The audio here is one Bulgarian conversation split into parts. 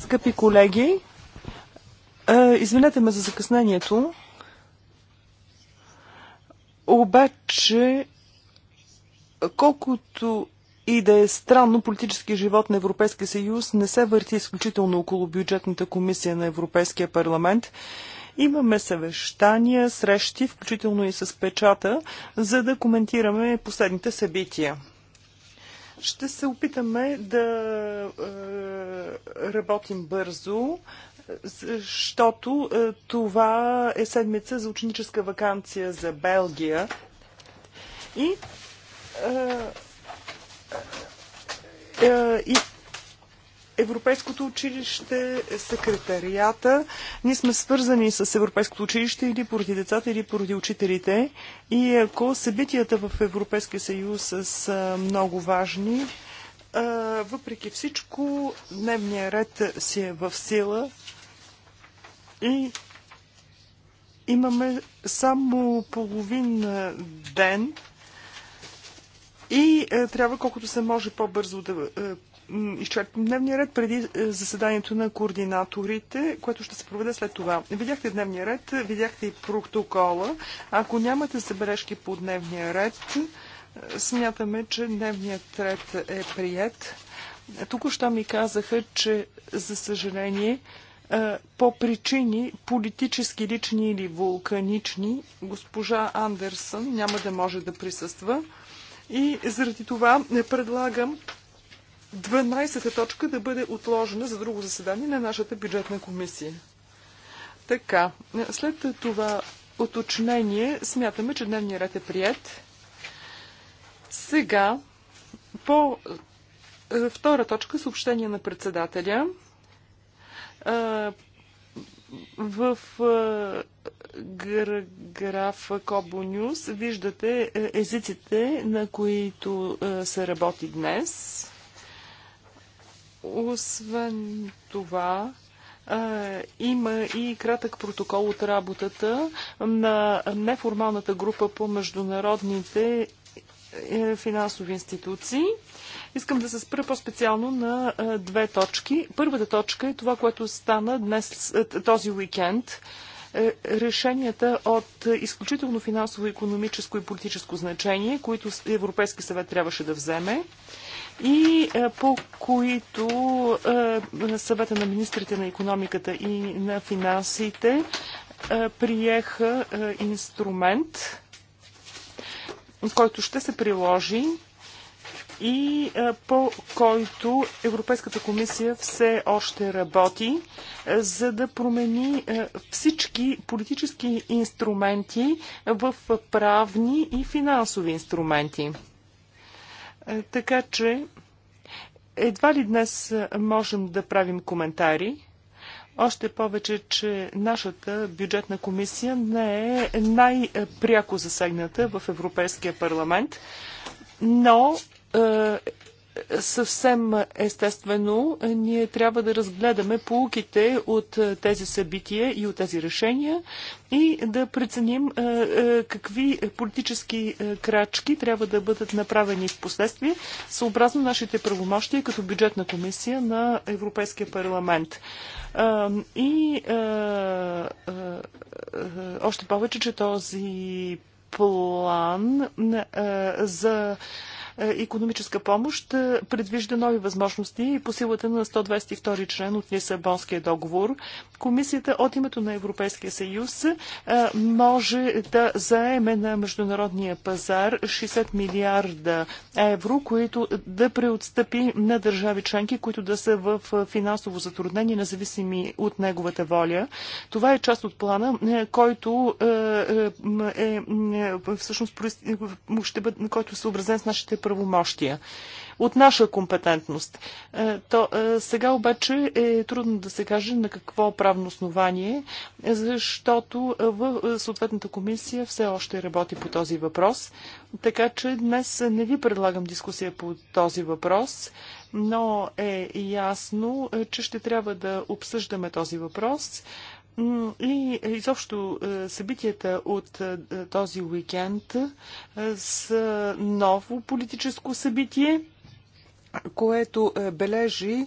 Скъпи колеги, е, извинете ме за закъснението, обаче колкото и да е странно, политически живот на Европейския съюз не се върти изключително около бюджетната комисия на Европейския парламент. Имаме съвещания, срещи, включително и с печата, за да коментираме последните събития. Ще се опитаме да е, работим бързо, защото е, това е седмица за ученическа вакансия за Белгия. И е, и Европейското училище, секретарията. Ние сме свързани с Европейското училище или поради децата, или поради учителите. И ако събитията в Европейския съюз са много важни, въпреки всичко, дневният ред си е в сила и имаме само половин ден и трябва колкото се може по-бързо да изчерпим дневния ред преди е, заседанието на координаторите, което ще се проведе след това. Видяхте дневния ред, видяхте и протокола. Ако нямате забележки по дневния ред, е, смятаме, че дневният ред е прият. тук още ми казаха, че за съжаление е, по причини политически, лични или вулканични, госпожа Андерсън няма да може да присъства. И заради това предлагам 12-та точка да бъде отложена за друго заседание на нашата бюджетна комисия. Така, след това уточнение смятаме, че дневният ред е прият. Сега, по е, втора точка, съобщение на председателя. Е, в е, граф Кобо Нюс виждате езиците, на които се работи днес. Освен това, има и кратък протокол от работата на неформалната група по международните е, финансови институции. Искам да се спра по-специално на две точки. Първата точка е това, което стана днес, този уикенд. Е, решенията от изключително финансово, економическо и политическо значение, които Европейски съвет трябваше да вземе и е, по които е, съвета на министрите на економиката и на финансите е, приеха инструмент, който ще се приложи и по който Европейската комисия все още работи, за да промени всички политически инструменти в правни и финансови инструменти. Е, така че едва ли днес е, можем да правим коментари. Още повече, че нашата бюджетна комисия не е най-пряко засегната в Европейския парламент, но е, съвсем естествено ние трябва да разгледаме полуките от е, тези събития и от тези решения и да преценим е, е, какви политически крачки трябва да бъдат направени в последствие, съобразно нашите правомощия като бюджетна комисия на Европейския парламент. И още повече, че този план за економическа помощ е, предвижда нови възможности и по силата на 122 член от Лисабонския договор. Комисията от името на Европейския съюз е, може да заеме на международния пазар 60 милиарда евро, които да преотстъпи на държави членки, които да са в е, финансово затруднение, независими от неговата воля. Това е част от плана, който е, е всъщност ще бъде, който е съобразен с нашите правомощия от наша компетентност. Е, то, е, сега обаче е трудно да се каже на какво правно основание, защото в е, съответната комисия все още работи по този въпрос. Така че днес не ви предлагам дискусия по този въпрос, но е ясно, че ще трябва да обсъждаме този въпрос и изобщо е, събитията от е, този уикенд е, са ново политическо събитие, което бележи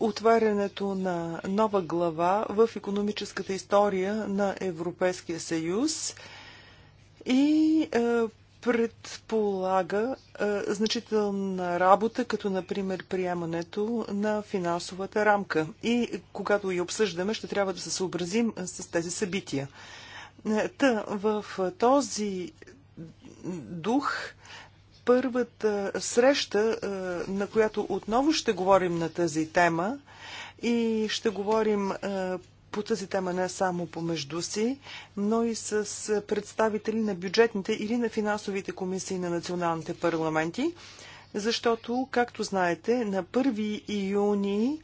отварянето на нова глава в економическата история на Европейския съюз и предполага а, значителна работа, като например приемането на финансовата рамка. И когато я обсъждаме, ще трябва да се съобразим с тези събития. Та, в този дух първата среща, на която отново ще говорим на тази тема и ще говорим по тази тема не само помежду си, но и с представители на бюджетните или на финансовите комисии на националните парламенти защото, както знаете, на 1 июни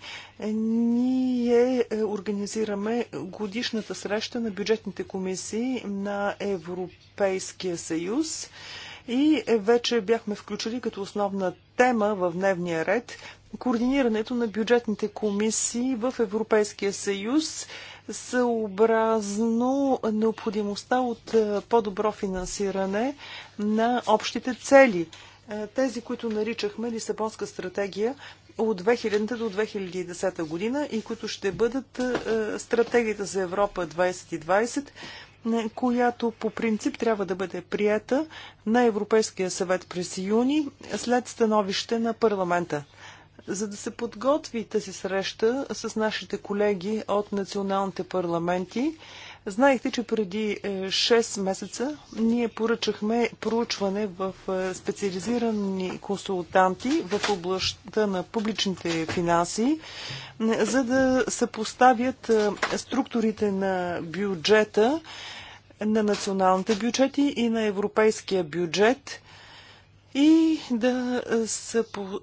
ние е, организираме годишната среща на бюджетните комисии на Европейския съюз и вече бяхме включили като основна тема в дневния ред координирането на бюджетните комисии в Европейския съюз съобразно необходимостта от е, по-добро финансиране на общите цели. Е, тези, които наричахме Лисабонска стратегия от 2000 до 2010 година и които ще бъдат е, стратегията за Европа 2020, която по принцип трябва да бъде прията на Европейския съвет през юни след становище на парламента. За да се подготви тази среща с нашите колеги от националните парламенти, знаехте, че преди 6 е, месеца ние поръчахме проучване в е, специализирани консултанти в областта на публичните финанси, е, за да се поставят структурите на бюджета на националните бюджети и на европейския бюджет и да са по...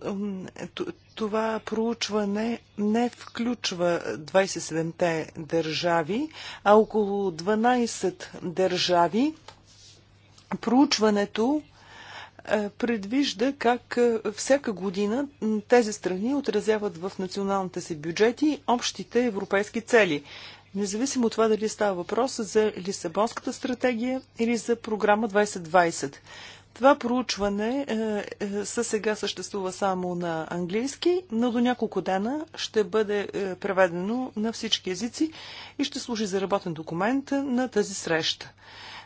това проучване не включва 27-те държави, а около 12 държави. Проучването е, предвижда как е, всяка година тези страни отразяват в националните си бюджети общите европейски цели. Независимо от това дали става въпрос за Лисабонската стратегия или за програма 2020. Това проучване е, е, със сега съществува само на английски, но до няколко дена ще бъде е, преведено на всички езици и ще служи за работен документ на тази среща.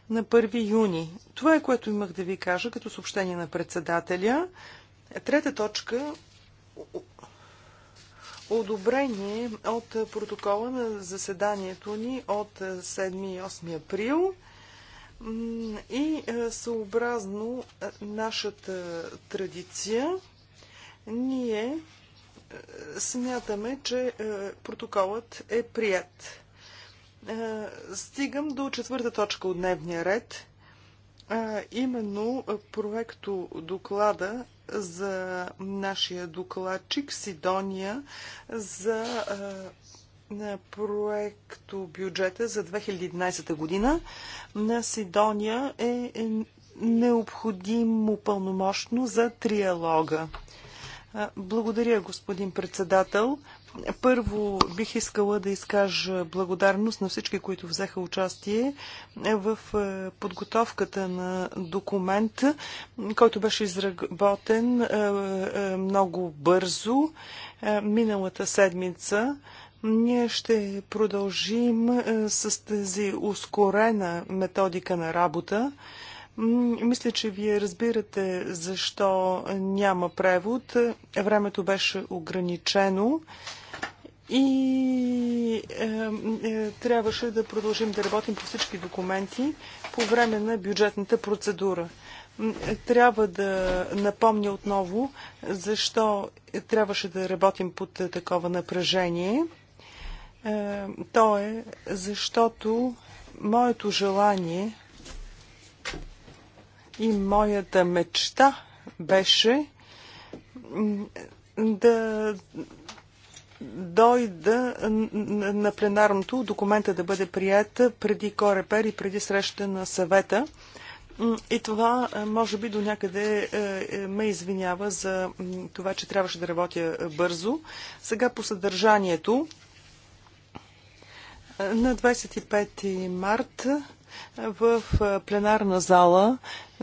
На 1 юни. Това е което имах да ви кажа като съобщение на председателя. Трета точка одобрение от протокола на заседанието ни от 7 и 8 април и е, съобразно е, нашата традиция ние е, смятаме, че протоколът е прият. Стигам до четвърта точка от дневния ред а, именно проекто доклада за нашия докладчик Сидония за а, на проекто бюджета за 2011 година. На Сидония е, е необходимо пълномощно за триалога. Благодаря, господин председател. Първо бих искала да изкажа благодарност на всички, които взеха участие в е, подготовката на документ, който беше изработен е, е, много бързо миналата седмица. Ние ще продължим с тази ускорена методика на работа. Мисля, че вие разбирате защо няма превод. Времето беше ограничено и е, е, трябваше да продължим да работим по всички документи по време на бюджетната процедура. Е, трябва да напомня отново защо трябваше да работим под такова напрежение. Е, то е защото моето желание и моята мечта беше да дойда на пленарното документа да бъде прият преди Корепер и преди среща на съвета. И това, е, може би, до някъде е, е, ме извинява за това, че трябваше да работя бързо. Сега по съдържанието. На 25 марта. В пленарна зала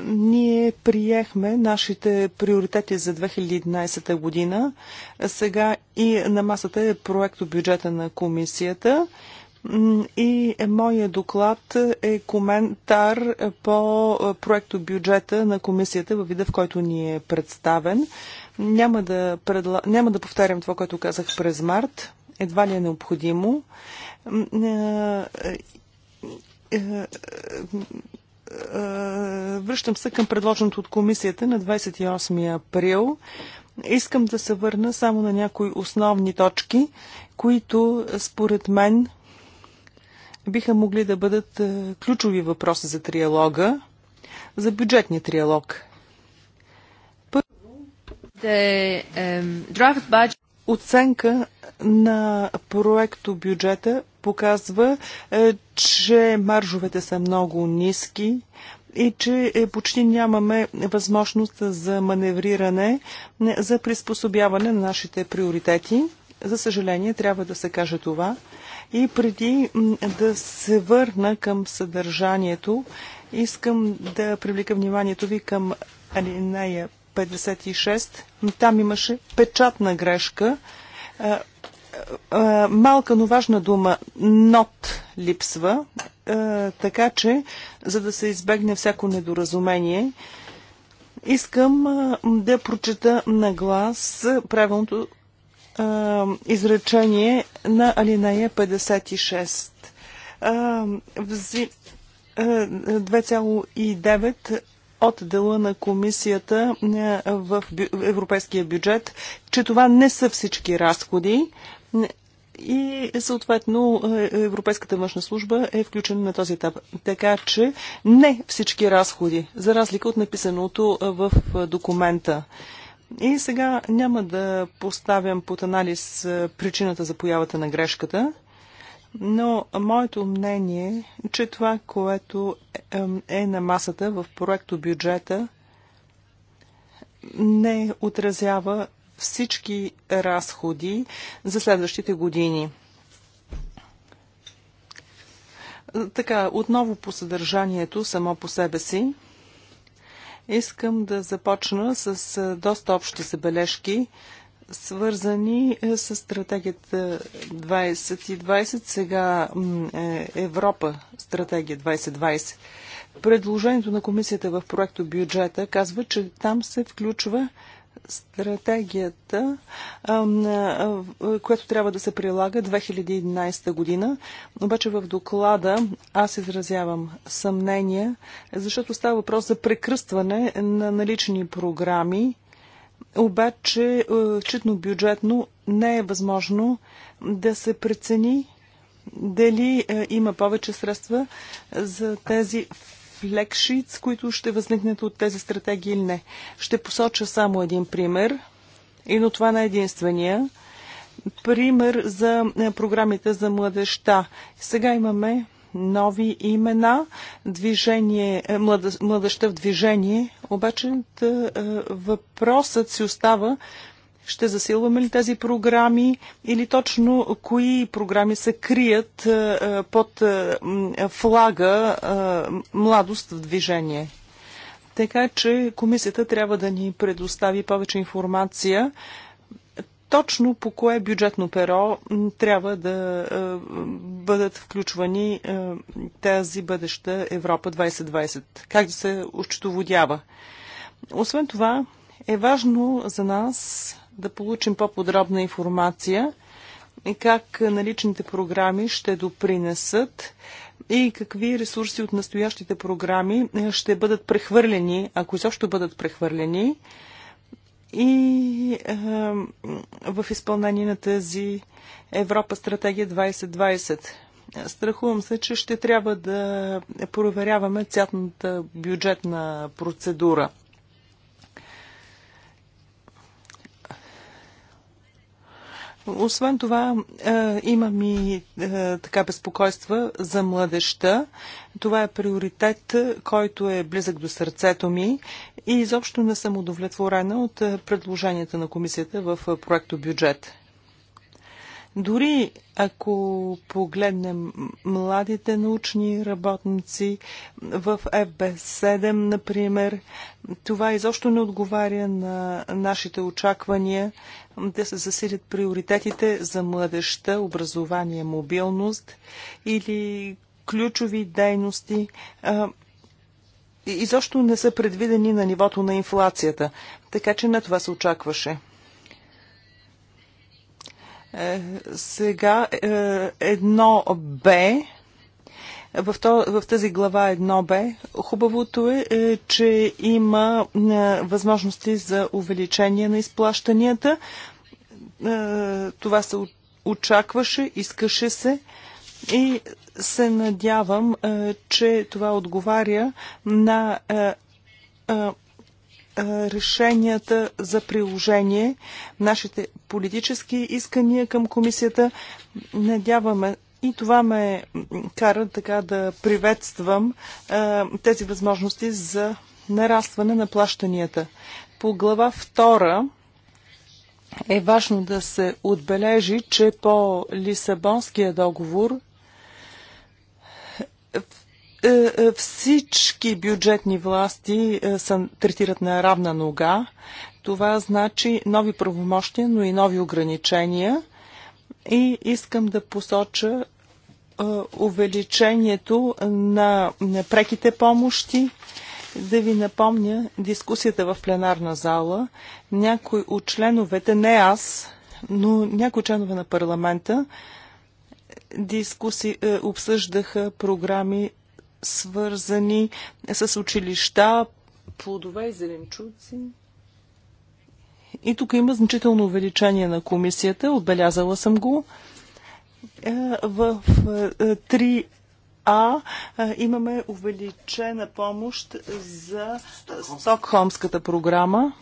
ние приехме нашите приоритети за 2011 година. Сега и на масата е проекто бюджета на комисията. И моят доклад е коментар по проекто бюджета на комисията във вида, в който ни е представен. Няма да, предла... Няма да повтарям това, което казах през март. Едва ли е необходимо е, е, е, връщам се към предложеното от комисията на 28 април. Искам да се върна само на някои основни точки, които според мен биха могли да бъдат ключови въпроси за триалога, за бюджетния триалог. Първо, um, Оценка на проекто бюджета показва, е, че маржовете са много ниски и че е, почти нямаме възможност за маневриране, е, за приспособяване на нашите приоритети. За съжаление, трябва да се каже това. И преди да се върна към съдържанието, искам да привлека вниманието ви към алинея 56. Там имаше печатна грешка малка, но важна дума нот липсва, така че, за да се избегне всяко недоразумение, искам да прочета на глас правилното изречение на алинея 56. 2,9 от дела на комисията в Европейския бюджет, че това не са всички разходи, и съответно е, Европейската външна служба е включена на този етап. Така че не всички разходи, за разлика от написаното е, в е, документа. И сега няма да поставям под анализ причината за появата на грешката, но моето мнение е, че това, което е на масата в проекто бюджета, не отразява всички разходи за следващите години. Така, отново по съдържанието само по себе си. Искам да започна с доста общи забележки, свързани с стратегията 2020, сега е, Европа, стратегия 2020. Предложението на комисията в проекто бюджета казва, че там се включва стратегията, която трябва да се прилага 2011 година. Обаче в доклада аз изразявам съмнение, защото става въпрос за прекръстване на налични програми, обаче е, читно бюджетно не е възможно да се прецени дали е, има повече средства за тези флекшитс, които ще възникнат от тези стратегии или не. Ще посоча само един пример, и но това не е единствения. Пример за е, програмите за младеща. Сега имаме нови имена, движение, е, младеща в движение, обаче е, въпросът си остава ще засилваме ли тези програми или точно кои програми се крият е, е, под е, флага Младост в движение? Така че комисията трябва да ни предостави повече информация точно по кое бюджетно перо трябва да бъдат включвани тази бъдеща Европа 2020? Как да се очетоводява? Освен това, е важно за нас да получим по-подробна информация как наличните програми ще допринесат и какви ресурси от настоящите програми ще бъдат прехвърлени, ако изобщо бъдат прехвърлени и е, в изпълнение на тази Европа стратегия 2020. Страхувам се, че ще трябва да проверяваме цялата бюджетна процедура. Освен това, е, имам и е, така безпокойства за младеща. Това е приоритет, който е близък до сърцето ми и изобщо не съм удовлетворена от е, предложенията на комисията в проекто бюджет. Дори ако погледнем младите научни работници в ФБ7, например, това изобщо не отговаря на нашите очаквания да се засилят приоритетите за младеща, образование, мобилност или ключови дейности изобщо не са предвидени на нивото на инфлацията, така че на това се очакваше. Е, сега е, едно Б. В, тази глава едно б хубавото е, е че има възможности за увеличение на изплащанията. Това се очакваше, искаше се и се надявам, че това отговаря на решенията за приложение, нашите политически искания към комисията. Надяваме и това ме кара така да приветствам а, тези възможности за нарастване на плащанията. По глава 2 е важно да се отбележи, че по Лисабонския договор е, е, всички бюджетни власти е, са, третират на равна нога. Това значи нови правомощия, но и нови ограничения. И искам да посоча увеличението на преките помощи. Да ви напомня дискусията в пленарна зала. Някой от членовете, не аз, но някои членове на парламента, дискуси, обсъждаха програми свързани с училища, плодове и зеленчуци. И тук има значително увеличение на комисията, отбелязала съм го. Е, в 3 е, а е, имаме увеличена помощ за Стокхолмската програма.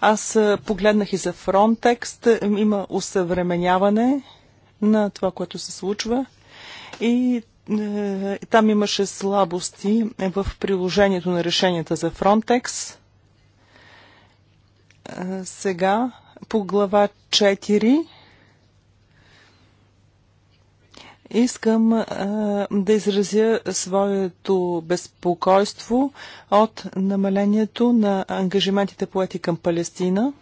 Аз погледнах и за Фронтекст. Има усъвременяване на това, което се случва. И е, там имаше слабости в приложението на решенията за Frontex. Е, сега по глава 4 искам е, да изразя своето безпокойство от намалението на ангажиментите поети към Палестина.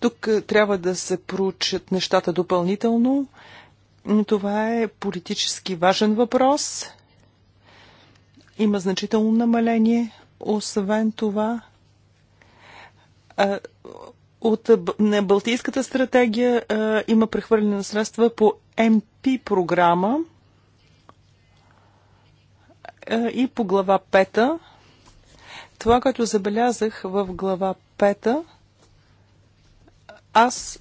Тук трябва да се проучат нещата допълнително. Това е политически важен въпрос. Има значително намаление. Освен това, от Балтийската стратегия има прехвърляне на средства по МП програма и по глава 5. Това, което забелязах в глава 5, аз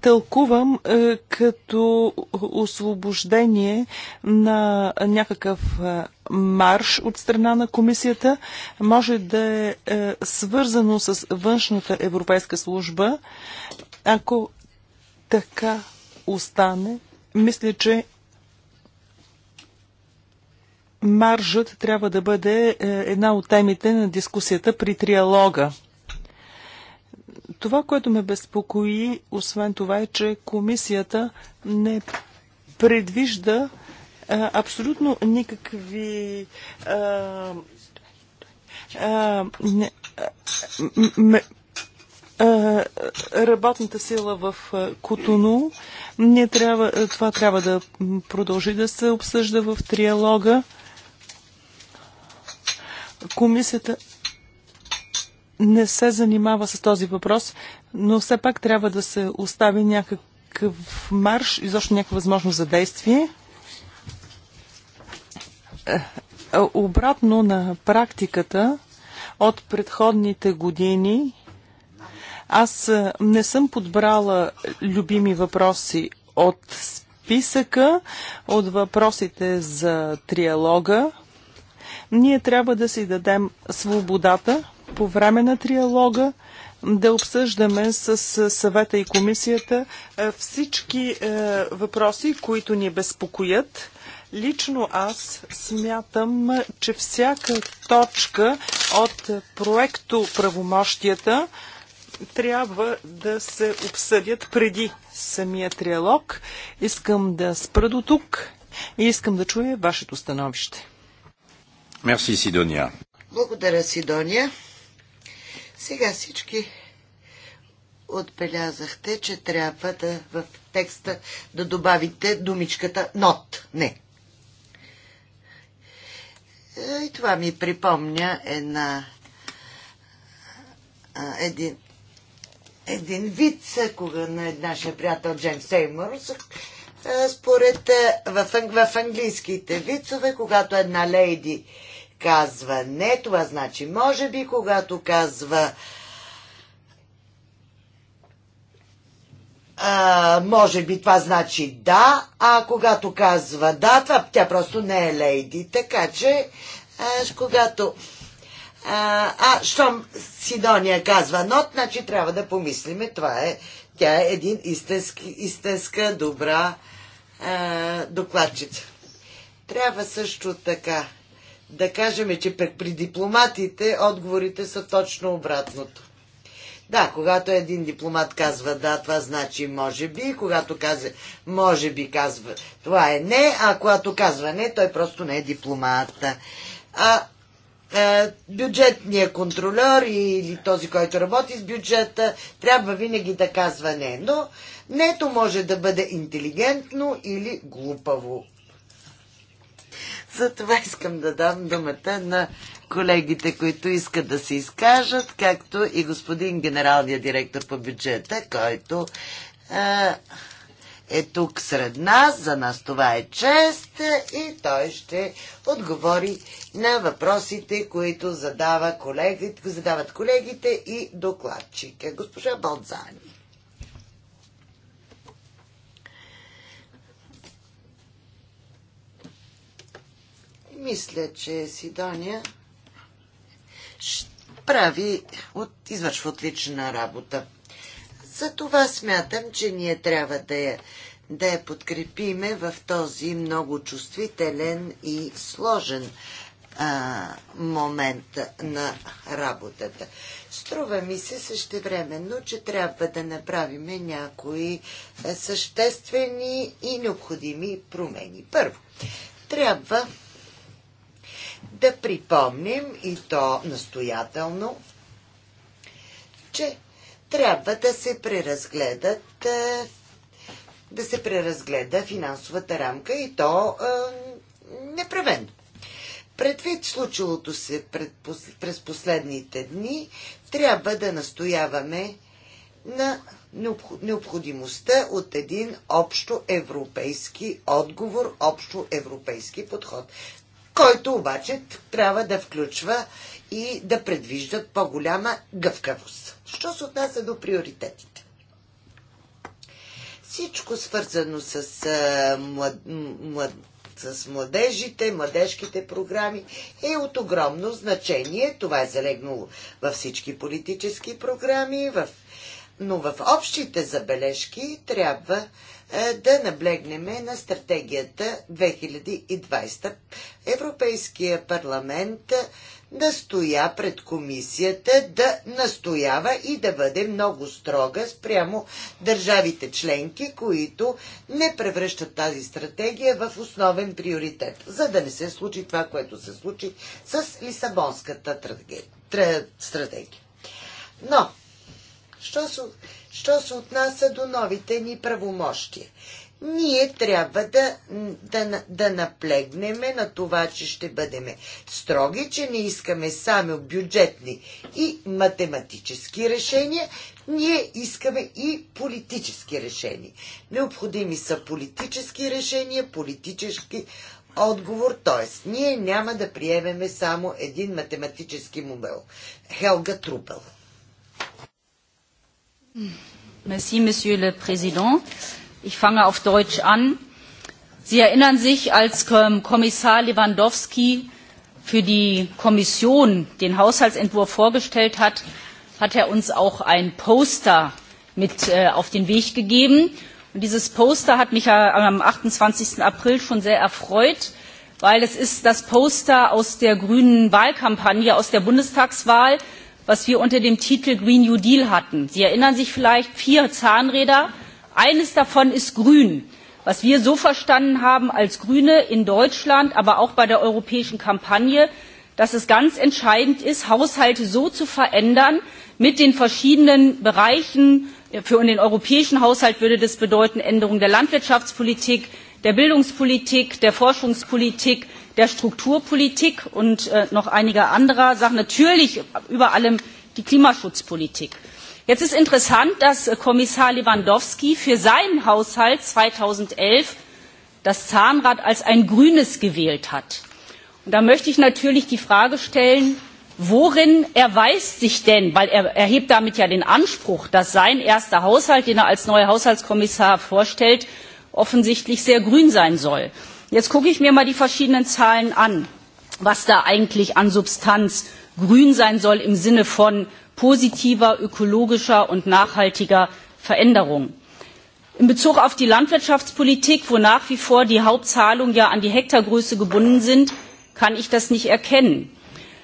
тълкувам е, като освобождение на някакъв е, марш от страна на комисията. Може да е, е свързано с външната европейска служба. Ако така остане, мисля, че маржът трябва да бъде е, една от темите на дискусията при триалога. Това, което ме безпокои, освен това е, че комисията не предвижда а, абсолютно никакви а, а, не, а, работната сила в Кутуно. Ние трябва, това трябва да продължи да се обсъжда в триалога. Комисията не се занимава с този въпрос, но все пак трябва да се остави някакъв марш, изобщо някаква възможност за действие. Е, обратно на практиката от предходните години, аз е, не съм подбрала любими въпроси от списъка, от въпросите за триалога. Ние трябва да си дадем свободата по време на триалога да обсъждаме с съвета и комисията е, всички е, въпроси, които ни безпокоят. Лично аз смятам, че всяка точка от проекто правомощията трябва да се обсъдят преди самия триалог. Искам да спра до тук и искам да чуя вашето становище. Мерси, Сидония. Благодаря, Сидония. Сега всички отбелязахте, че трябва да в текста да добавите думичката нот. Не. И това ми припомня една един, един вид кога на нашия приятел Джейм Сеймър, според в, в английските вицове, когато една леди казва не, това значи може би, когато казва а, може би това значи да, а когато казва да, това, тя просто не е лейди. Така че, аж когато а, а, щом Сидония казва нот, значи трябва да помислиме. Това е, тя е един истински, истинска, добра а, докладчица. Трябва също така да кажем, че при дипломатите отговорите са точно обратното. Да, когато един дипломат казва да, това значи може би, когато казва може би казва това е не, а когато казва не, той просто не е дипломата. А, а бюджетният контролер или този, който работи с бюджета, трябва винаги да казва не. Но нето може да бъде интелигентно или глупаво. За това искам да дам думата на колегите, които искат да се изкажат, както и господин генералния директор по бюджета, който е, е тук сред нас. За нас това е чест и той ще отговори на въпросите, които задава колегите, задават колегите и докладчика. Госпожа Балдзани. Мисля, че Сидония прави, от, извършва отлична работа. За това смятам, че ние трябва да я, да я подкрепиме в този много чувствителен и сложен а, момент на работата. Струва ми се същевременно, че трябва да направим някои е, съществени и необходими промени. Първо, трябва да припомним и то настоятелно, че трябва да се преразгледат е, да се преразгледа финансовата рамка и то е, непременно. Предвид случилото се през последните дни, трябва да настояваме на необходимостта от един общо европейски отговор, общо европейски подход който обаче трябва да включва и да предвиждат по-голяма гъвкавост. Що се отнася до приоритетите? Всичко свързано с, а, млад, млад, с младежите, младежките програми е от огромно значение. Това е залегнало във всички политически програми, в но в общите забележки трябва е, да наблегнеме на стратегията 2020. Европейския парламент е, настоя пред комисията да настоява и да бъде много строга спрямо държавите членки, които не превръщат тази стратегия в основен приоритет, за да не се случи това, което се случи с Лисабонската стратегия. Но Що се, що се отнася до новите ни правомощия? Ние трябва да, да, да наплегнеме на това, че ще бъдеме строги, че не искаме само бюджетни и математически решения, ние искаме и политически решения. Необходими са политически решения, политически отговор, т.е. ние няма да приемеме само един математически модел. Хелга Трупел. Merci, Monsieur le Président. Ich fange auf Deutsch an. Sie erinnern sich, als Kommissar Lewandowski für die Kommission den Haushaltsentwurf vorgestellt hat, hat er uns auch ein Poster mit auf den Weg gegeben. Und dieses Poster hat mich am 28. April schon sehr erfreut, weil es ist das Poster aus der grünen Wahlkampagne, aus der Bundestagswahl ist was wir unter dem Titel Green New Deal hatten. Sie erinnern sich vielleicht vier Zahnräder. Eines davon ist grün, was wir so verstanden haben als Grüne in Deutschland, aber auch bei der europäischen Kampagne, dass es ganz entscheidend ist, Haushalte so zu verändern mit den verschiedenen Bereichen. Für den europäischen Haushalt würde das bedeuten Änderung der Landwirtschaftspolitik, der Bildungspolitik, der Forschungspolitik, der Strukturpolitik und noch einiger anderer Sachen, natürlich über allem die Klimaschutzpolitik. Jetzt ist interessant, dass Kommissar Lewandowski für seinen Haushalt 2011 das Zahnrad als ein grünes gewählt hat. Und da möchte ich natürlich die Frage stellen, worin erweist sich denn, weil er erhebt damit ja den Anspruch, dass sein erster Haushalt, den er als neuer Haushaltskommissar vorstellt, offensichtlich sehr grün sein soll. Jetzt gucke ich mir mal die verschiedenen Zahlen an, was da eigentlich an Substanz grün sein soll im Sinne von positiver, ökologischer und nachhaltiger Veränderung. In Bezug auf die Landwirtschaftspolitik, wo nach wie vor die Hauptzahlungen ja an die Hektargröße gebunden sind, kann ich das nicht erkennen.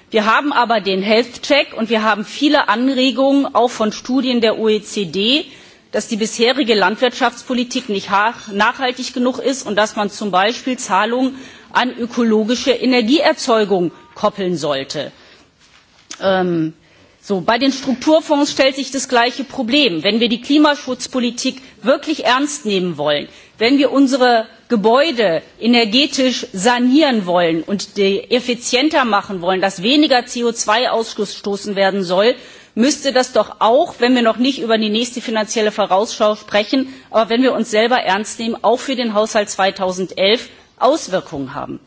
Wir haben aber den Health Check und wir haben viele Anregungen auch von Studien der OECD, dass die bisherige landwirtschaftspolitik nicht nachhaltig genug ist und dass man zum beispiel zahlungen an ökologische energieerzeugung koppeln sollte. bei den strukturfonds stellt sich das gleiche problem wenn wir die klimaschutzpolitik wirklich ernst nehmen wollen wenn wir unsere gebäude energetisch sanieren wollen und effizienter machen wollen dass weniger co zwei ausgestoßen werden soll müsste das doch auch, wenn wir noch nicht über die nächste finanzielle Vorausschau sprechen, aber wenn wir uns selber ernst nehmen, auch für den Haushalt 2011 Auswirkungen haben.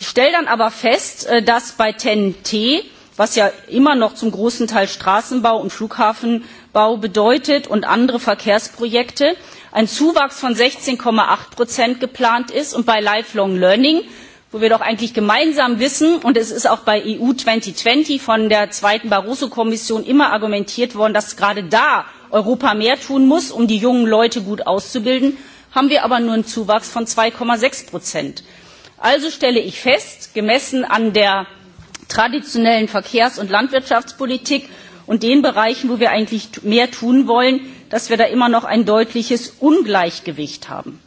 Ich stelle dann aber fest, dass bei TEN-T, was ja immer noch zum großen Teil Straßenbau und Flughafenbau bedeutet und andere Verkehrsprojekte, ein Zuwachs von 16,8 geplant ist und bei Lifelong Learning wo wir doch eigentlich gemeinsam wissen, und es ist auch bei EU 2020 von der zweiten Barroso-Kommission immer argumentiert worden, dass gerade da Europa mehr tun muss, um die jungen Leute gut auszubilden, haben wir aber nur einen Zuwachs von 2,6 Prozent. Also stelle ich fest, gemessen an der traditionellen Verkehrs- und Landwirtschaftspolitik und den Bereichen, wo wir eigentlich mehr tun wollen, dass wir da immer noch ein deutliches Ungleichgewicht haben.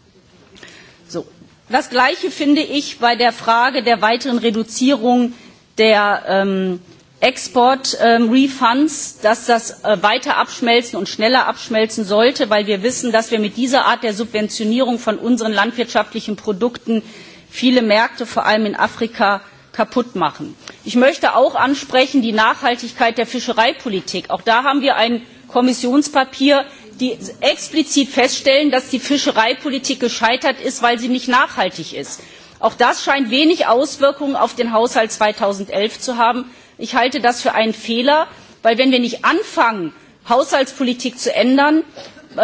Das Gleiche finde ich bei der Frage der weiteren Reduzierung der ähm, Export-Refunds, dass das weiter abschmelzen und schneller abschmelzen sollte, weil wir wissen, dass wir mit dieser Art der Subventionierung von unseren landwirtschaftlichen Produkten viele Märkte, vor allem in Afrika, kaputt machen. Ich möchte auch ansprechen die Nachhaltigkeit der Fischereipolitik. Auch da haben wir ein Kommissionspapier, die explizit feststellen, dass die Fischereipolitik gescheitert ist, weil sie nicht nachhaltig ist. Auch das scheint wenig Auswirkungen auf den Haushalt zweitausendelf zu haben. Ich halte das für einen Fehler, denn, wenn wir nicht anfangen, Haushaltspolitik zu ändern,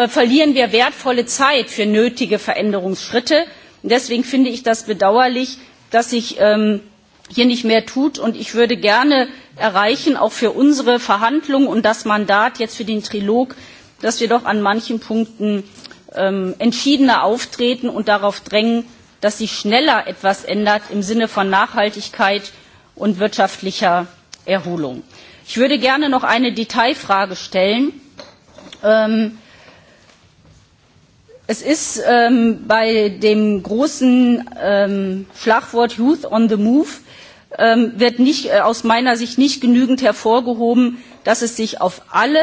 verlieren wir wertvolle Zeit für nötige Veränderungsschritte. Deswegen finde ich es bedauerlich, dass sich hier nicht mehr tut. Und ich würde gerne erreichen, auch für unsere Verhandlungen und das Mandat jetzt für den Trilog, dass wir doch an manchen Punkten entschiedener auftreten und darauf drängen, dass sich schneller etwas ändert im Sinne von Nachhaltigkeit und wirtschaftlicher Erholung. Ich würde gerne noch eine Detailfrage stellen. es ist bei dem großen Schlagwort Youth on the Move wird aus meiner Sicht nicht genügend hervorgehoben, dass es sich auf alle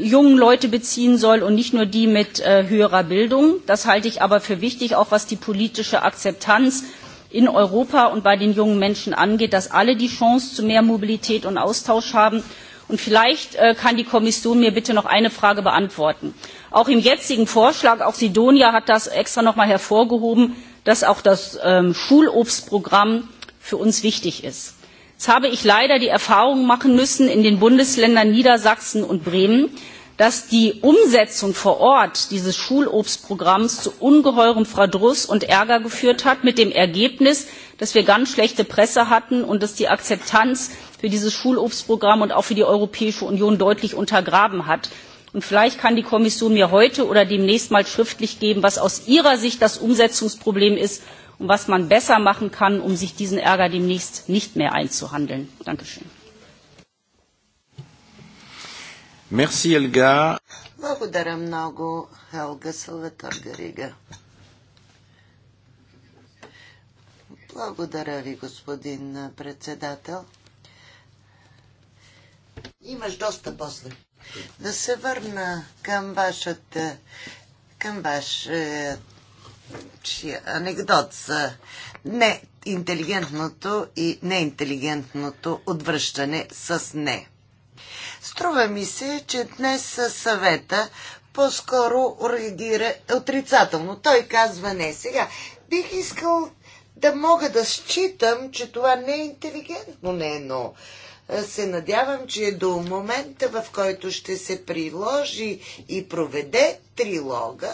jungen Leute beziehen soll und nicht nur die mit höherer Bildung. Das halte ich aber für wichtig, auch was die politische Akzeptanz in Europa und bei den jungen Menschen angeht, dass alle die Chance zu mehr Mobilität und Austausch haben. Und vielleicht kann die Kommission mir bitte noch eine Frage beantworten. Auch im jetzigen Vorschlag, auch Sidonia hat das extra noch einmal hervorgehoben, dass auch das Schulobstprogramm für uns wichtig ist jetzt habe ich leider die erfahrung machen müssen in den bundesländern niedersachsen und bremen dass die umsetzung vor ort dieses schulobstprogramms zu ungeheurem verdruss und ärger geführt hat mit dem ergebnis dass wir ganz schlechte presse hatten und dass die akzeptanz für dieses schulobstprogramm und auch für die europäische union deutlich untergraben hat. vielleicht kann die kommission mir heute oder demnächst mal schriftlich geben was aus ihrer sicht das umsetzungsproblem ist und was man besser machen kann, um sich diesen Ärger demnächst nicht mehr einzuhandeln. Dankeschön. Merci, Elga. Благодаря много, Елга Салватор-Гарига. Благодаря ви, господин председател. Имаш доста после. Да се върна към вашата към вашият чия анекдот за неинтелигентното и неинтелигентното отвръщане с не. Струва ми се, че днес съвета по-скоро реагира отрицателно. Той казва не. Сега, бих искал да мога да считам, че това не е интелигентно, не е, но се надявам, че е до момента, в който ще се приложи и проведе трилога,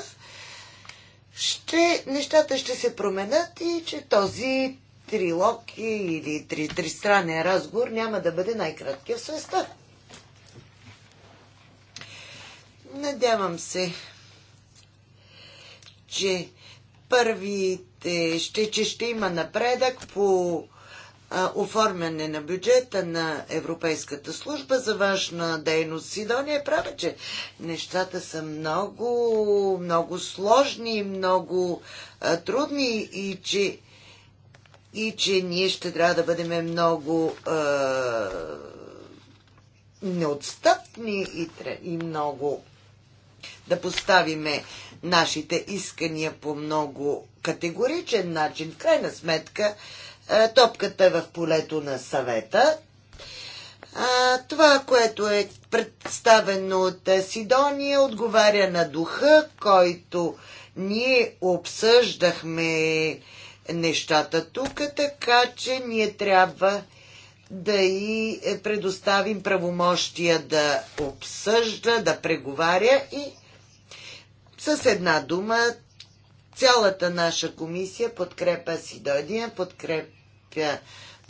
ще, нещата ще се променят и че този трилог или три, тристранен разговор няма да бъде най-краткия в свеста. Надявам се, че първите ще, че ще има напредък по оформяне на бюджета на Европейската служба за външна дейност. Сидония е права, че нещата са много, много сложни, много трудни и че, и че ние ще трябва да бъдем много е, неотстъпни и, и много да поставиме нашите искания по много категоричен начин. В крайна сметка, е, топката е в полето на съвета. А, това, което е представено от Сидония, отговаря на духа, който ние обсъждахме нещата тук, така че ние трябва да й предоставим правомощия да обсъжда, да преговаря и с една дума Цялата наша комисия подкрепя Сидодия, подкрепя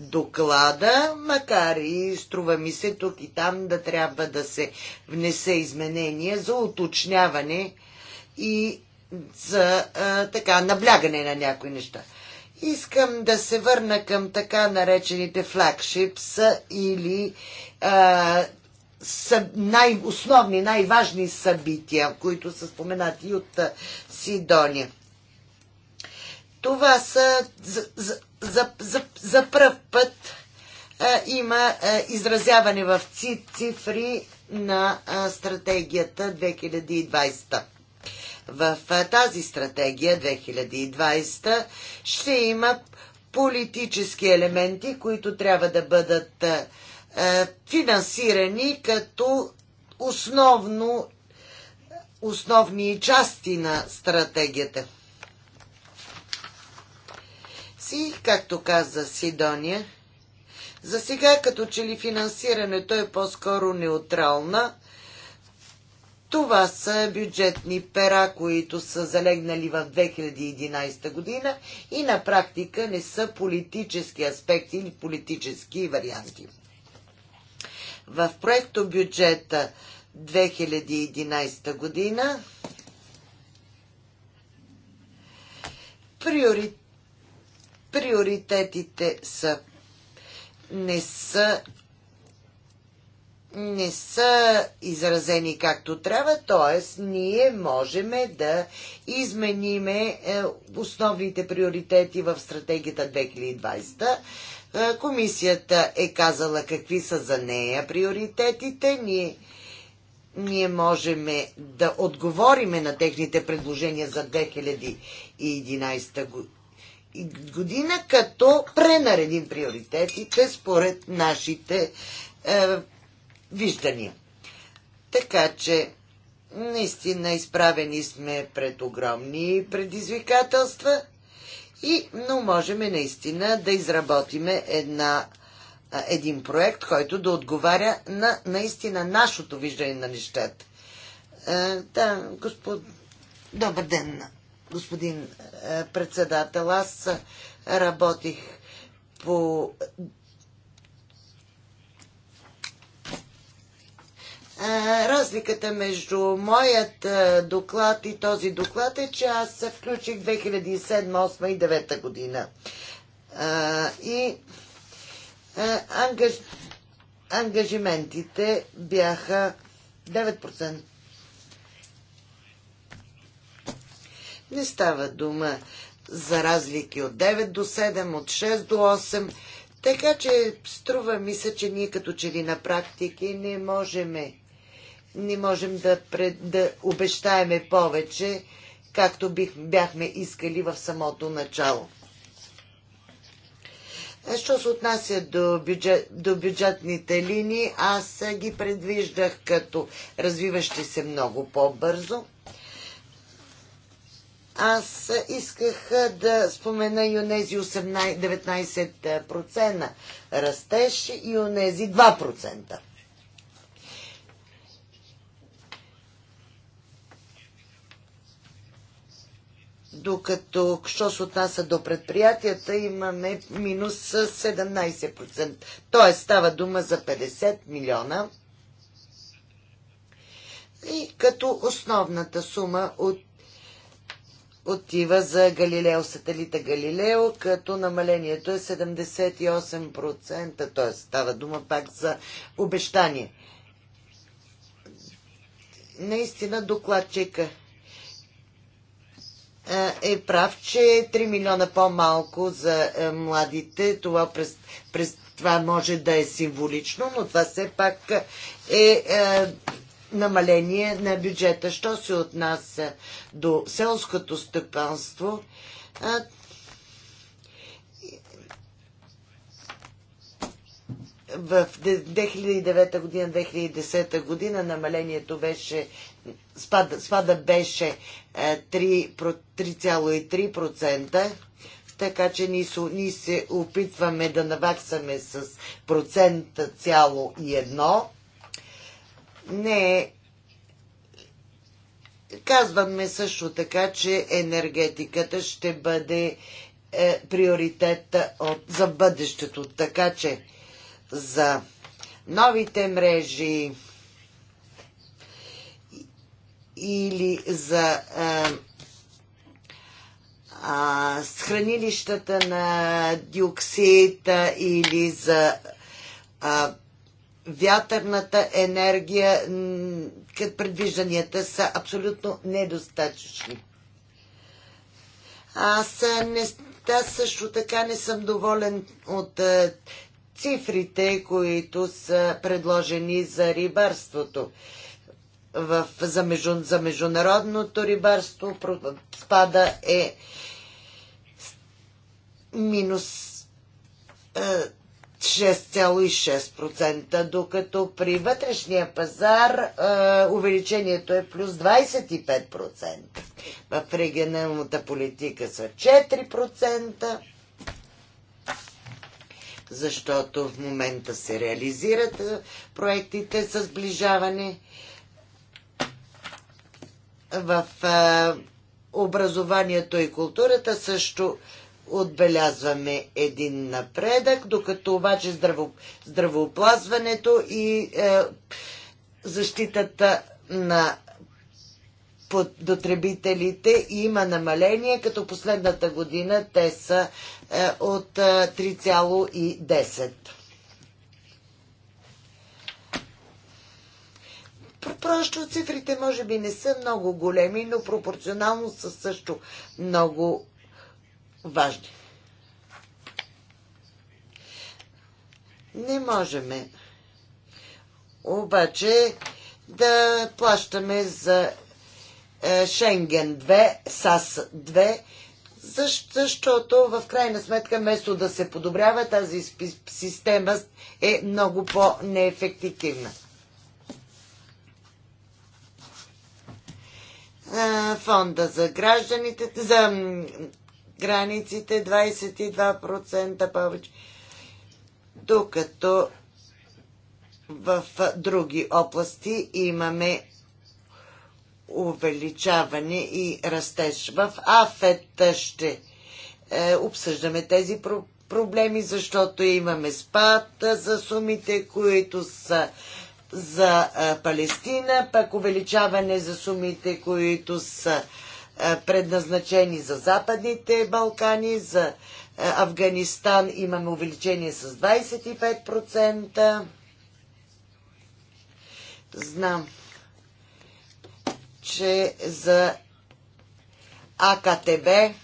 доклада, макар и струва ми се тук и там да трябва да се внесе изменения за уточняване и за а, така наблягане на някои неща. Искам да се върна към така наречените флагшипс или а, са най-основни, най-важни събития, които са споменати от Сидония. Това са за, за, за, за, за пръв път а, има а, изразяване в цифри на а, стратегията 2020. В а, тази стратегия 2020 ще има политически елементи, които трябва да бъдат а, финансирани като основно, основни части на стратегията си, както каза Сидония, за сега като че ли финансирането е по-скоро неутрална, това са бюджетни пера, които са залегнали в 2011 година и на практика не са политически аспекти или политически варианти. В проекто бюджета 2011 година приоритет приоритетите са не са не са изразени както трябва, т.е. ние можем да измениме е, основните приоритети в стратегията 2020. Е, комисията е казала какви са за нея приоритетите. Ние, ние можем да отговориме на техните предложения за 2011 година година, като пренаредим приоритетите според нашите е, виждания. Така че, наистина, изправени сме пред огромни предизвикателства, и, но можем наистина да изработиме една, е, един проект, който да отговаря на наистина нашето виждане на нещата. Е, да, господ... Добър ден господин е, председател. Аз е, работих по е, Разликата между моят доклад и този доклад е, че аз се включих 2007, 2008 и 2009 година. И ангаж... ангажиментите бяха 9%. Не става дума за разлики от 9 до 7, от 6 до 8. Така че струва ми се, че ние като че ли на практики не можем, не можем да, пред, да обещаеме повече, както бих, бяхме искали в самото начало. Що се отнася до, бюджет, до бюджетните линии, аз ги предвиждах като развиващи се много по-бързо. Аз исках да спомена и онези 19% растеж и онези 2%. докато, що се отнася до предприятията, имаме минус 17%. Тоест става дума за 50 милиона. И като основната сума от отива за Галилео, сателита Галилео, като намалението е 78%, т.е. става дума пак за обещание. Наистина докладчика е прав, че 3 е милиона по-малко за младите, това, през, през, това може да е символично, но това все пак е, е намаление на бюджета. Що се отнася до селското стъпанство, в 2009 година, 2010 година намалението беше спада, спада беше 3,3%, е, така че ние, ние се опитваме да наваксаме с процент цяло и едно не е Казваме също така, че енергетиката ще бъде е, приоритет от, за бъдещето. Така че за новите мрежи или за е, с хранилищата на диоксида или за а, вятърната енергия, предвижданията са абсолютно недостатъчни. Аз, не, да, също така не съм доволен от цифрите, които са предложени за рибарството. В, за, между, за международното рибарство спада е минус 6,6%, докато при вътрешния пазар а, е, увеличението е плюс 25%. В регионалната политика са 4%, защото в момента се реализират е, проектите за сближаване в е, образованието и културата също отбелязваме един напредък, докато обаче здраво, здравоплазването и е, защитата на потребителите има намаление, като последната година те са е, от е, 3,10. Просто цифрите може би не са много големи, но пропорционално са също много важни. Не можем обаче да плащаме за е, Шенген 2, САС 2, защото в крайна сметка, вместо да се подобрява, тази система е много по-неефективна. Е, фонда за гражданите, за границите 22% повече, докато в други области имаме увеличаване и растеж. В АФЕТ ще е, обсъждаме тези про- проблеми, защото имаме спад за сумите, които са за е, Палестина, пък увеличаване за сумите, които са е, предназначени за Западните Балкани, за е, Афганистан имаме увеличение с 25%. Знам, че за АКТБ е,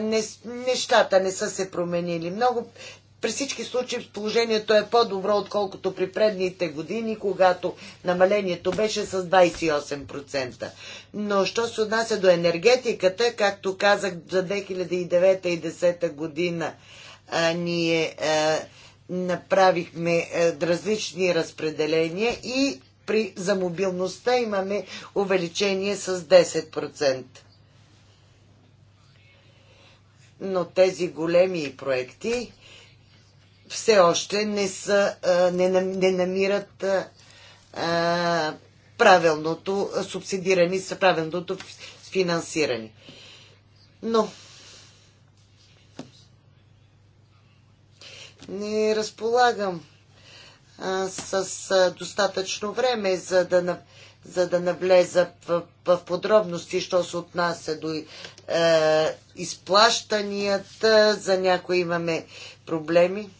не, нещата не са се променили много при всички случаи положението е по-добро, отколкото при предните години, когато намалението беше с 28%. Но що се отнася до енергетиката, както казах за 2009 и 2010 година, а, ние а, направихме а, различни разпределения и при, за мобилността имаме увеличение с 10%. Но тези големи проекти все още не, са, не, не намират правилното субсидиране, са правилното финансиране. Но не разполагам а, с а, достатъчно време, за да, на, за да навлеза в, в подробности, що се отнася до а, изплащанията. За някои имаме проблеми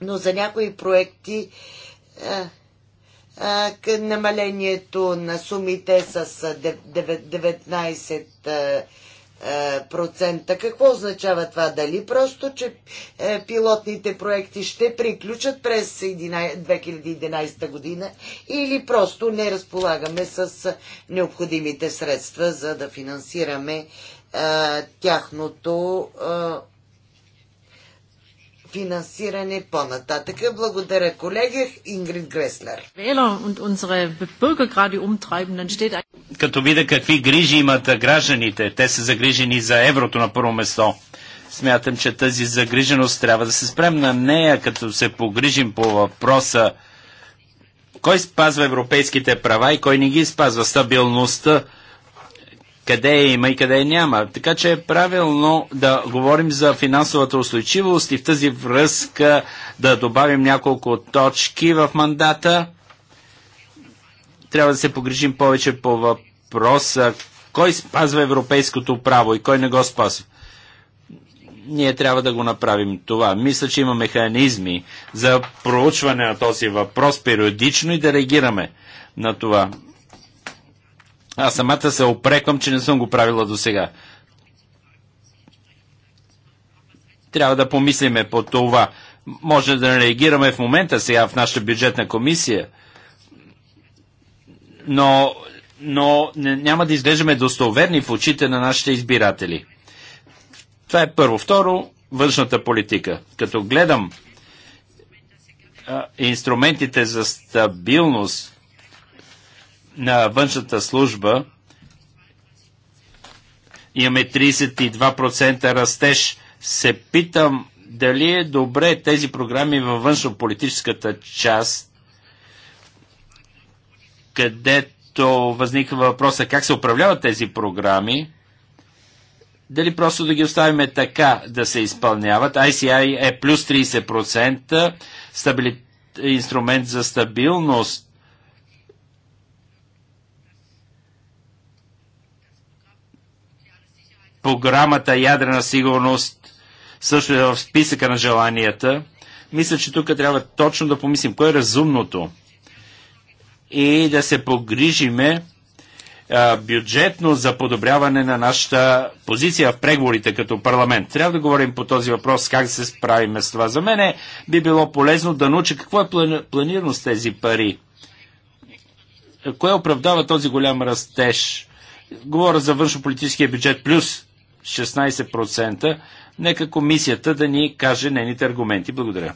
но за някои проекти а, е, а, е, намалението на сумите с 19 е, процента. Какво означава това? Дали просто, че пилотните проекти ще приключат през 2011 година или просто не разполагаме с необходимите средства, за да финансираме тяхното е, финансиране по-нататък. Благодаря, колега Ингрид Греслер. Като видя какви грижи имат гражданите, те са загрижени за еврото на първо место. Смятам, че тази загриженост трябва да се спрем на нея, като се погрижим по въпроса кой спазва европейските права и кой не ги спазва. Стабилността къде е има и къде няма. Така че е правилно да говорим за финансовата устойчивост и в тази връзка да добавим няколко точки в мандата. Трябва да се погрижим повече по въпроса кой спазва европейското право и кой не го спазва. Ние трябва да го направим това. Мисля, че има механизми за проучване на този въпрос периодично и да реагираме на това. Аз самата се опреквам, че не съм го правила до сега. Трябва да помислиме по това. Може да реагираме в момента сега в нашата бюджетна комисия, но, но няма да изглеждаме достоверни в очите на нашите избиратели. Това е първо. Второ, външната политика. Като гледам а, инструментите за стабилност, на външната служба имаме 32% растеж. Се питам дали е добре тези програми във външно-политическата част, където възниква въпроса как се управляват тези програми, дали просто да ги оставим така да се изпълняват. ICI е плюс 30%, стабили... инструмент за стабилност програмата Ядрена сигурност също е в списъка на желанията. Мисля, че тук трябва точно да помислим кое е разумното и да се погрижиме а, бюджетно за подобряване на нашата позиция в преговорите като парламент. Трябва да говорим по този въпрос, как се справим с това. За мен е, би било полезно да науча какво е плани... планирано с тези пари. Кое оправдава този голям растеж? Говоря за външно-политическия бюджет плюс 16%. Нека комисията да ни каже нейните аргументи. Благодаря.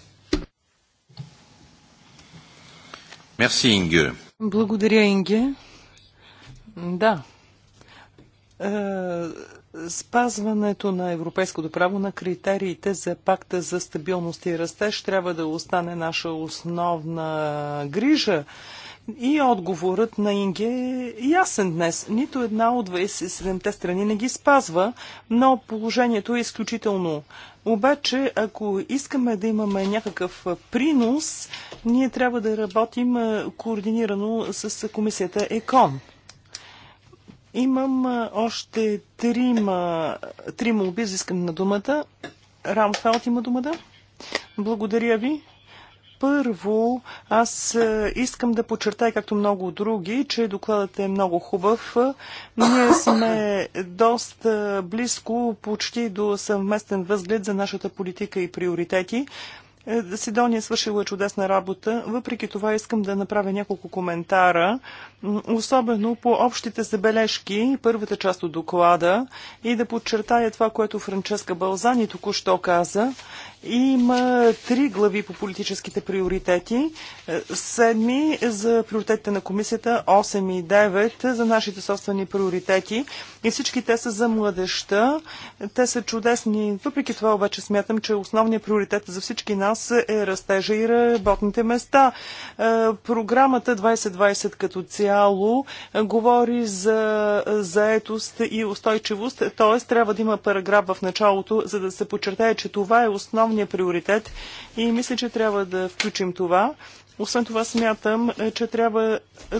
Мерси, Инге. Благодаря, Инге. Да. Е, спазването на европейското право на критериите за пакта за стабилност и растеж трябва да остане наша основна грижа. И отговорът на Инге е ясен днес. Нито една от 27-те страни не ги спазва, но положението е изключително. Обаче, ако искаме да имаме някакъв принос, ние трябва да работим е, координирано с комисията ЕКОН. Имам е, още трима, трима за искане на думата. Рамфелт има думата. Благодаря ви. Първо, аз е, искам да подчертая, както много други, че докладът е много хубав. Ние сме доста близко, почти до съвместен възглед за нашата политика и приоритети. Е, Сидония е свършила чудесна работа. Въпреки това искам да направя няколко коментара, особено по общите забележки, първата част от доклада и да подчертая това, което Франческа Балзани току-що каза има три глави по политическите приоритети. Е, седми за приоритетите на комисията, 8 и 9 за нашите собствени приоритети. И всички те са за младеща. Те са чудесни. Въпреки това обаче смятам, че основният приоритет за всички нас е растежа и работните места. Е, програмата 2020 като цяло е, говори за заетост и устойчивост, т.е. трябва да има параграф в началото, за да се подчертае, че това е основно националния приоритет и мисля, че трябва да включим това. Освен това смятам, е, че трябва... Е,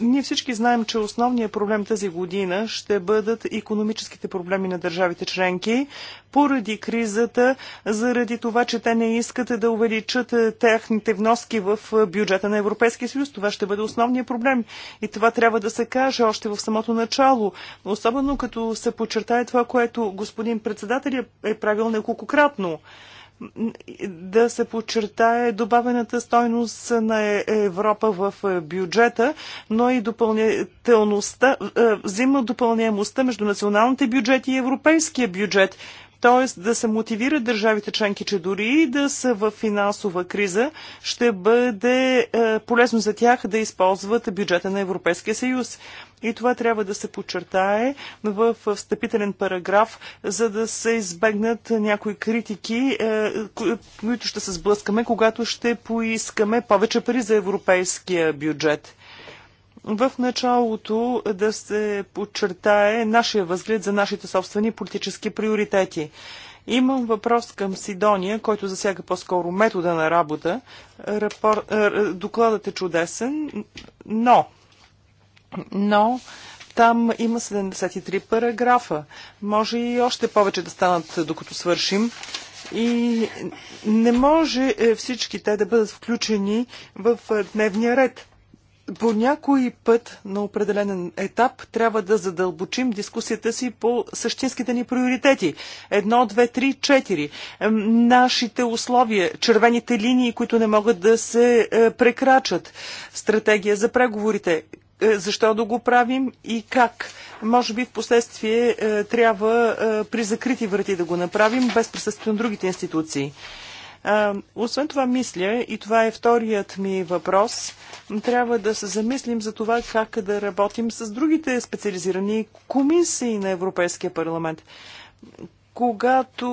ние всички знаем, че основният проблем тази година ще бъдат економическите проблеми на държавите членки поради кризата, заради това, че те не искат да увеличат е, техните вноски в бюджета на Европейския съюз. Това ще бъде основният проблем. И това трябва да се каже още в самото начало. Особено като се подчертае това, което господин председателя е правил неколкократно да се подчертае добавената стойност на е- Европа в е, бюджета, но и допълнителността, е, взима допълняемостта между националните бюджети и европейския бюджет т.е. да се мотивират държавите членки, че дори и да са в финансова криза, ще бъде е, полезно за тях да използват бюджета на Европейския съюз. И това трябва да се подчертае в встъпителен параграф, за да се избегнат някои критики, е, които ще се сблъскаме, когато ще поискаме повече пари за европейския бюджет в началото да се подчертае нашия възглед за нашите собствени политически приоритети. Имам въпрос към Сидония, който засяга по-скоро метода на работа. Рапор... Е, е, докладът е чудесен, но, но там има 73 параграфа. Може и още повече да станат, докато свършим. И не може е, всички те да бъдат включени в дневния ред по някой път на определен етап трябва да задълбочим дискусията си по същинските ни приоритети. Едно, две, три, четири. Нашите условия, червените линии, които не могат да се е, прекрачат. Стратегия за преговорите. Е, защо да го правим и как? Може би в последствие е, трябва при закрити врати да го направим, без присъствието на другите институции. Освен това мисля, и това е вторият ми въпрос, трябва да се замислим за това как да работим с другите специализирани комисии на Европейския парламент. Когато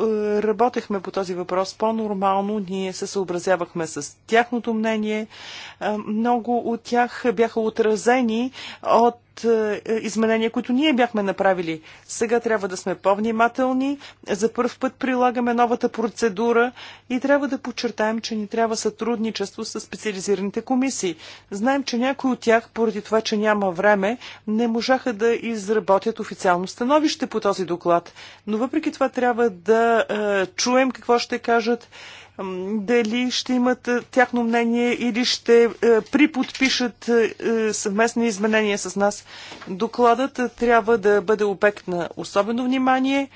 е, работехме по този въпрос по-нормално, ние се съобразявахме с тяхното мнение. Е, много от тях бяха отразени от от е, изменения, които ние бяхме направили. Сега трябва да сме по-внимателни, за първ път прилагаме новата процедура и трябва да подчертаем, че ни трябва сътрудничество с специализираните комисии. Знаем, че някои от тях, поради това, че няма време, не можаха да изработят официално становище по този доклад. Но въпреки това трябва да е, чуем какво ще кажат дали ще имат тяхно мнение или ще приподпишат съвместни изменения с нас. Докладът трябва да бъде обект на особено внимание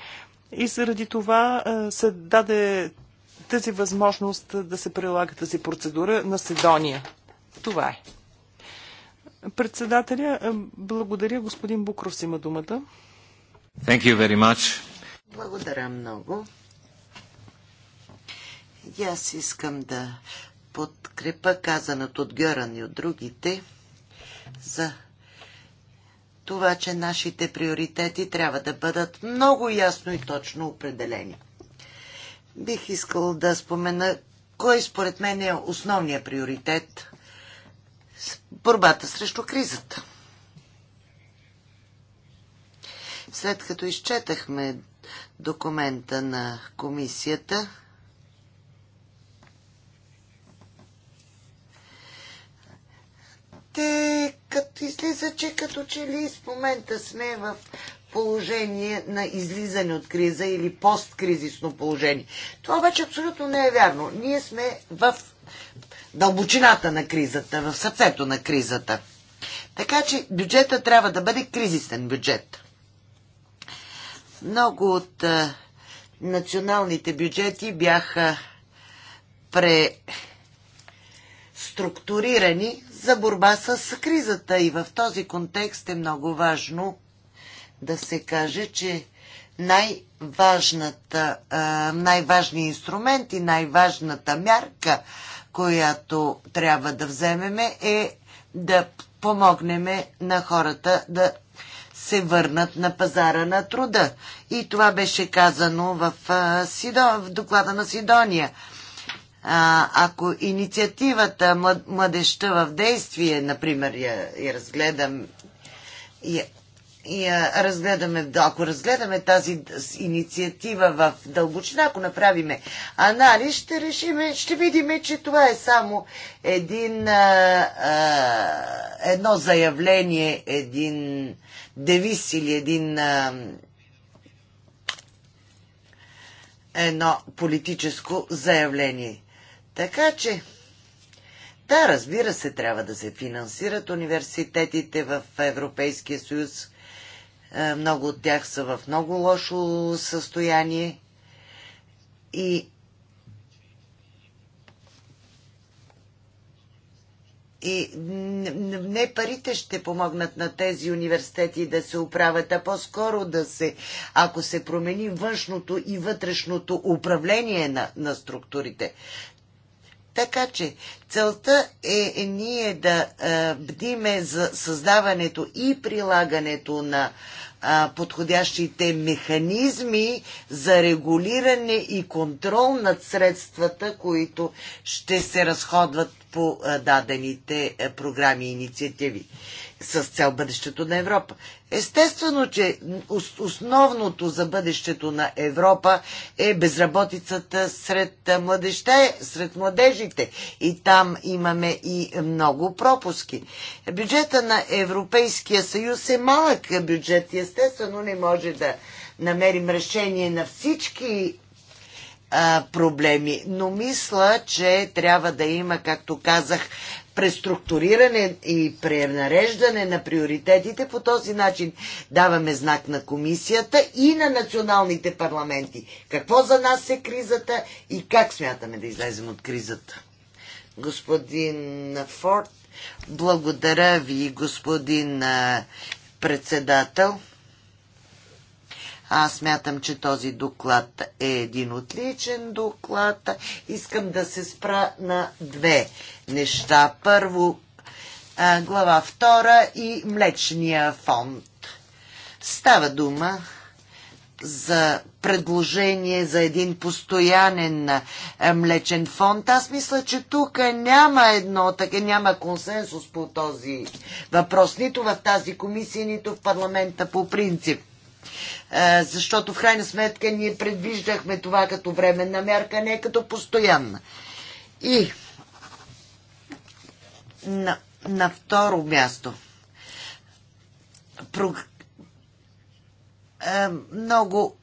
и заради това се даде тази възможност да се прилага тази процедура на Седония. Това е. Председателя, благодаря. Господин Букров, има думата. Thank you very much. Благодаря много. И аз искам да подкрепа казаното от Гьоран и от другите за това, че нашите приоритети трябва да бъдат много ясно и точно определени. Бих искал да спомена кой според мен е основният приоритет с борбата срещу кризата. След като изчетахме документа на комисията, ще като излиза, че като че ли в момента сме в положение на излизане от криза или посткризисно положение. Това обаче абсолютно не е вярно. Ние сме в дълбочината на кризата, в сърцето на кризата. Така че бюджета трябва да бъде кризисен бюджет. Много от а, националните бюджети бяха пре структурирани за борба с кризата. И в този контекст е много важно да се каже, че най-важната, най-важният инструмент и най-важната мярка, която трябва да вземеме е да помогнем на хората да се върнат на пазара на труда. И това беше казано в, в доклада на Сидония. А, ако инициативата млад, Младеща в действие, например, я, я разгледам, я, я разгледаме, ако разгледаме тази инициатива в дълбочина, ако направиме анализ, ще решиме, ще видиме, че това е само един, а, а, едно заявление, един девиз или един а, едно политическо заявление. Така че, да, разбира се, трябва да се финансират университетите в Европейския съюз. Е, много от тях са в много лошо състояние и И не парите ще помогнат на тези университети да се оправят, а по-скоро да се, ако се промени външното и вътрешното управление на, на структурите. Така че целта е, е, ние да е, бдиме за създаването и прилагането на подходящите механизми за регулиране и контрол над средствата, които ще се разходват по дадените програми и инициативи с цел бъдещето на Европа. Естествено, че основното за бъдещето на Европа е безработицата сред младеща, сред младежите. И там имаме и много пропуски. Бюджета на Европейския съюз е малък бюджет и естествено не може да намерим решение на всички а, проблеми. Но мисля, че трябва да има, както казах, преструктуриране и пренареждане на приоритетите. По този начин даваме знак на комисията и на националните парламенти. Какво за нас е кризата и как смятаме да излезем от кризата? Господин Форд, благодаря ви, господин председател. Аз мятам, че този доклад е един отличен доклад. Искам да се спра на две неща. Първо, глава 2 и млечния фонд. Става дума за предложение за един постоянен млечен фонд. Аз мисля, че тук няма едно, така няма консенсус по този въпрос, нито в тази комисия, нито в парламента по принцип. Е, защото в крайна сметка ние предвиждахме това като временна мярка, не като постоянна. И на, на второ място. Про, а, е, много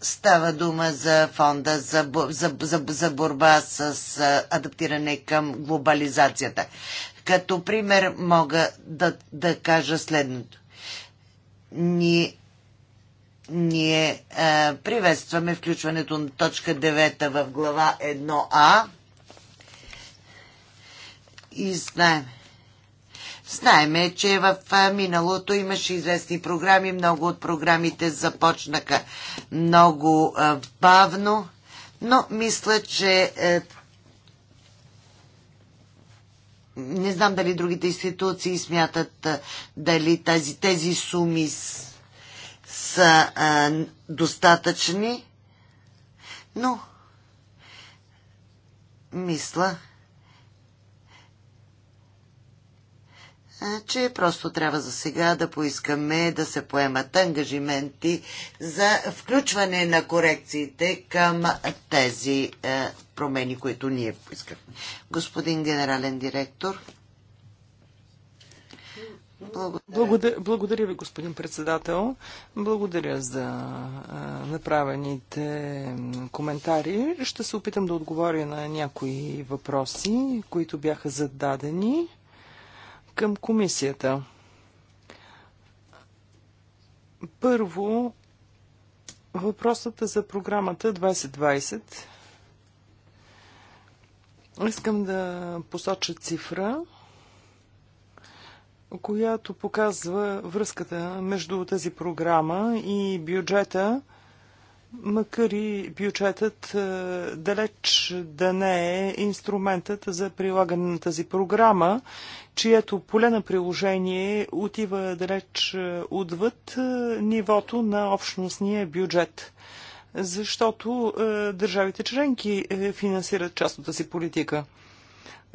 Става дума за фонда за, за, за, за борба с е, адаптиране към глобализацията. Като пример мога да, да кажа следното. Ние ние а, е, приветстваме включването на точка 9 в глава 1а и знаем. Знаеме, че в е, миналото имаше известни програми, много от програмите започнаха много е, бавно, но мисля, че не знам дали другите институции смятат дали тази, тези суми с, са а, достатъчни, но мисля, че просто трябва за сега да поискаме да се поемат ангажименти за включване на корекциите към тези е, промени, които ние поискаме. Господин генерален директор. Благодаря. Благодаря, благодаря ви, господин председател. Благодаря за а, е, направените коментари. Ще се опитам да отговоря на някои въпроси, които бяха зададени към комисията. Първо, въпросът е за програмата 2020. Искам да посоча цифра, която показва връзката между тази програма и бюджета – макар и бюджетът е, далеч да не е инструментът за прилагане на тази програма, чието поле на приложение отива далеч е, отвъд е, нивото на общностния бюджет. Защото държавите членки финансират част от тази политика.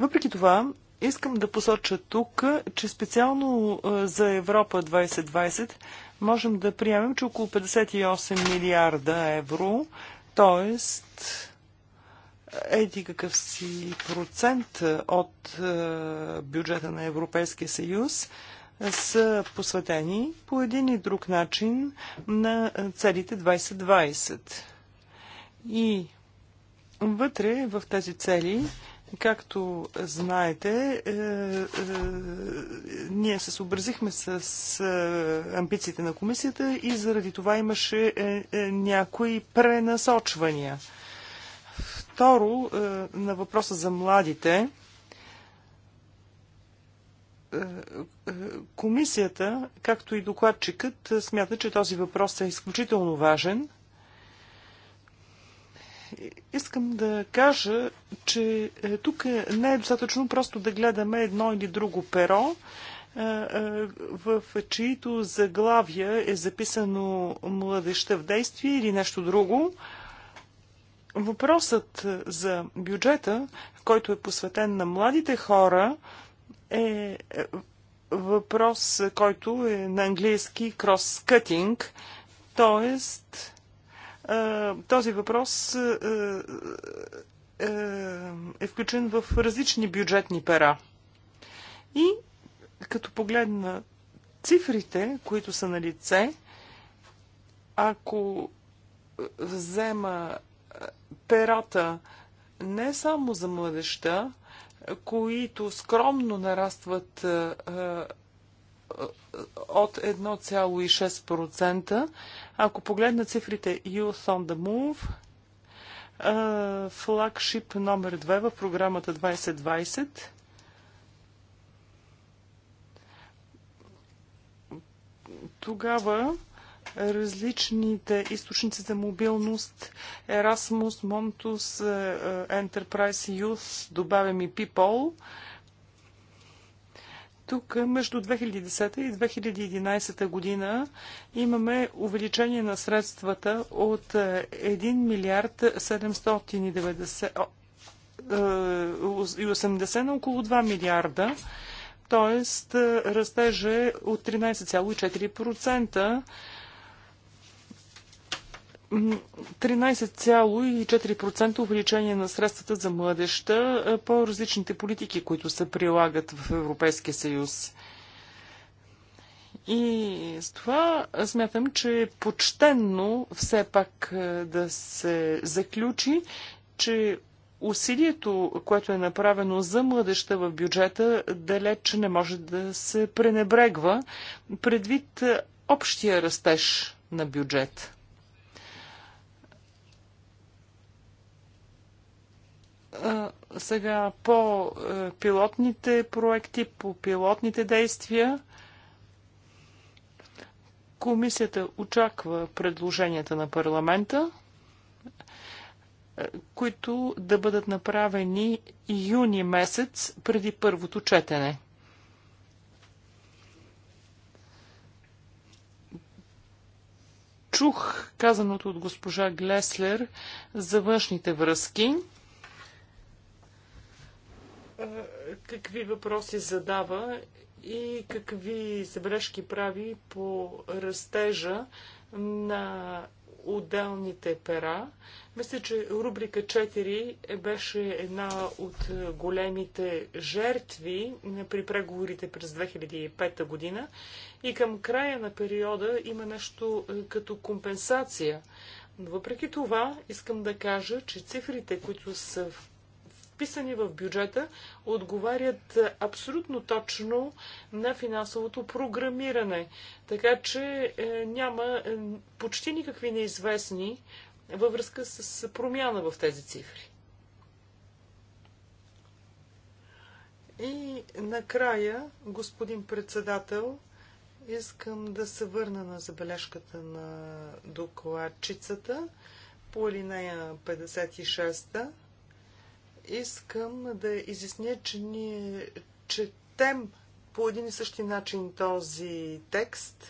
Въпреки това, искам да посоча тук, че специално за Европа 2020 можем да приемем, че около 58 милиарда евро, т.е. еди какъв си процент от е, бюджета на Европейския съюз, са посветени по един и друг начин на целите 2020. И вътре в тези цели Както знаете, е, е, ние се съобразихме с е, амбициите на комисията и заради това имаше някои пренасочвания. Второ, на въпроса за младите, комисията, както и докладчикът, смята, че този въпрос е изключително важен искам да кажа, че е, тук не е достатъчно просто да гледаме едно или друго перо, е, е, в чието заглавия е записано младеща в действие или нещо друго. Въпросът за бюджета, който е посветен на младите хора, е въпрос, който е на английски cross-cutting, т.е. Този въпрос е включен в различни бюджетни пера. И като погледна цифрите, които са на лице, ако взема перата не само за младеща, които скромно нарастват от 1,6%. Ако погледна цифрите Youth on the Move, флагшип номер 2 в програмата 2020, тогава различните източници за мобилност, Erasmus, Montus, е, е, Enterprise Youth, добавям и People – тук е, между 2010 и 2011 година имаме увеличение на средствата от 1 е, милиард 790 и 80 е, на около 2 милиарда, т.е. растеже от 13,4%. 13,4% увеличение на средствата за младеща по различните политики, които се прилагат в Европейския съюз. И с това смятам, че е почтенно все пак да се заключи, че усилието, което е направено за младеща в бюджета, далеч не може да се пренебрегва предвид общия растеж на бюджет. сега по е, пилотните проекти, по пилотните действия. Комисията очаква предложенията на парламента, е, които да бъдат направени юни месец преди първото четене. Чух казаното от госпожа Глеслер за външните връзки какви въпроси задава и какви забележки прави по растежа на отделните пера. Мисля, че рубрика 4 е- беше една от големите жертви при преговорите през 2005 година и към края на периода има нещо като компенсация. Но въпреки това искам да кажа, че цифрите, които са в вписани в бюджета, отговарят абсолютно точно на финансовото програмиране. Така че е, няма е, почти никакви неизвестни във връзка с промяна в тези цифри. И накрая, господин председател, искам да се върна на забележката на докладчицата по линия 56 Искам да изясня, че ние четем по един и същи начин този текст.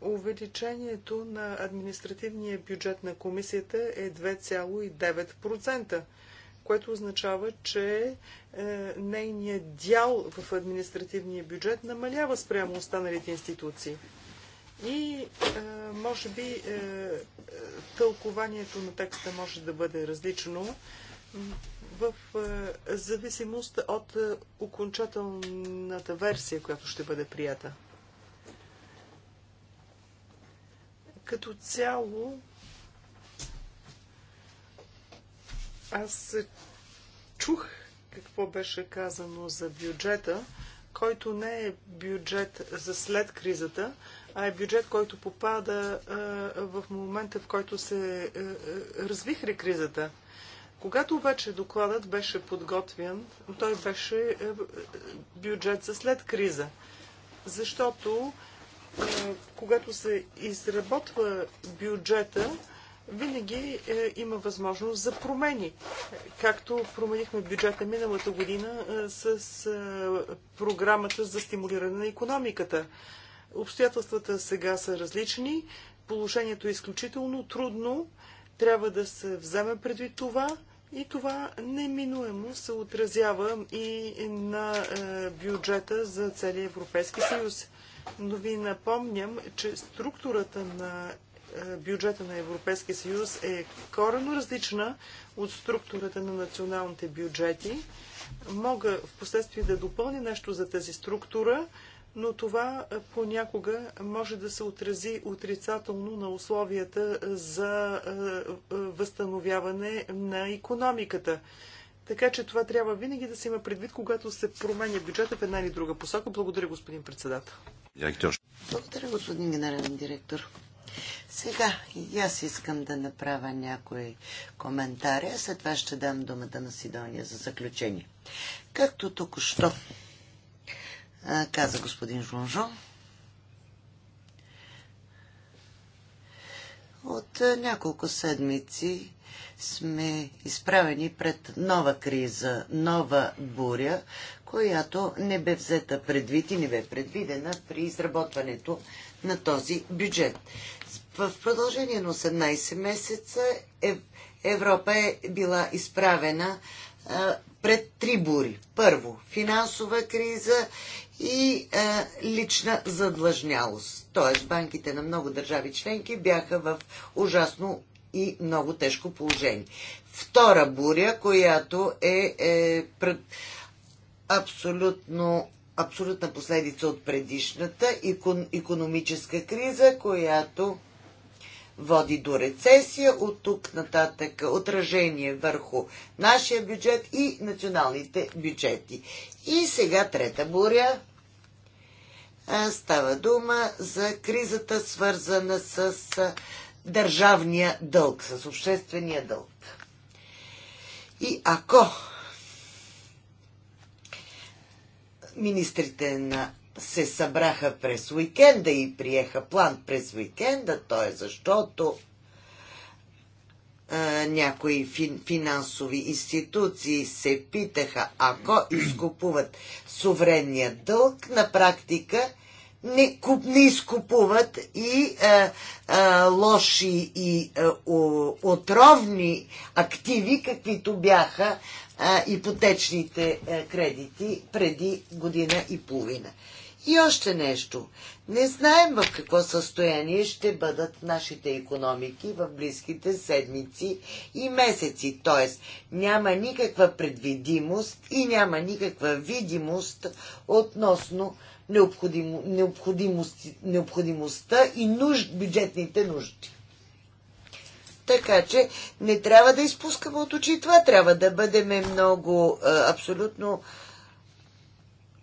Увеличението на административния бюджет на комисията е 2,9% което означава, че е, нейният дял в административния бюджет намалява спрямо останалите институции. И а, е, може би а, е, е, тълкованието на текста може да бъде различно в а, зависимост от а, окончателната версия, която ще бъде прията. Като цяло, аз чух какво беше казано за бюджета, който не е бюджет за след кризата, а е бюджет, който попада в момента, в който се е, е, развихри кризата. Когато обаче докладът беше подготвен, той беше е, бюджет за след криза. Защото когато се изработва бюджета, винаги е, има възможност за промени. Както променихме бюджета миналата година е, с е, програмата за стимулиране на економиката. Обстоятелствата сега са различни, положението е изключително трудно, трябва да се вземе предвид това и това неминуемо се отразява и на е, бюджета за целия Европейски съюз. Но ви напомням, че структурата на е, бюджета на Европейския съюз е коренно различна от структурата на националните бюджети. Мога в последствие да допълня нещо за тази структура, но това понякога може да се отрази отрицателно на условията за възстановяване на економиката. Така че това трябва винаги да се има предвид, когато се променя бюджета в една или друга посока. Благодаря, господин председател. Директор. Благодаря, господин генерален директор. Сега и аз искам да направя някои коментари, а след това ще дам думата на Сидония за заключение. Както току-що каза господин Жонжо. От няколко седмици сме изправени пред нова криза, нова буря, която не бе взета предвид и не бе предвидена при изработването на този бюджет. В продължение на 18 месеца Европа е била изправена пред три бури. Първо, финансова криза и а, е, лична задлъжнялост. Тоест банките на много държави членки бяха в ужасно и много тежко положение. Втора буря, която е, е пред, абсолютно абсолютна последица от предишната икон, економическа криза, която води до рецесия, от тук нататък отражение върху нашия бюджет и националните бюджети. И сега трета буря Става дума за кризата, свързана с държавния дълг, с обществения дълг. И ако министрите на се събраха през уикенда и приеха план през уикенда, т.е. защото а, някои фин, финансови институции се питаха, ако изкупуват суверенния дълг, на практика не, куп, не изкупуват и а, е, а, е, лоши и а, е, о, отровни активи, каквито бяха а, ипотечните а, кредити преди година и половина. И още нещо. Не знаем в какво състояние ще бъдат нашите економики в близките седмици и месеци. Т.е. няма никаква предвидимост и няма никаква видимост относно необходимо, необходимост, необходимостта и нужд, бюджетните нужди. Така че не трябва да изпускаме от очи това. Трябва да бъдем много а, абсолютно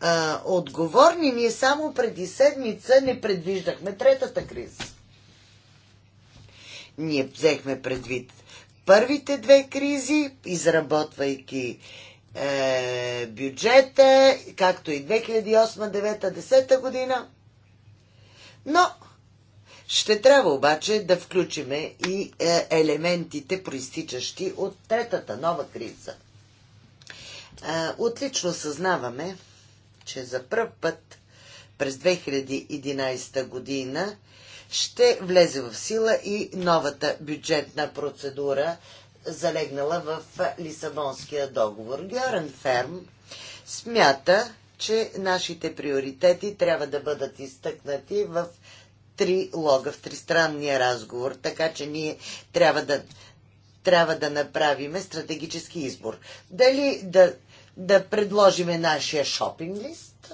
а, отговорни. Ние само преди седмица не предвиждахме третата криза. Ние взехме предвид първите две кризи, изработвайки е, бюджета, както и 2008-2009-2010 година. Но ще трябва обаче да включиме и е, елементите, проистичащи от третата нова криза. Е, отлично съзнаваме, че за първ път през 2011 година ще влезе в сила и новата бюджетна процедура залегнала в Лисабонския договор. Георен Ферм смята, че нашите приоритети трябва да бъдат изтъкнати в три лога, в тристранния разговор, така че ние трябва да, трябва да направим стратегически избор. Дали да, да предложиме нашия шопинг лист,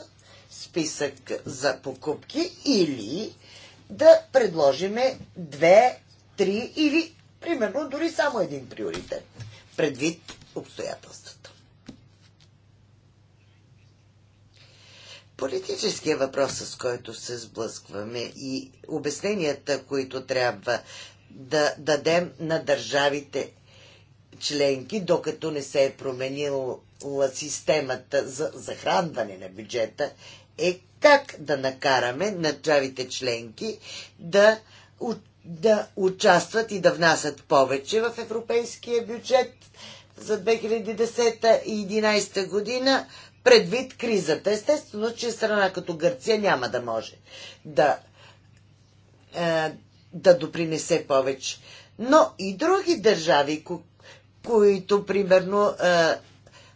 списък за покупки, или да предложиме две, три или примерно дори само един приоритет, предвид обстоятелствата. Политическия въпрос, с който се сблъскваме и обясненията, които трябва да дадем на държавите членки, докато не се е променила системата за захранване на бюджета, е как да накараме държавите членки да да участват и да внасят повече в европейския бюджет за 2010 и 2011 година предвид кризата. Естествено, че страна като Гърция няма да може да, е, да допринесе повече. Но и други държави, които примерно е,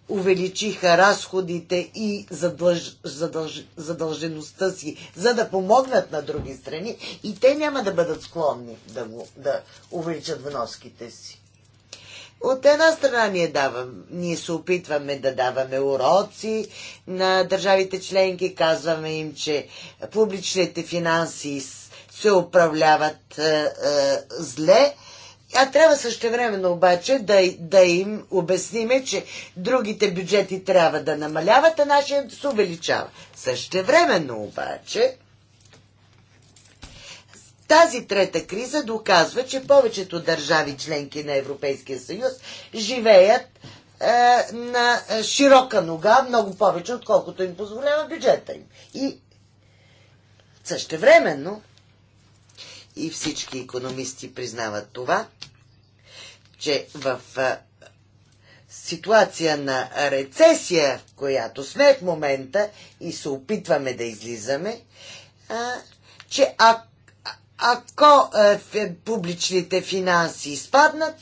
увеличиха разходите и задълж, задълж, задължеността си, за да помогнат на други страни и те няма да бъдат склонни да, го, да увеличат вноските си. От една страна ние, давам, ние се опитваме да даваме уроци на държавите членки, казваме им, че публичните финанси се управляват е, е, зле, а трябва същевременно обаче да, да им обясниме, че другите бюджети трябва да намаляват, а нашия да се увеличава. Същевременно обаче тази трета криза доказва, че повечето държави членки на Европейския съюз живеят е, на широка нога, много повече, отколкото им позволява бюджета им. И същевременно и всички економисти признават това, че в ситуация на рецесия, в която сме в момента и се опитваме да излизаме, че ако публичните финанси спаднат,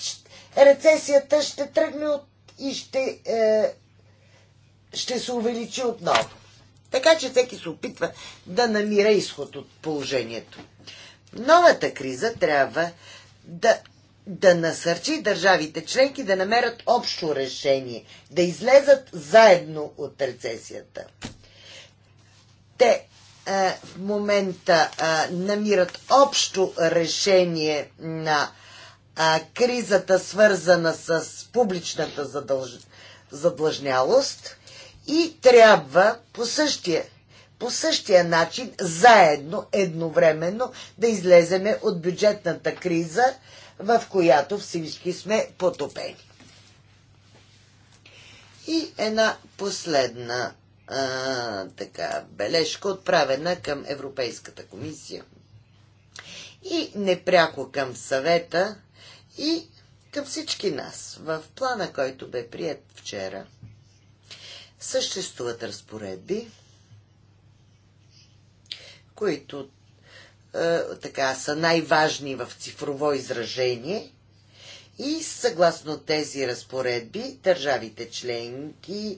рецесията ще тръгне от, и ще, е, ще се увеличи отново. Така че всеки се опитва да намира изход от положението новата криза трябва да, да насърчи държавите членки да намерят общо решение, да излезат заедно от рецесията. Те а, е, в момента а, е, намират общо решение на а, е, кризата, свързана с публичната задълж... задлъжнялост и трябва по същия по същия начин, заедно, едновременно, да излеземе от бюджетната криза, в която всички сме потопени. И една последна а, така, бележка, отправена към Европейската комисия и непряко към съвета и към всички нас. В плана, който бе прият вчера, съществуват разпоредби, които е, така са най-важни в цифрово изражение. И съгласно тези разпоредби, държавите членки е,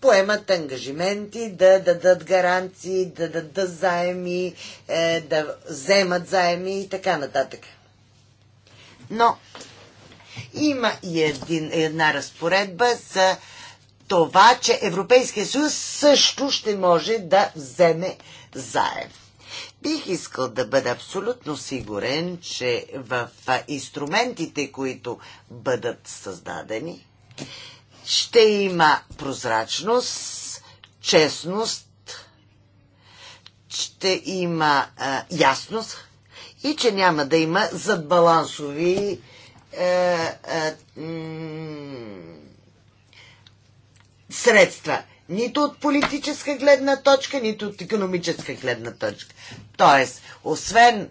поемат ангажименти да дадат гаранции, да дадат заеми, е, да вземат заеми и така нататък. Но има и един, една разпоредба за това, че Европейския съюз също ще може да вземе заем. Бих искал да бъда абсолютно сигурен, че в инструментите, които бъдат създадени, ще има прозрачност, честност, ще има а, ясност и че няма да има задбалансови а, е, а, е, средства. Нито от политическа гледна точка, нито от економическа гледна точка. Тоест, освен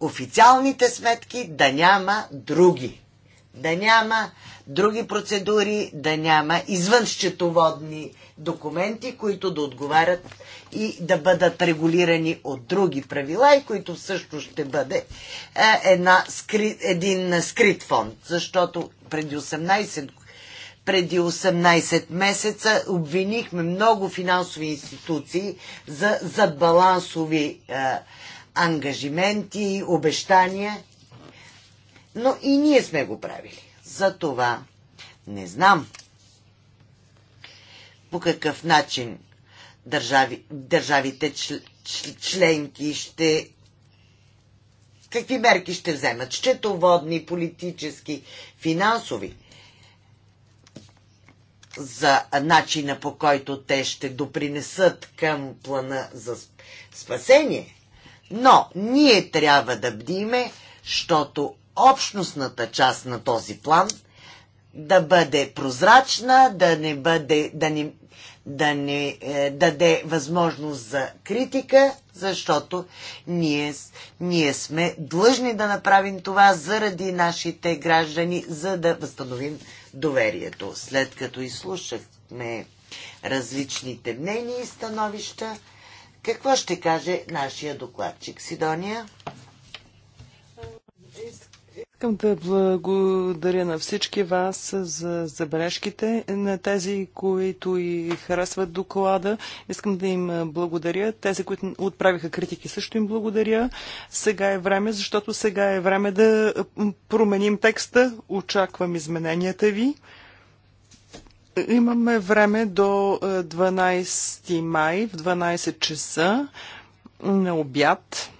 официалните сметки, да няма други. Да няма други процедури, да няма извънщетоводни документи, които да отговарят и да бъдат регулирани от други правила и които също ще бъде е, една, скри, един скрит фонд, защото преди 18 преди 18 месеца обвинихме много финансови институции за задбалансови е, ангажименти и обещания, но и ние сме го правили. За това не знам по какъв начин държави, държавите членки ще какви мерки ще вземат? Счетоводни, политически, финансови – за начина по който те ще допринесат към плана за спасение, но ние трябва да бдиме, защото общностната част на този план да бъде прозрачна, да не бъде, да не, да не е, даде възможност за критика, защото ние, ние сме длъжни да направим това заради нашите граждани, за да възстановим доверието. След като изслушахме различните мнения и становища, какво ще каже нашия докладчик Сидония? Искам да благодаря на всички вас за забележките, на тези, които и харесват доклада. Искам да им благодаря. Тези, които отправиха критики, също им благодаря. Сега е време, защото сега е време да променим текста. Очаквам измененията ви. Имаме време до 12 е, май в 12 часа на обяд.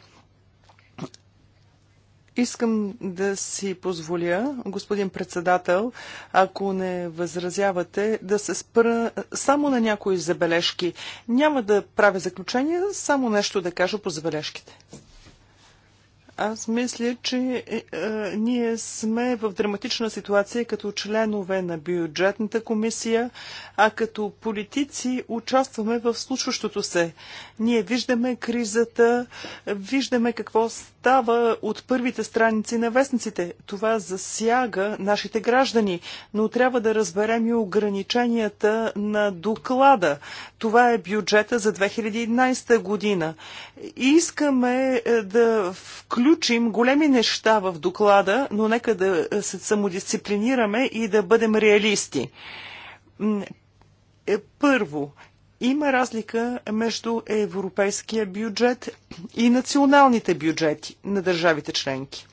Искам да си позволя, господин председател, ако не възразявате, да се спра само на някои забележки. Няма да правя заключение, само нещо да кажа по забележките. Аз мисля, че е, е, ние сме в драматична ситуация като членове на бюджетната комисия, а като политици участваме в случващото се. Ние виждаме кризата, виждаме какво става от първите страници на вестниците. Това засяга нашите граждани, но трябва да разберем и ограниченията на доклада. Това е бюджета за 2011 година. Искаме е, да включим големи неща в доклада, но нека да се самодисциплинираме и да бъдем реалисти. Е, първо, има разлика между европейския бюджет и националните бюджети на държавите членки.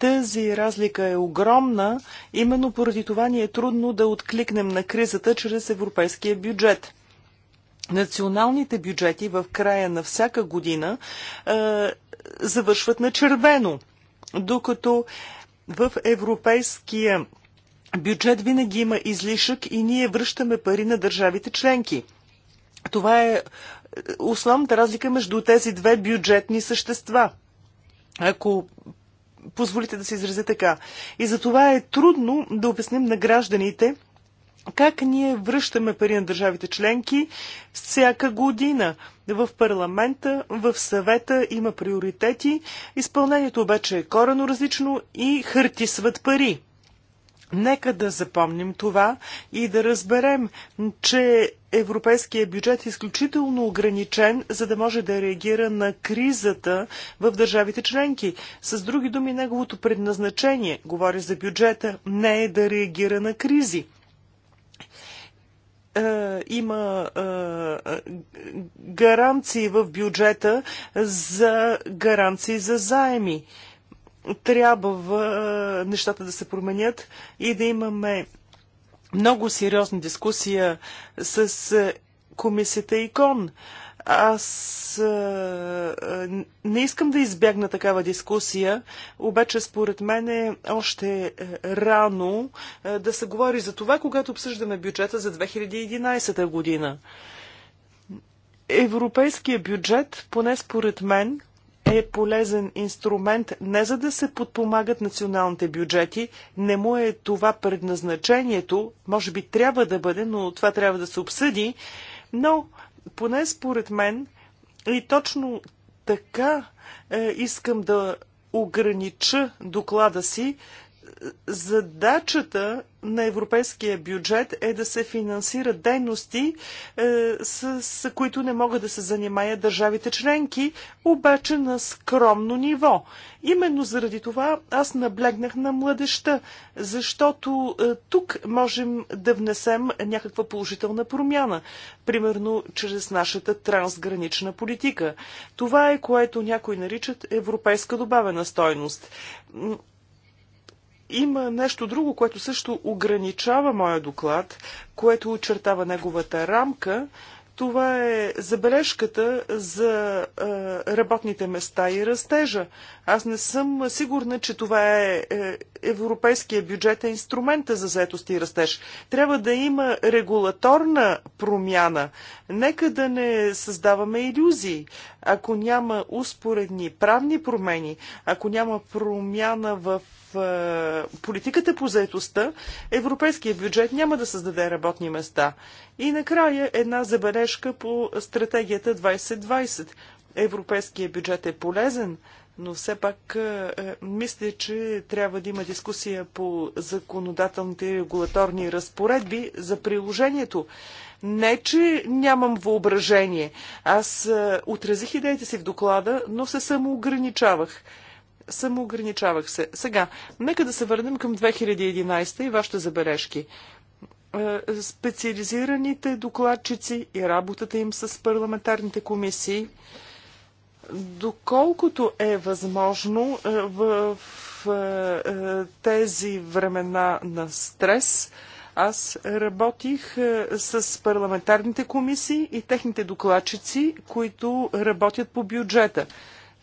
Тази разлика е огромна, именно поради това ни е трудно да откликнем на кризата чрез европейския бюджет. Националните бюджети в края на всяка година е, завършват на червено, докато в европейския бюджет винаги има излишък и ние връщаме пари на държавите членки. Това е, е основната разлика между тези две бюджетни същества. Ако позволите да се изразя така. И за това е трудно да обясним на гражданите как ние връщаме пари на държавите членки всяка година. В парламента, в съвета има приоритети, изпълнението обаче е корено различно и хъртисват пари. Нека да запомним това и да разберем, че европейският бюджет е изключително ограничен, за да може да реагира на кризата в държавите членки. С други думи, неговото предназначение, говоря за бюджета, не е да реагира на кризи е, има е, гаранции в бюджета за гаранции за заеми трябва нещата да се променят и да имаме много сериозна дискусия с комисията ИКОН. Аз не искам да избягна такава дискусия, обаче според мен е още рано да се говори за това, когато обсъждаме бюджета за 2011 година. Европейския бюджет, поне според мен, е полезен инструмент не за да се подпомагат националните бюджети, не му е това предназначението, може би трябва да бъде, но това трябва да се обсъди, но поне според мен и точно така е, искам да огранича доклада си, задачата на европейския бюджет е да се финансират дейности, е, с, с които не могат да се занимаят държавите членки, обаче на скромно ниво. Именно заради това аз наблегнах на младеща, защото е, тук можем да внесем някаква положителна промяна, примерно чрез нашата трансгранична политика. Това е което някои наричат европейска добавена стойност има нещо друго, което също ограничава моя доклад, което очертава неговата рамка. Това е забележката за е, работните места и растежа. Аз не съм сигурна, че това е, е европейския бюджет е инструмента за заетост и растеж. Трябва да има регулаторна промяна. Нека да не създаваме иллюзии. Ако няма успоредни правни промени, ако няма промяна в е, политиката по заетостта, европейския бюджет няма да създаде работни места. И накрая една забележка по стратегията 2020. Европейския бюджет е полезен, но все пак е, е, мисля, че трябва да има дискусия по законодателните и регулаторни разпоредби за приложението. Не, че нямам въображение. Аз отразих идеите си в доклада, но се самоограничавах самоограничавах се. Сега, нека да се върнем към 2011 и вашите забележки. Е, специализираните докладчици и работата им с парламентарните комисии, доколкото е възможно е, в е, тези времена на стрес, аз работих с парламентарните комисии и техните докладчици, които работят по бюджета.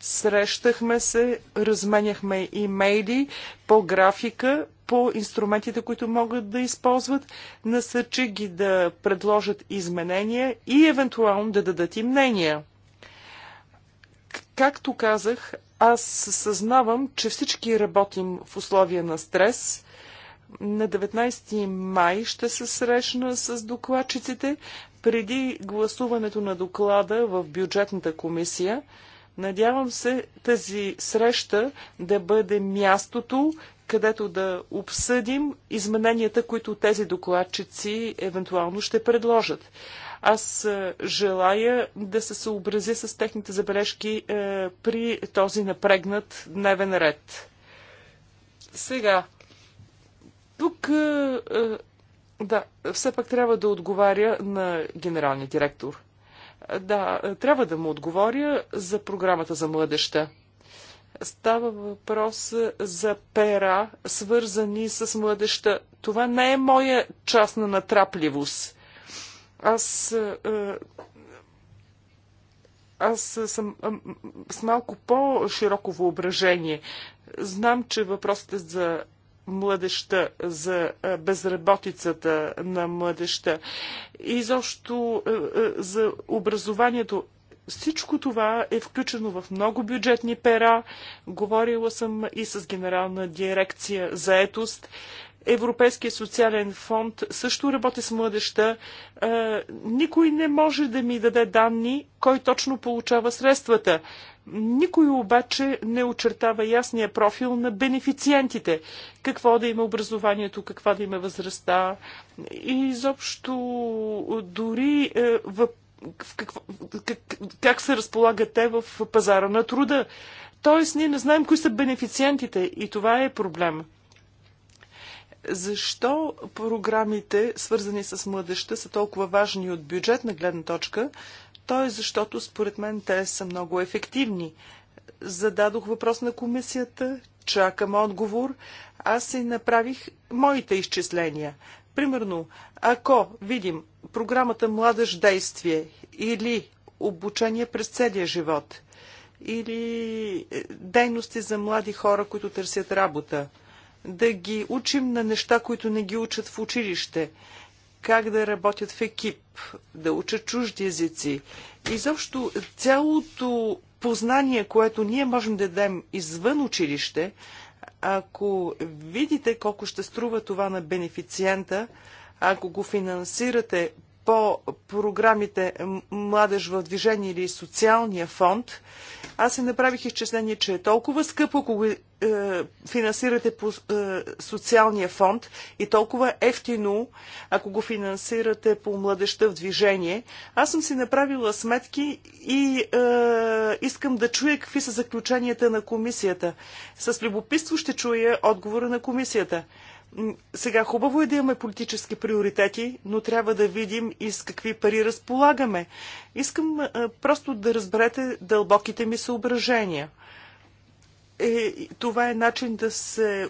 Срещахме се, разменяхме имейли по графика, по инструментите, които могат да използват, насъчи ги да предложат изменения и евентуално да дадат и мнения. Както казах, аз съзнавам, че всички работим в условия на стрес. На 19 май ще се срещна с докладчиците преди гласуването на доклада в бюджетната комисия. Надявам се тази среща да бъде мястото, където да обсъдим измененията, които тези докладчици евентуално ще предложат. Аз желая да се съобрази с техните забележки е, при този напрегнат дневен ред. Сега, тук, е, да, все пак трябва да отговаря на генералния директор. Да, трябва да му отговоря за програмата за младеща. Става въпрос за пера, свързани с младеща. Това не е моя частна натрапливост. Аз е, аз съм е, с малко по-широко въображение. Знам, че въпросите за младеща, за безработицата на младеща и защо за образованието. Всичко това е включено в много бюджетни пера. Говорила съм и с генерална дирекция за етост. Европейския социален фонд също работи с младеща. Никой не може да ми даде данни, кой точно получава средствата. Никой обаче не очертава ясния профил на бенефициентите. Какво да има образованието, каква да има възрастта. И изобщо дори е, в какво, как, как се разполагат те в пазара на труда. Тоест, ние не знаем кои са бенефициентите и това е проблем. Защо програмите, свързани с младеща, са толкова важни от бюджетна гледна точка? То е защото според мен те са много ефективни. Зададох въпрос на комисията, чакам отговор. Аз си направих моите изчисления. Примерно, ако видим програмата Младеж действие или обучение през целия живот или е, дейности за млади хора, които търсят работа, да ги учим на неща, които не ги учат в училище, как да работят в екип, да учат чужди езици. И цялото познание, което ние можем да дадем извън училище, ако видите колко ще струва това на бенефициента, ако го финансирате по програмите Младеж в движение или Социалния фонд, аз се направих изчисление, че е толкова скъпо, ако го е, финансирате по е, социалния фонд и толкова ефтино, ако го финансирате по младеща в движение. Аз съм си направила сметки и е, искам да чуя какви са заключенията на комисията. С любопитство ще чуя отговора на комисията. Сега хубаво е да имаме политически приоритети, но трябва да видим и с какви пари разполагаме. Искам просто да разберете дълбоките ми съображения. Е, това е начин да се е,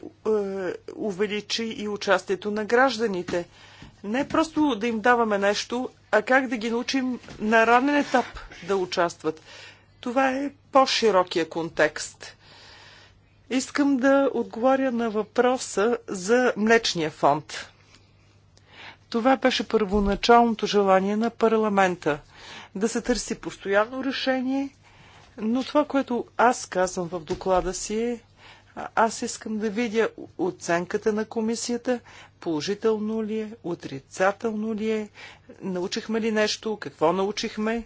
увеличи и участието на гражданите. Не просто да им даваме нещо, а как да ги научим на ранен етап да участват. Това е по-широкия контекст. Искам да отговоря на въпроса за млечния фонд. Това беше първоначалното желание на парламента да се търси постоянно решение, но това, което аз казвам в доклада си е, аз искам да видя оценката на комисията, положително ли е, отрицателно ли е, научихме ли нещо, какво научихме,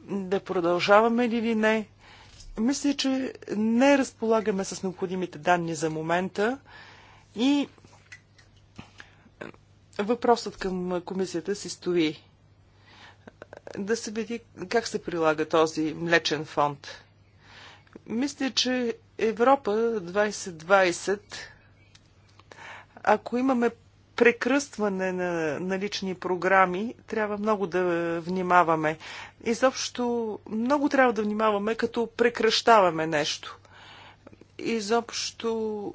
да продължаваме ли или не, мисля, че не разполагаме с необходимите данни за момента и въпросът към комисията си стои. Да се види как се прилага този млечен фонд. Мисля, че Европа 2020, ако имаме прекръстване на налични програми трябва много да внимаваме. Изобщо много трябва да внимаваме, като прекръщаваме нещо. Изобщо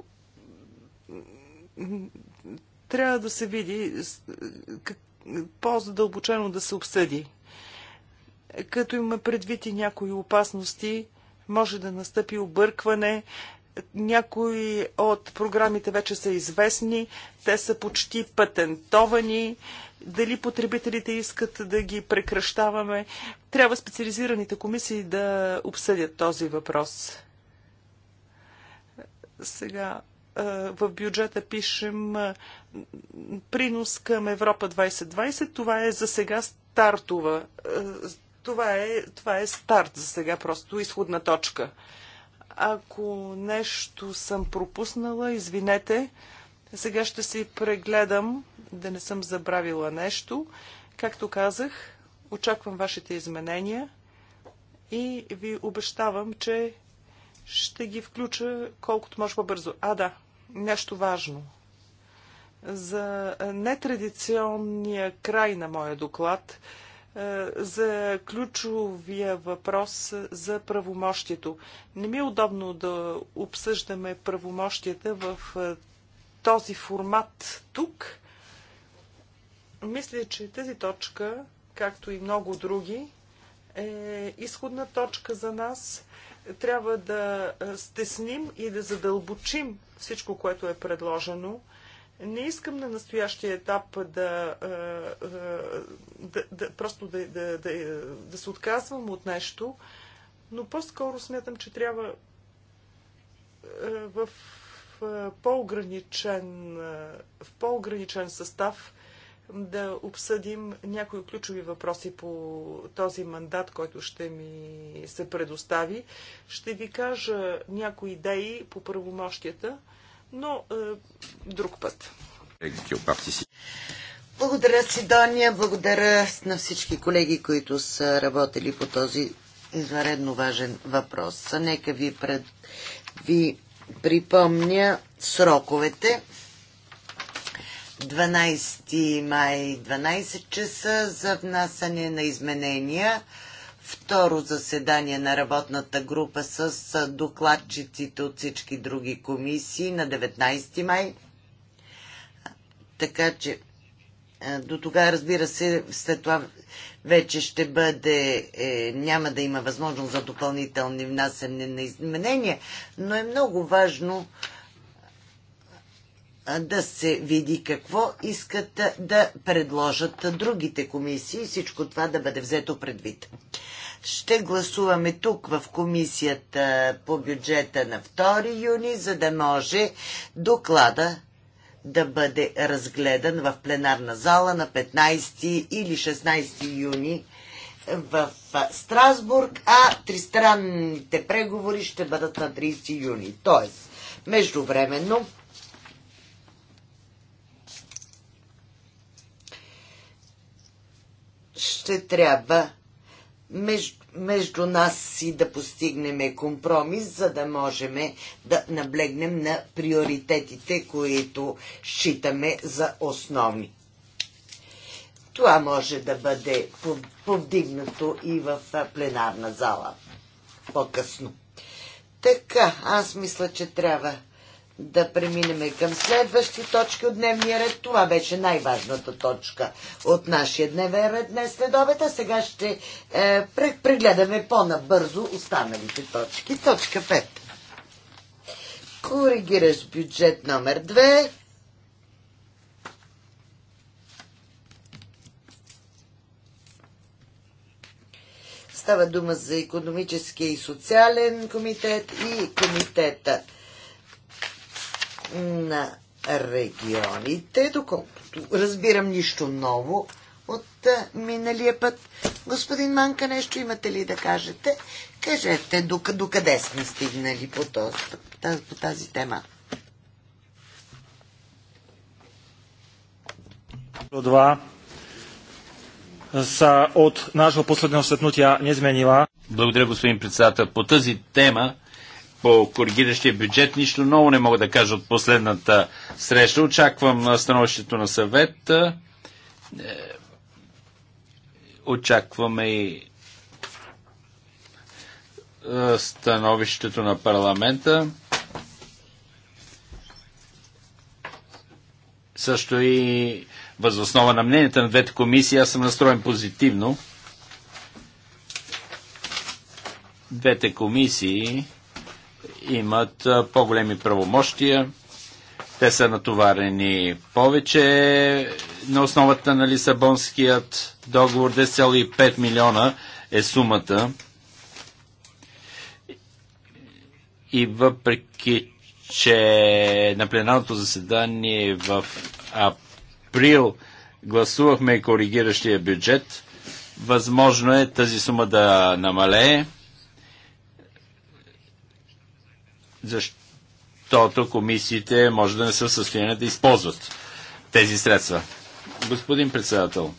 трябва да се види по-задълбочено да се обсъди. Като има предвид и някои опасности, може да настъпи объркване, някои от програмите вече са известни, те са почти патентовани. Дали потребителите искат да ги прекращаваме? Трябва специализираните комисии да обсъдят този въпрос. Сега в бюджета пишем принос към Европа 2020. Това е за сега стартова. Това е, това е старт за сега, просто изходна точка. Ако нещо съм пропуснала, извинете. Сега ще си прегледам, да не съм забравила нещо. Както казах, очаквам вашите изменения и ви обещавам, че ще ги включа колкото може по-бързо. А, да, нещо важно. За нетрадиционния край на моя доклад – за ключовия въпрос за правомощието. Не ми е удобно да обсъждаме правомощията в този формат тук. Мисля, че тази точка, както и много други, е изходна точка за нас. Трябва да стесним и да задълбочим всичко, което е предложено. Не искам на настоящия етап да, е, е, да, да просто да, да, да, да се отказвам от нещо, но по-скоро смятам, че трябва е, в по-ограничен, в по-ограничен състав да обсъдим някои ключови въпроси по този мандат, който ще ми се предостави. Ще ви кажа някои идеи по правомощията но е, друг път. Благодаря, Сидония. Благодаря на всички колеги, които са работили по този извънредно важен въпрос. Нека ви, пред... ви припомня сроковете. 12 май 12 часа за внасане на изменения второ заседание на работната група с докладчиците от всички други комисии на 19 май. Така че до тогава, разбира се, след това вече ще бъде, е, няма да има възможност за допълнителни внасяне на изменения, но е много важно да се види какво искат да предложат другите комисии и всичко това да бъде взето предвид. Ще гласуваме тук в комисията по бюджета на 2 юни, за да може доклада да бъде разгледан в пленарна зала на 15 или 16 юни в Страсбург, а тристранните преговори ще бъдат на 30 юни. Тоест, междувременно ще трябва между, между нас и да постигнем компромис, за да можем да наблегнем на приоритетите, които считаме за основни. Това може да бъде повдигнато и в пленарна зала по-късно. Така, аз мисля, че трябва да преминем към следващи точки от дневния ред. Това беше най-важната точка от нашия дневен ред днес след обед, а сега ще е, прегледаме по-набързо останалите точки. Точка 5. Коригираш бюджет номер 2. Става дума за економическия и социален комитет и комитета на регионите, доколкото разбирам нищо ново от миналия път. Господин Манка, нещо имате ли да кажете? Кажете, докъде сме стигнали по, този, по тази тема? Два са от нашето последно сетнутия не изменила. Благодаря, господин председател. По тази тема по коригиращия бюджет нищо ново не мога да кажа от последната среща. Очаквам становището на съвет. Е, очакваме и становището на парламента. Също и възоснова на мненията на двете комисии аз съм настроен позитивно. Двете комисии имат по-големи правомощия. Те са натоварени повече на основата на Лисабонският договор. 10,5 милиона е сумата. И въпреки, че на пленарното заседание в април гласувахме коригиращия бюджет, възможно е тази сума да намалее. защото комисиите може да не са в състояние да използват тези средства. Господин председател,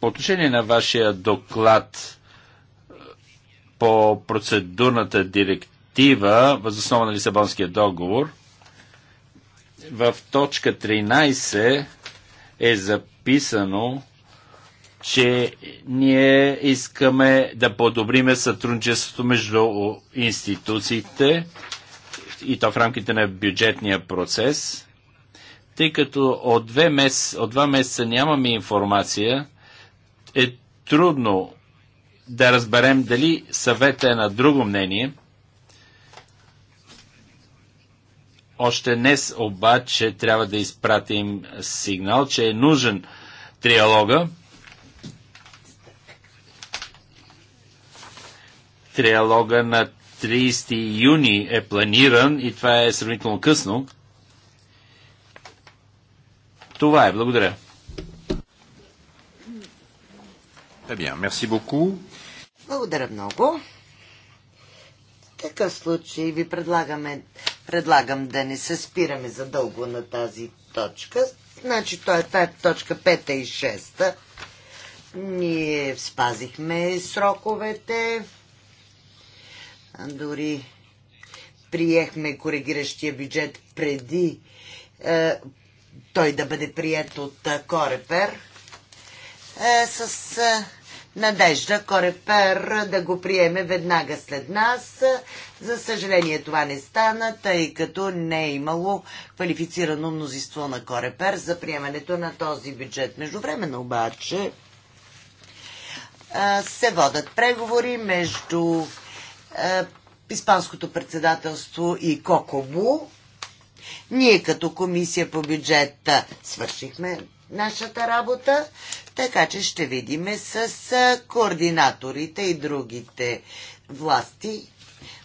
по отношение на вашия доклад по процедурната директива, възоснова на Лисабонския договор, в точка 13 е записано, че ние искаме да подобриме сътрудничеството между институциите и то в рамките на бюджетния процес, тъй като от, две мес, от два месеца нямаме информация, е трудно да разберем дали съвета е на друго мнение. Още днес обаче трябва да изпратим сигнал, че е нужен триалога Триалога на 30 юни е планиран и това е сравнително късно. Това е. Благодаря. Е Благодаря много. В такъв случай ви предлагаме, предлагам да не се спираме задълго на тази точка. Значи той е, това е точка 5 и 6. Ние спазихме сроковете. Дори приехме коригиращия бюджет преди е, той да бъде прият от е, Корепер е, с е, надежда Корепер да го приеме веднага след нас. За съжаление това не стана, тъй като не е имало квалифицирано мнозинство на Корепер за приемането на този бюджет. Междувременно обаче е, се водат преговори между е, Испанското председателство и Кокобу. Ние като комисия по бюджета е, свършихме нашата работа, така че ще видим с е, координаторите и другите власти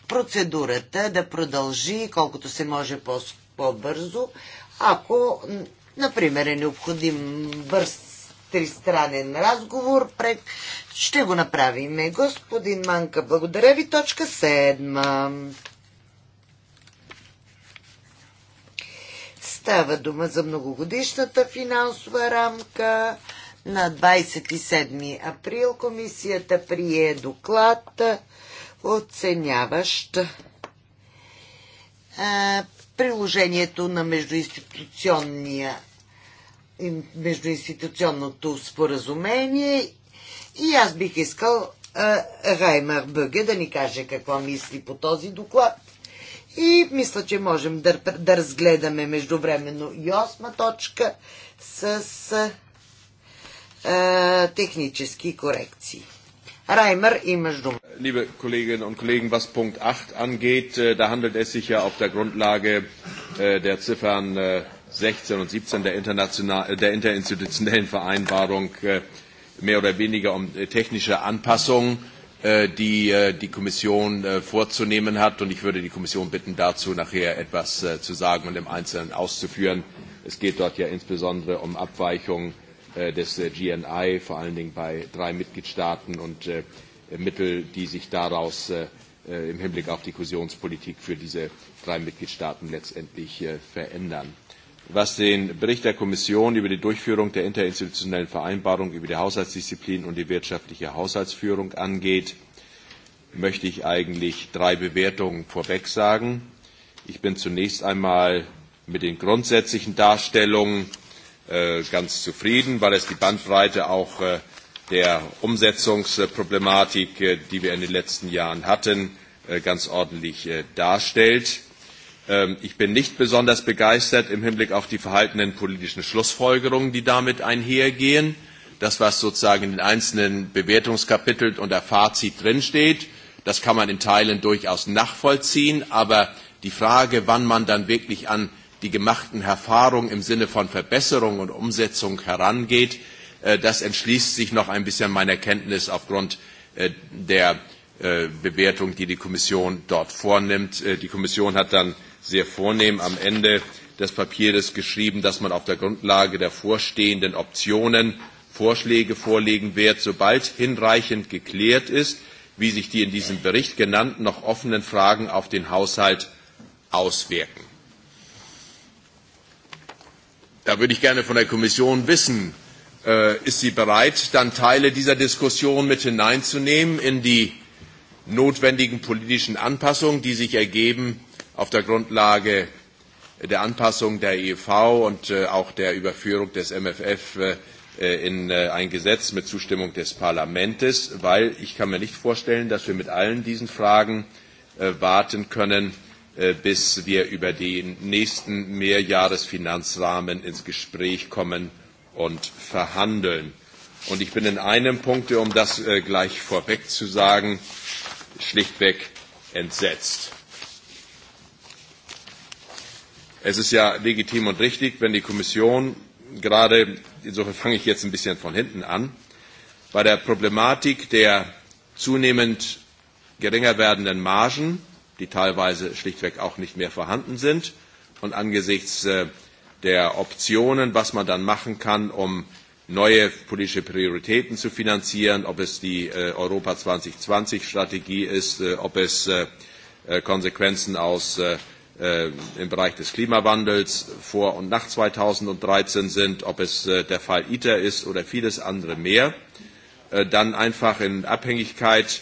процедурата да продължи колкото се може по-бързо, ако, например, е необходим бърз тристранен разговор. Пред... Ще го направим. Господин Манка, благодаря ви. Точка седма. Става дума за многогодишната финансова рамка. На 27 април комисията прие доклад, оценяващ приложението на междуинституционния междуинституционното споразумение и аз бих искал Раймар Бъге да ни каже какво мисли по този доклад. И мисля, че можем да, да разгледаме междувременно и осма точка с а, технически корекции. Раймер, имаш дума. Liebe Kolleginnen und Kollegen, was Punkt 8 angeht, äh, da handelt es sich ja auf der Grundlage äh, der Ziffern äh, 16 und 17 der, international, der interinstitutionellen Vereinbarung mehr oder weniger um technische Anpassungen, die die Kommission vorzunehmen hat. Und ich würde die Kommission bitten, dazu nachher etwas zu sagen und im Einzelnen auszuführen. Es geht dort ja insbesondere um Abweichungen des GNI, vor allen Dingen bei drei Mitgliedstaaten und Mittel, die sich daraus im Hinblick auf die Kohäsionspolitik für diese drei Mitgliedstaaten letztendlich verändern was den Bericht der Kommission über die Durchführung der interinstitutionellen Vereinbarung über die Haushaltsdisziplin und die wirtschaftliche Haushaltsführung angeht, möchte ich eigentlich drei Bewertungen vorweg sagen. Ich bin zunächst einmal mit den grundsätzlichen Darstellungen ganz zufrieden, weil es die Bandbreite auch der Umsetzungsproblematik, die wir in den letzten Jahren hatten, ganz ordentlich darstellt. Ich bin nicht besonders begeistert im Hinblick auf die verhaltenen politischen Schlussfolgerungen, die damit einhergehen. Das, was sozusagen in den einzelnen Bewertungskapiteln und der Fazit drinsteht, das kann man in Teilen durchaus nachvollziehen. Aber die Frage, wann man dann wirklich an die gemachten Erfahrungen im Sinne von Verbesserung und Umsetzung herangeht, das entschließt sich noch ein bisschen meiner Kenntnis aufgrund der Bewertung, die die Kommission dort vornimmt. Die Kommission hat dann sehr vornehm am Ende des Papiers geschrieben, dass man auf der Grundlage der vorstehenden Optionen Vorschläge vorlegen wird, sobald hinreichend geklärt ist, wie sich die in diesem Bericht genannten noch offenen Fragen auf den Haushalt auswirken. Da würde ich gerne von der Kommission wissen, ist sie bereit, dann Teile dieser Diskussion mit hineinzunehmen in die notwendigen politischen Anpassungen, die sich ergeben auf der Grundlage der Anpassung der EV und auch der Überführung des MFF in ein Gesetz mit Zustimmung des Parlaments, weil ich kann mir nicht vorstellen, dass wir mit allen diesen Fragen warten können, bis wir über den nächsten Mehrjahresfinanzrahmen ins Gespräch kommen und verhandeln. Und ich bin in einem Punkt, um das gleich vorweg zu sagen, schlichtweg entsetzt. Es ist ja legitim und richtig, wenn die Kommission gerade, insofern fange ich jetzt ein bisschen von hinten an, bei der Problematik der zunehmend geringer werdenden Margen, die teilweise schlichtweg auch nicht mehr vorhanden sind, und angesichts der Optionen, was man dann machen kann, um neue politische Prioritäten zu finanzieren, ob es die Europa 2020 Strategie ist, ob es Konsequenzen aus im Bereich des Klimawandels vor und nach 2013 sind, ob es der Fall ITER ist oder vieles andere mehr, dann einfach in Abhängigkeit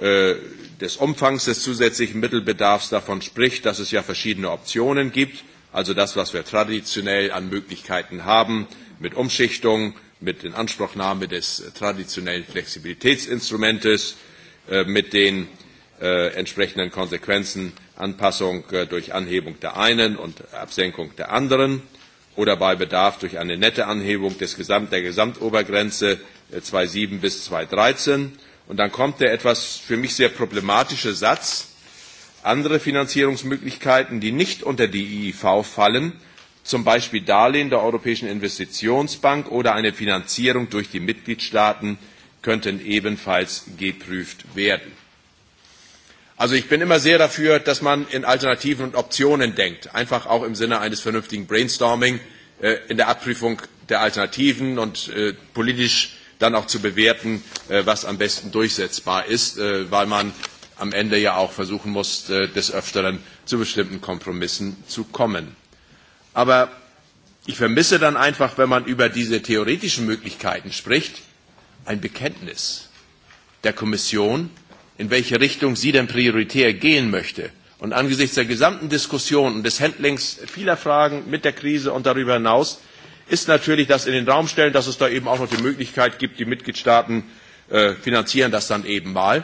des Umfangs des zusätzlichen Mittelbedarfs davon spricht, dass es ja verschiedene Optionen gibt, also das, was wir traditionell an Möglichkeiten haben, mit Umschichtung, mit Inanspruchnahme des traditionellen Flexibilitätsinstrumentes, mit den entsprechenden Konsequenzen, Anpassung durch Anhebung der einen und Absenkung der anderen oder bei Bedarf durch eine nette Anhebung des Gesamt, der Gesamtobergrenze 2,7 bis 2,13. Und dann kommt der etwas für mich sehr problematische Satz, andere Finanzierungsmöglichkeiten, die nicht unter die IIV fallen, zum Beispiel Darlehen der Europäischen Investitionsbank oder eine Finanzierung durch die Mitgliedstaaten, könnten ebenfalls geprüft werden. Also ich bin immer sehr dafür, dass man in Alternativen und Optionen denkt, einfach auch im Sinne eines vernünftigen Brainstorming in der Abprüfung der Alternativen und politisch dann auch zu bewerten, was am besten durchsetzbar ist, weil man am Ende ja auch versuchen muss, des Öfteren zu bestimmten Kompromissen zu kommen. Aber ich vermisse dann einfach, wenn man über diese theoretischen Möglichkeiten spricht, ein Bekenntnis der Kommission in welche Richtung sie denn prioritär gehen möchte. Und angesichts der gesamten Diskussion und des Handlings vieler Fragen mit der Krise und darüber hinaus ist natürlich das in den Raum stellen, dass es da eben auch noch die Möglichkeit gibt, die Mitgliedstaaten finanzieren das dann eben mal,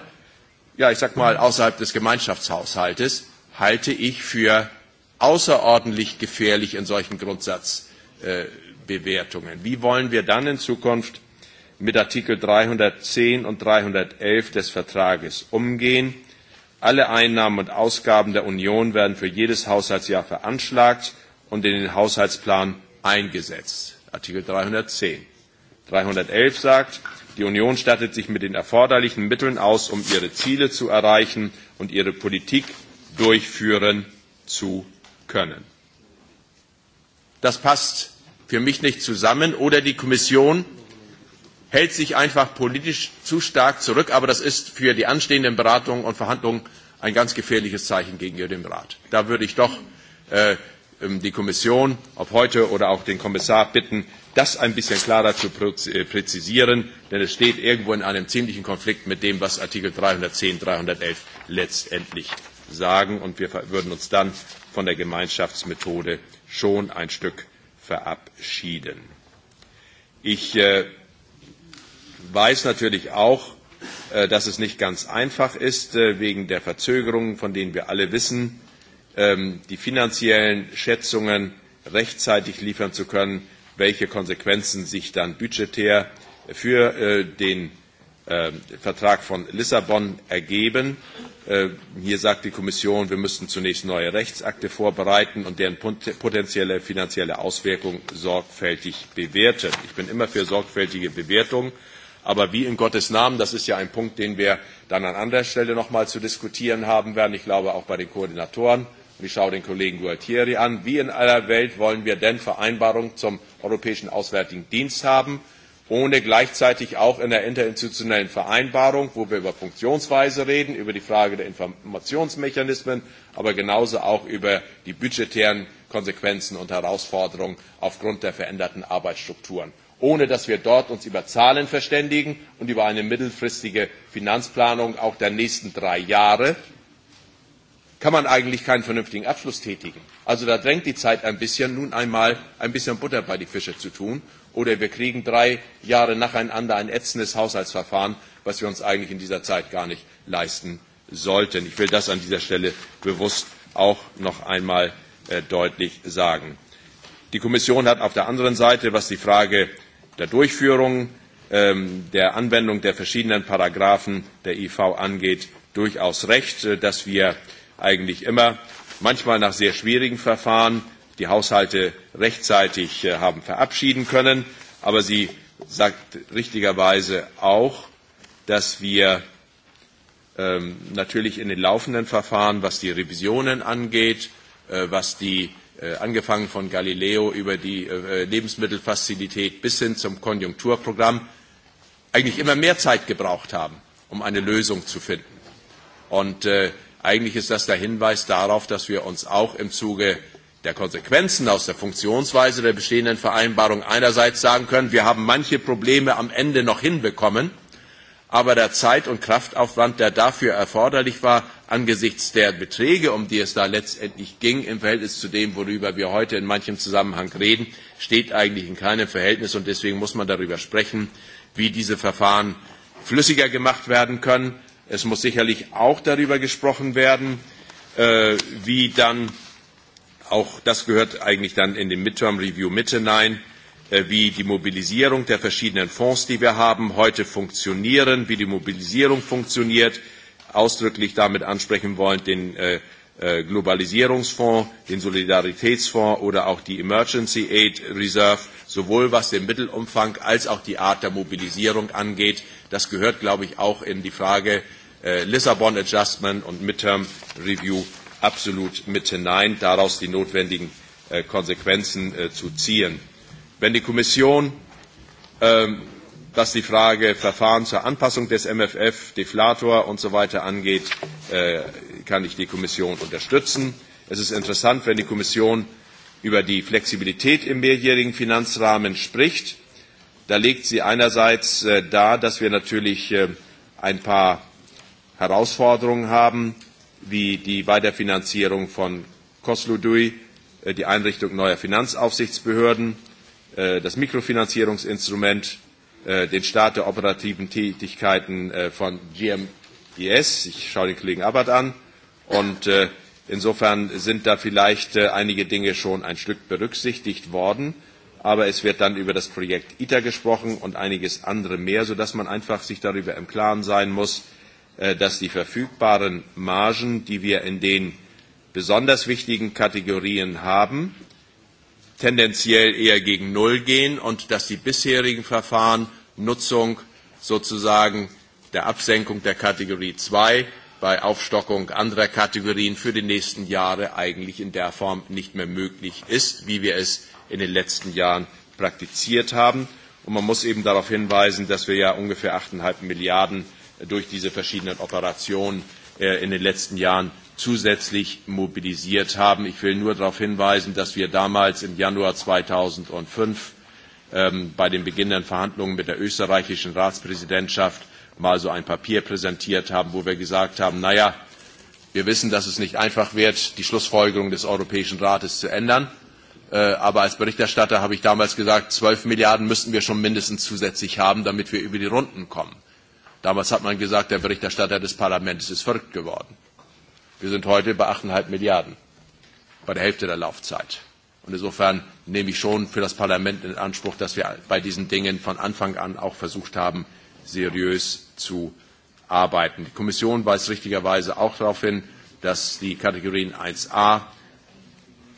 ja, ich sag mal, außerhalb des Gemeinschaftshaushaltes, halte ich für außerordentlich gefährlich in solchen Grundsatzbewertungen. Wie wollen wir dann in Zukunft mit Artikel 310 und 311 des Vertrages umgehen. Alle Einnahmen und Ausgaben der Union werden für jedes Haushaltsjahr veranschlagt und in den Haushaltsplan eingesetzt. Artikel 310. 311 sagt, die Union stattet sich mit den erforderlichen Mitteln aus, um ihre Ziele zu erreichen und ihre Politik durchführen zu können. Das passt für mich nicht zusammen. Oder die Kommission hält sich einfach politisch zu stark zurück, aber das ist für die anstehenden Beratungen und Verhandlungen ein ganz gefährliches Zeichen gegenüber dem Rat. Da würde ich doch die Kommission, ob heute oder auch den Kommissar bitten, das ein bisschen klarer zu präzisieren, denn es steht irgendwo in einem ziemlichen Konflikt mit dem, was Artikel 310, 311 letztendlich sagen und wir würden uns dann von der Gemeinschaftsmethode schon ein Stück verabschieden. Ich weiß natürlich auch, dass es nicht ganz einfach ist, wegen der Verzögerungen, von denen wir alle wissen, die finanziellen Schätzungen rechtzeitig liefern zu können, welche Konsequenzen sich dann budgetär für den Vertrag von Lissabon ergeben. Hier sagt die Kommission, wir müssten zunächst neue Rechtsakte vorbereiten und deren potenzielle finanzielle Auswirkungen sorgfältig bewerten. Ich bin immer für sorgfältige Bewertungen. Aber wie in Gottes Namen, das ist ja ein Punkt, den wir dann an anderer Stelle nochmal zu diskutieren haben werden. Ich glaube auch bei den Koordinatoren. Und ich schaue den Kollegen Gualtieri an. Wie in aller Welt wollen wir denn Vereinbarungen zum Europäischen Auswärtigen Dienst haben, ohne gleichzeitig auch in der interinstitutionellen Vereinbarung, wo wir über Funktionsweise reden, über die Frage der Informationsmechanismen, aber genauso auch über die budgetären Konsequenzen und Herausforderungen aufgrund der veränderten Arbeitsstrukturen ohne dass wir uns dort über Zahlen verständigen und über eine mittelfristige Finanzplanung auch der nächsten drei Jahre, kann man eigentlich keinen vernünftigen Abschluss tätigen. Also da drängt die Zeit ein bisschen, nun einmal ein bisschen Butter bei die Fische zu tun. Oder wir kriegen drei Jahre nacheinander ein ätzendes Haushaltsverfahren, was wir uns eigentlich in dieser Zeit gar nicht leisten sollten. Ich will das an dieser Stelle bewusst auch noch einmal deutlich sagen. Die Kommission hat auf der anderen Seite, was die Frage der Durchführung, der Anwendung der verschiedenen Paragraphen der IV angeht, durchaus recht, dass wir eigentlich immer, manchmal nach sehr schwierigen Verfahren, die Haushalte rechtzeitig haben verabschieden können. Aber sie sagt richtigerweise auch, dass wir natürlich in den laufenden Verfahren, was die Revisionen angeht, was die angefangen von Galileo über die Lebensmittelfazilität bis hin zum Konjunkturprogramm, eigentlich immer mehr Zeit gebraucht haben, um eine Lösung zu finden. Und eigentlich ist das der Hinweis darauf, dass wir uns auch im Zuge der Konsequenzen aus der Funktionsweise der bestehenden Vereinbarung einerseits sagen können, wir haben manche Probleme am Ende noch hinbekommen, aber der Zeit- und Kraftaufwand, der dafür erforderlich war, angesichts der Beträge, um die es da letztendlich ging, im Verhältnis zu dem, worüber wir heute in manchem Zusammenhang reden, steht eigentlich in keinem Verhältnis. Und deswegen muss man darüber sprechen, wie diese Verfahren flüssiger gemacht werden können. Es muss sicherlich auch darüber gesprochen werden, wie dann auch das gehört eigentlich dann in den Midterm Review mit hinein, wie die Mobilisierung der verschiedenen Fonds, die wir haben, heute funktionieren, wie die Mobilisierung funktioniert, ausdrücklich damit ansprechen wollen, den Globalisierungsfonds, den Solidaritätsfonds oder auch die Emergency Aid Reserve, sowohl was den Mittelumfang als auch die Art der Mobilisierung angeht. Das gehört, glaube ich, auch in die Frage Lissabon Adjustment und Midterm Review absolut mit hinein, daraus die notwendigen Konsequenzen zu ziehen. Wenn die Kommission was die Frage Verfahren zur Anpassung des MFF, Deflator und so weiter angeht, kann ich die Kommission unterstützen. Es ist interessant, wenn die Kommission über die Flexibilität im mehrjährigen Finanzrahmen spricht. Da legt sie einerseits dar, dass wir natürlich ein paar Herausforderungen haben, wie die Weiterfinanzierung von Kosludui, die Einrichtung neuer Finanzaufsichtsbehörden, das Mikrofinanzierungsinstrument, den Start der operativen Tätigkeiten von GMES. Ich schaue den Kollegen Abbott an. Und insofern sind da vielleicht einige Dinge schon ein Stück berücksichtigt worden. Aber es wird dann über das Projekt ITER gesprochen und einiges andere mehr, sodass man einfach sich darüber im Klaren sein muss, dass die verfügbaren Margen, die wir in den besonders wichtigen Kategorien haben, tendenziell eher gegen Null gehen und dass die bisherigen Verfahren Nutzung sozusagen der Absenkung der Kategorie 2 bei Aufstockung anderer Kategorien für die nächsten Jahre eigentlich in der Form nicht mehr möglich ist, wie wir es in den letzten Jahren praktiziert haben. Und man muss eben darauf hinweisen, dass wir ja ungefähr 8,5 Milliarden durch diese verschiedenen Operationen in den letzten Jahren zusätzlich mobilisiert haben. Ich will nur darauf hinweisen, dass wir damals im Januar 2005 ähm, bei den beginnenden Verhandlungen mit der österreichischen Ratspräsidentschaft mal so ein Papier präsentiert haben, wo wir gesagt haben, naja, wir wissen, dass es nicht einfach wird, die Schlussfolgerung des Europäischen Rates zu ändern. Aber als Berichterstatter habe ich damals gesagt, 12 Milliarden müssten wir schon mindestens zusätzlich haben, damit wir über die Runden kommen. Damals hat man gesagt, der Berichterstatter des Parlaments ist verrückt geworden. Wir sind heute bei 8,5 Milliarden, bei der Hälfte der Laufzeit. Und insofern nehme ich schon für das Parlament in Anspruch, dass wir bei diesen Dingen von Anfang an auch versucht haben, seriös zu arbeiten. Die Kommission weist richtigerweise auch darauf hin, dass die Kategorien 1a,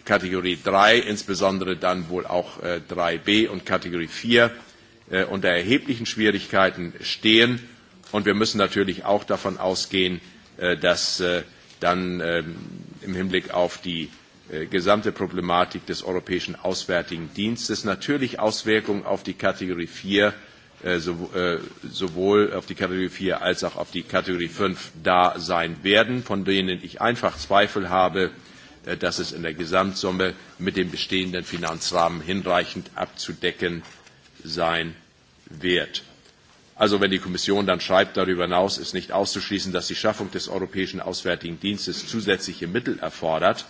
Kategorie 3, insbesondere dann wohl auch 3b und Kategorie 4 unter erheblichen Schwierigkeiten stehen. Und wir müssen natürlich auch davon ausgehen, dass dann im Hinblick auf die gesamte Problematik des Europäischen Auswärtigen Dienstes natürlich Auswirkungen auf die Kategorie 4, sowohl auf die Kategorie 4 als auch auf die Kategorie 5 da sein werden, von denen ich einfach Zweifel habe, dass es in der Gesamtsumme mit dem bestehenden Finanzrahmen hinreichend abzudecken sein wird. Also wenn die Kommission dann schreibt, darüber hinaus ist nicht auszuschließen, dass die Schaffung des Europäischen Auswärtigen Dienstes zusätzliche Mittel erfordert,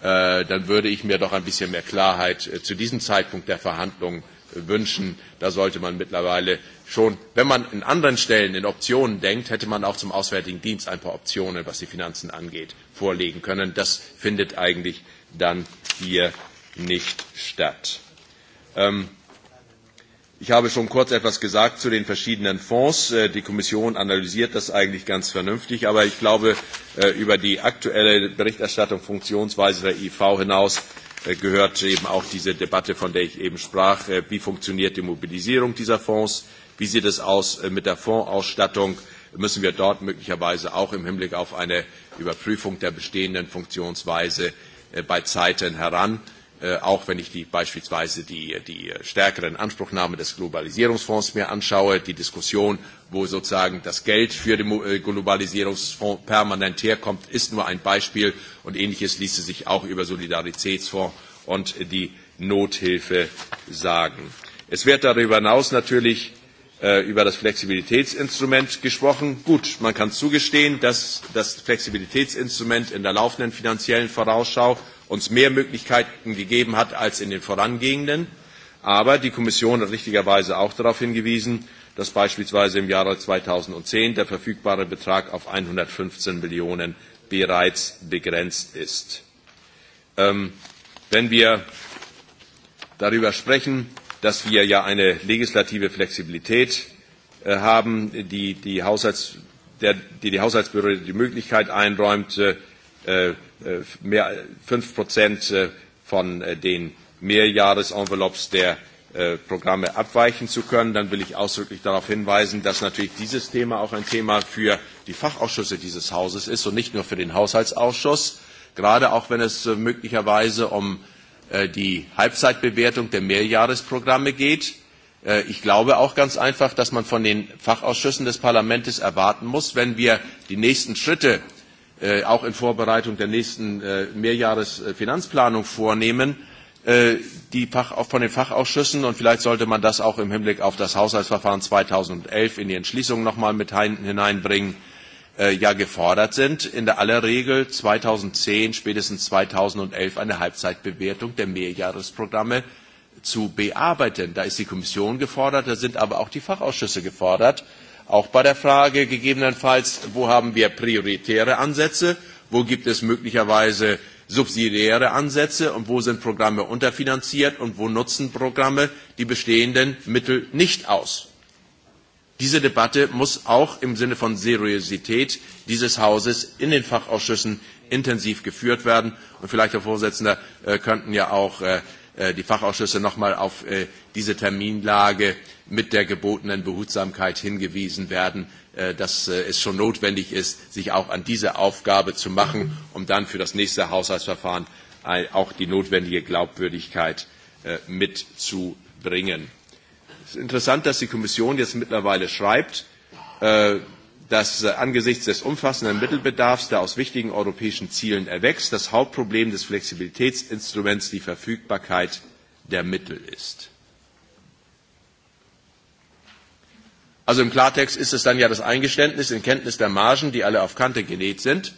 dann würde ich mir doch ein bisschen mehr Klarheit zu diesem Zeitpunkt der Verhandlungen wünschen. Da sollte man mittlerweile schon, wenn man an anderen Stellen in Optionen denkt, hätte man auch zum Auswärtigen Dienst ein paar Optionen, was die Finanzen angeht, vorlegen können. Das findet eigentlich dann hier nicht statt. Ähm, Ich habe schon kurz etwas gesagt zu den verschiedenen Fonds. Die Kommission analysiert das eigentlich ganz vernünftig, aber ich glaube, über die aktuelle Berichterstattung Funktionsweise der IV hinaus gehört eben auch diese Debatte, von der ich eben sprach. Wie funktioniert die Mobilisierung dieser Fonds? Wie sieht es aus mit der Fondsausstattung? Müssen wir dort möglicherweise auch im Hinblick auf eine Überprüfung der bestehenden Funktionsweise bei Zeiten heran? auch wenn ich die, beispielsweise die, die stärkere Anspruchnahme des Globalisierungsfonds mir anschaue, die Diskussion, wo sozusagen das Geld für den Globalisierungsfonds permanent herkommt, ist nur ein Beispiel und ähnliches ließe sich auch über Solidaritätsfonds und die Nothilfe sagen. Es wird darüber hinaus natürlich über das Flexibilitätsinstrument gesprochen. Gut, man kann zugestehen, dass das Flexibilitätsinstrument in der laufenden finanziellen Vorausschau uns mehr Möglichkeiten gegeben hat als in den vorangehenden. Aber die Kommission hat richtigerweise auch darauf hingewiesen, dass beispielsweise im Jahre 2010 der verfügbare Betrag auf 115 Millionen bereits begrenzt ist. Ähm, wenn wir darüber sprechen, dass wir ja eine legislative Flexibilität äh, haben, die die, Haushalts, der, die, die Haushaltsbehörde die Möglichkeit einräumt, äh, mehr, 5 Prozent von den Mehrjahresenvelopes der Programme abweichen zu können, dann will ich ausdrücklich darauf hinweisen, dass natürlich dieses Thema auch ein Thema für die Fachausschüsse dieses Hauses ist und nicht nur für den Haushaltsausschuss, gerade auch wenn es möglicherweise um die Halbzeitbewertung der Mehrjahresprogramme geht. Ich glaube auch ganz einfach, dass man von den Fachausschüssen des Parlaments erwarten muss, wenn wir die nächsten Schritte auch in Vorbereitung der nächsten Mehrjahresfinanzplanung vornehmen, die von den Fachausschüssen und vielleicht sollte man das auch im Hinblick auf das Haushaltsverfahren 2011 in die Entschließung nochmal mit hineinbringen, ja gefordert sind, in aller Regel 2010, spätestens 2011 eine Halbzeitbewertung der Mehrjahresprogramme zu bearbeiten. Da ist die Kommission gefordert, da sind aber auch die Fachausschüsse gefordert. Auch bei der Frage gegebenenfalls, wo haben wir prioritäre Ansätze, wo gibt es möglicherweise subsidiäre Ansätze und wo sind Programme unterfinanziert und wo nutzen Programme die bestehenden Mittel nicht aus. Diese Debatte muss auch im Sinne von Seriosität dieses Hauses in den Fachausschüssen intensiv geführt werden. Und vielleicht, Herr Vorsitzender, könnten ja auch die Fachausschüsse nochmal auf diese Terminlage mit der gebotenen Behutsamkeit hingewiesen werden, dass es schon notwendig ist, sich auch an diese Aufgabe zu machen, um dann für das nächste Haushaltsverfahren auch die notwendige Glaubwürdigkeit mitzubringen. Es ist interessant, dass die Kommission jetzt mittlerweile schreibt, dass angesichts des umfassenden Mittelbedarfs, der aus wichtigen europäischen Zielen erwächst, das Hauptproblem des Flexibilitätsinstruments die Verfügbarkeit der Mittel ist. Also im Klartext ist es dann ja das Eingeständnis in Kenntnis der Margen, die alle auf Kante genäht sind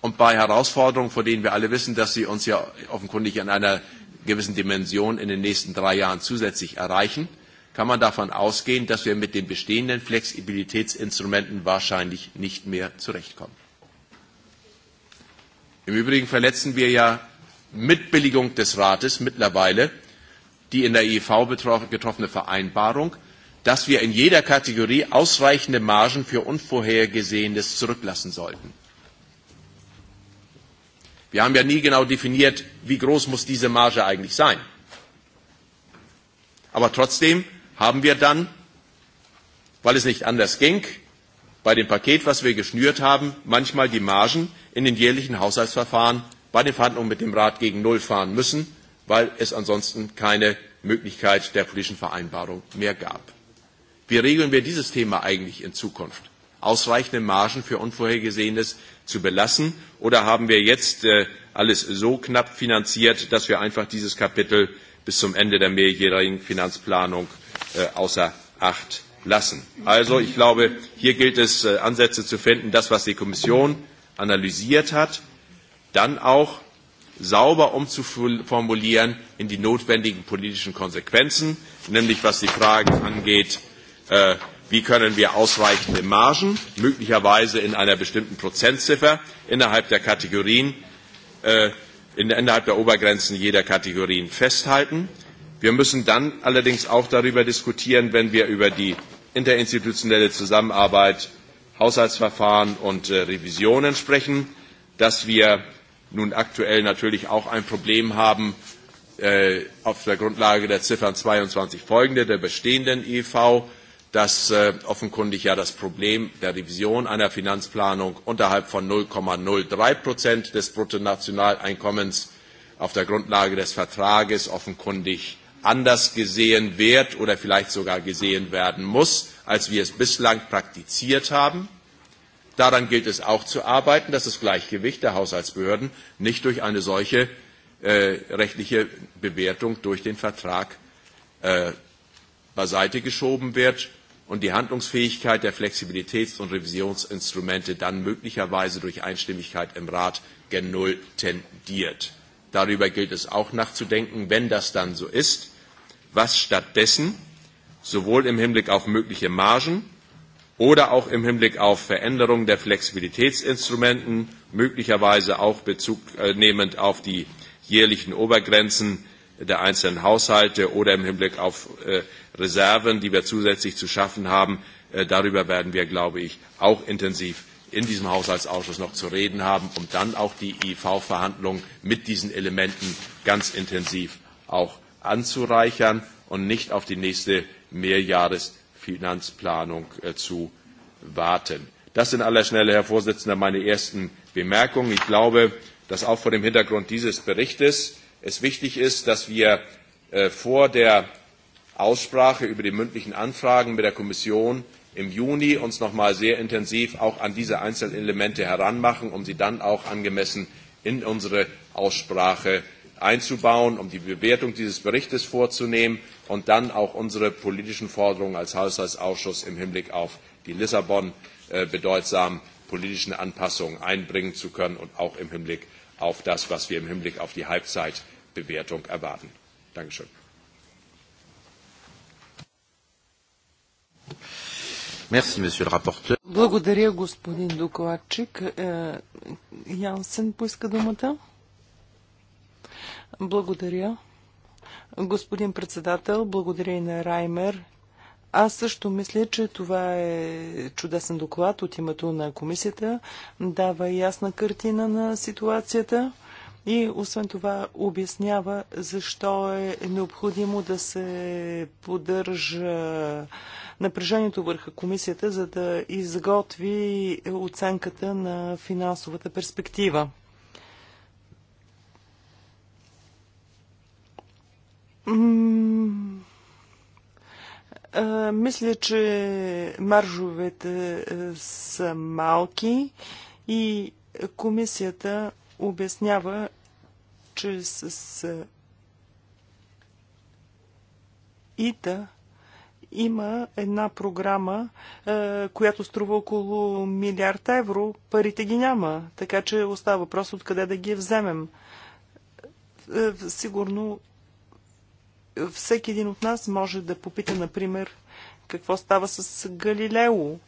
und bei Herausforderungen, von denen wir alle wissen, dass sie uns ja offenkundig in einer gewissen Dimension in den nächsten drei Jahren zusätzlich erreichen, kann man davon ausgehen, dass wir mit den bestehenden Flexibilitätsinstrumenten wahrscheinlich nicht mehr zurechtkommen. Im Übrigen verletzen wir ja mit Billigung des Rates mittlerweile die in der EV getroffene Vereinbarung, dass wir in jeder Kategorie ausreichende Margen für Unvorhergesehenes zurücklassen sollten. Wir haben ja nie genau definiert, wie groß muss diese Marge eigentlich sein. Aber trotzdem haben wir dann, weil es nicht anders ging, bei dem Paket, was wir geschnürt haben, manchmal die Margen in den jährlichen Haushaltsverfahren bei den Verhandlungen mit dem Rat gegen Null fahren müssen, weil es ansonsten keine Möglichkeit der politischen Vereinbarung mehr gab. Wie regeln wir dieses Thema eigentlich in Zukunft? Ausreichende Margen für Unvorhergesehenes zu belassen oder haben wir jetzt alles so knapp finanziert, dass wir einfach dieses Kapitel bis zum Ende der mehrjährigen Finanzplanung außer Acht lassen. Also ich glaube, hier gilt es, Ansätze zu finden, das, was die Kommission analysiert hat, dann auch sauber umzuformulieren in die notwendigen politischen Konsequenzen, nämlich was die Frage angeht, wie können wir ausreichende Margen, möglicherweise in einer bestimmten Prozentziffer innerhalb der Kategorien, innerhalb der Obergrenzen jeder Kategorien festhalten. Wir müssen dann allerdings auch darüber diskutieren, wenn wir über die interinstitutionelle Zusammenarbeit, Haushaltsverfahren und Revisionen sprechen, dass wir nun aktuell natürlich auch ein Problem haben auf der Grundlage der Ziffern 22 folgende der bestehenden EV, dass offenkundig ja das Problem der Revision einer Finanzplanung unterhalb von 0,03 Prozent des Bruttonationaleinkommens auf der Grundlage des Vertrages offenkundig anders gesehen wird oder vielleicht sogar gesehen werden muss, als wir es bislang praktiziert haben. Daran gilt es auch zu arbeiten, dass das Gleichgewicht der Haushaltsbehörden nicht durch eine solche äh, rechtliche Bewertung durch den Vertrag äh, beiseite geschoben wird und die Handlungsfähigkeit der Flexibilitäts- und Revisionsinstrumente dann möglicherweise durch Einstimmigkeit im Rat gen Null tendiert. Darüber gilt es auch nachzudenken, wenn das dann so ist was stattdessen sowohl im Hinblick auf mögliche Margen oder auch im Hinblick auf Veränderungen der Flexibilitätsinstrumenten, möglicherweise auch Bezug nehmend auf die jährlichen Obergrenzen der einzelnen Haushalte oder im Hinblick auf Reserven, die wir zusätzlich zu schaffen haben. Darüber werden wir, glaube ich, auch intensiv in diesem Haushaltsausschuss noch zu reden haben, um dann auch die IV-Verhandlungen mit diesen Elementen ganz intensiv auch anzureichern und nicht auf die nächste Mehrjahresfinanzplanung zu warten. Das in aller Schnelle, Herr Vorsitzender, meine ersten Bemerkungen. Ich glaube, dass auch vor dem Hintergrund dieses Berichts es wichtig ist, dass wir vor der Aussprache über die mündlichen Anfragen mit der Kommission im Juni uns noch mal sehr intensiv auch an diese einzelnen Elemente heranmachen, um sie dann auch angemessen in unsere Aussprache einzubauen, um die Bewertung dieses Berichts vorzunehmen und dann auch unsere politischen Forderungen als Haushaltsausschuss im Hinblick auf die Lissabon bedeutsamen politischen Anpassungen einbringen zu können und auch im Hinblick auf das, was wir im Hinblick auf die Halbzeitbewertung erwarten. Dankeschön. Благодаря, господин докладчик. поиска думата. Благодаря. Господин председател, благодаря и на Раймер. Аз също мисля, че това е чудесен доклад от името на комисията. Дава ясна картина на ситуацията. И освен това обяснява защо е необходимо да се поддържа напрежението върху комисията, за да изготви оценката на финансовата перспектива. мисля, че маржовете е, са малки и комисията обяснява, че с ИТА има една програма, е, която струва около милиард евро. Парите ги няма, така че остава въпрос откъде да ги вземем. Е, сигурно всеки един от нас може да попита, например, какво става с Галилео.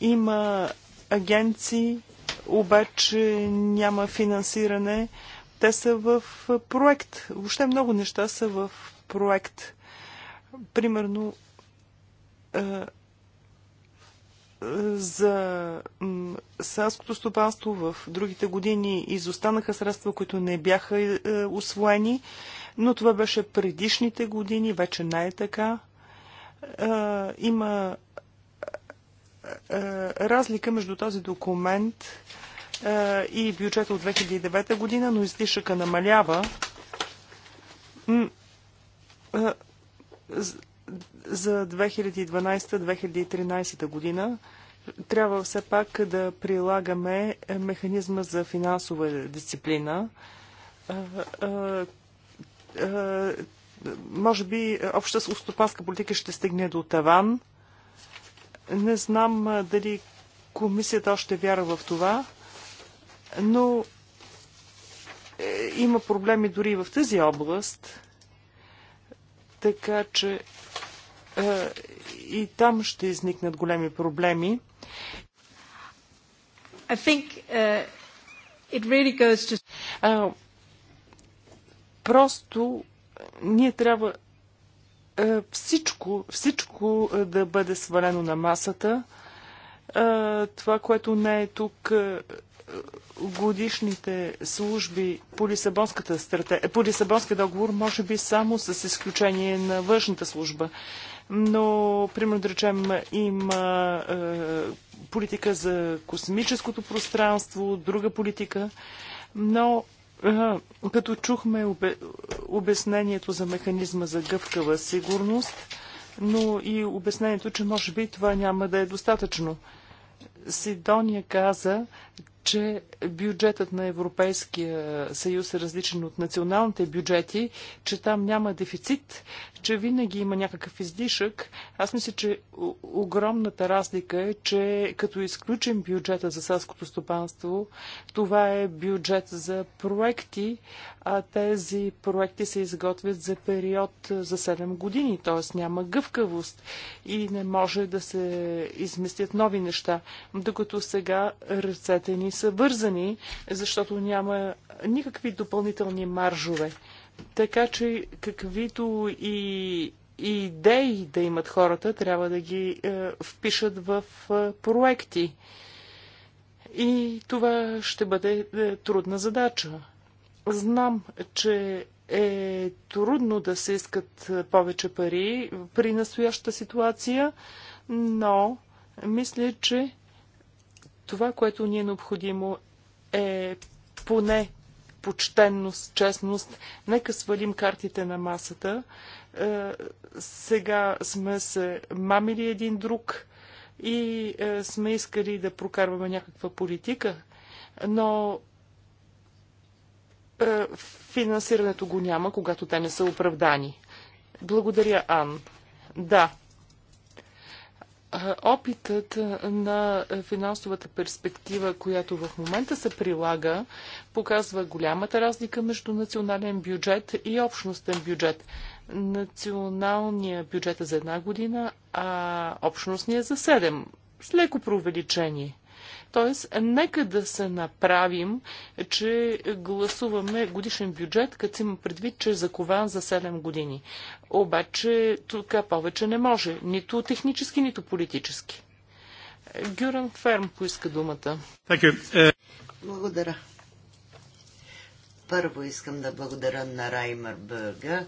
Има агенции, обаче няма финансиране. Те са в проект. Въобще много неща са в проект. Примерно е, е, за селското стопанство в другите години изостанаха средства, които не бяха освоени. Е, но това беше предишните години, вече не е така. Има разлика между този документ и бюджета от 2009 година, но излишъка намалява. За 2012-2013 година трябва все пак да прилагаме механизма за финансова дисциплина, е, може би е, обща стопанска политика ще стигне до таван. Не знам е, дали комисията още вярва в това, но има проблеми дори и в тази област, така че и там ще изникнат големи проблеми. I think, uh, it really goes to... Просто е, ние трябва е, всичко, всичко е, да бъде свалено на масата. Това, което не е тук, годишните служби по Лисабонската стратегия, по Лисабонския договор, може би само с изключение на външната служба. Но, примерно, да речем, има е, политика за космическото пространство, друга политика, но като чухме обяснението за механизма за гъвкава сигурност, но и обяснението, че може би това няма да е достатъчно. Сидония каза, че бюджетът на Европейския съюз е различен от националните бюджети, че там няма дефицит, че винаги има някакъв издишък. Аз мисля, че огромната разлика е, че като изключим бюджета за селското стопанство, това е бюджет за проекти, а тези проекти се изготвят за период за 7 години, т.е. няма гъвкавост и не може да се изместят нови неща, докато сега ръцете ни са вързани, защото няма никакви допълнителни маржове. Така че каквито и идеи да имат хората, трябва да ги е, впишат в е, проекти. И това ще бъде е, трудна задача. Знам, че е трудно да се искат е, повече пари при настоящата ситуация, но мисля, че това, което ни е необходимо е поне почтенност, честност. Нека свалим картите на масата. Е, сега сме се мамили един друг и е, сме искали да прокарваме някаква политика, но е, финансирането го няма, когато те не са оправдани. Благодаря, Ан. Да, Опитът на финансовата перспектива, която в момента се прилага, показва голямата разлика между национален бюджет и общностен бюджет. Националният бюджет е за една година, а общностният е за седем. С леко преувеличение. Тоест, нека да се направим, че гласуваме годишен бюджет, като има предвид, че е закован за 7 години. Обаче, така повече не може. Нито технически, нито политически. Гюран Ферм поиска думата. Е, благодаря. Първо искам да благодаря на Раймър Бърга.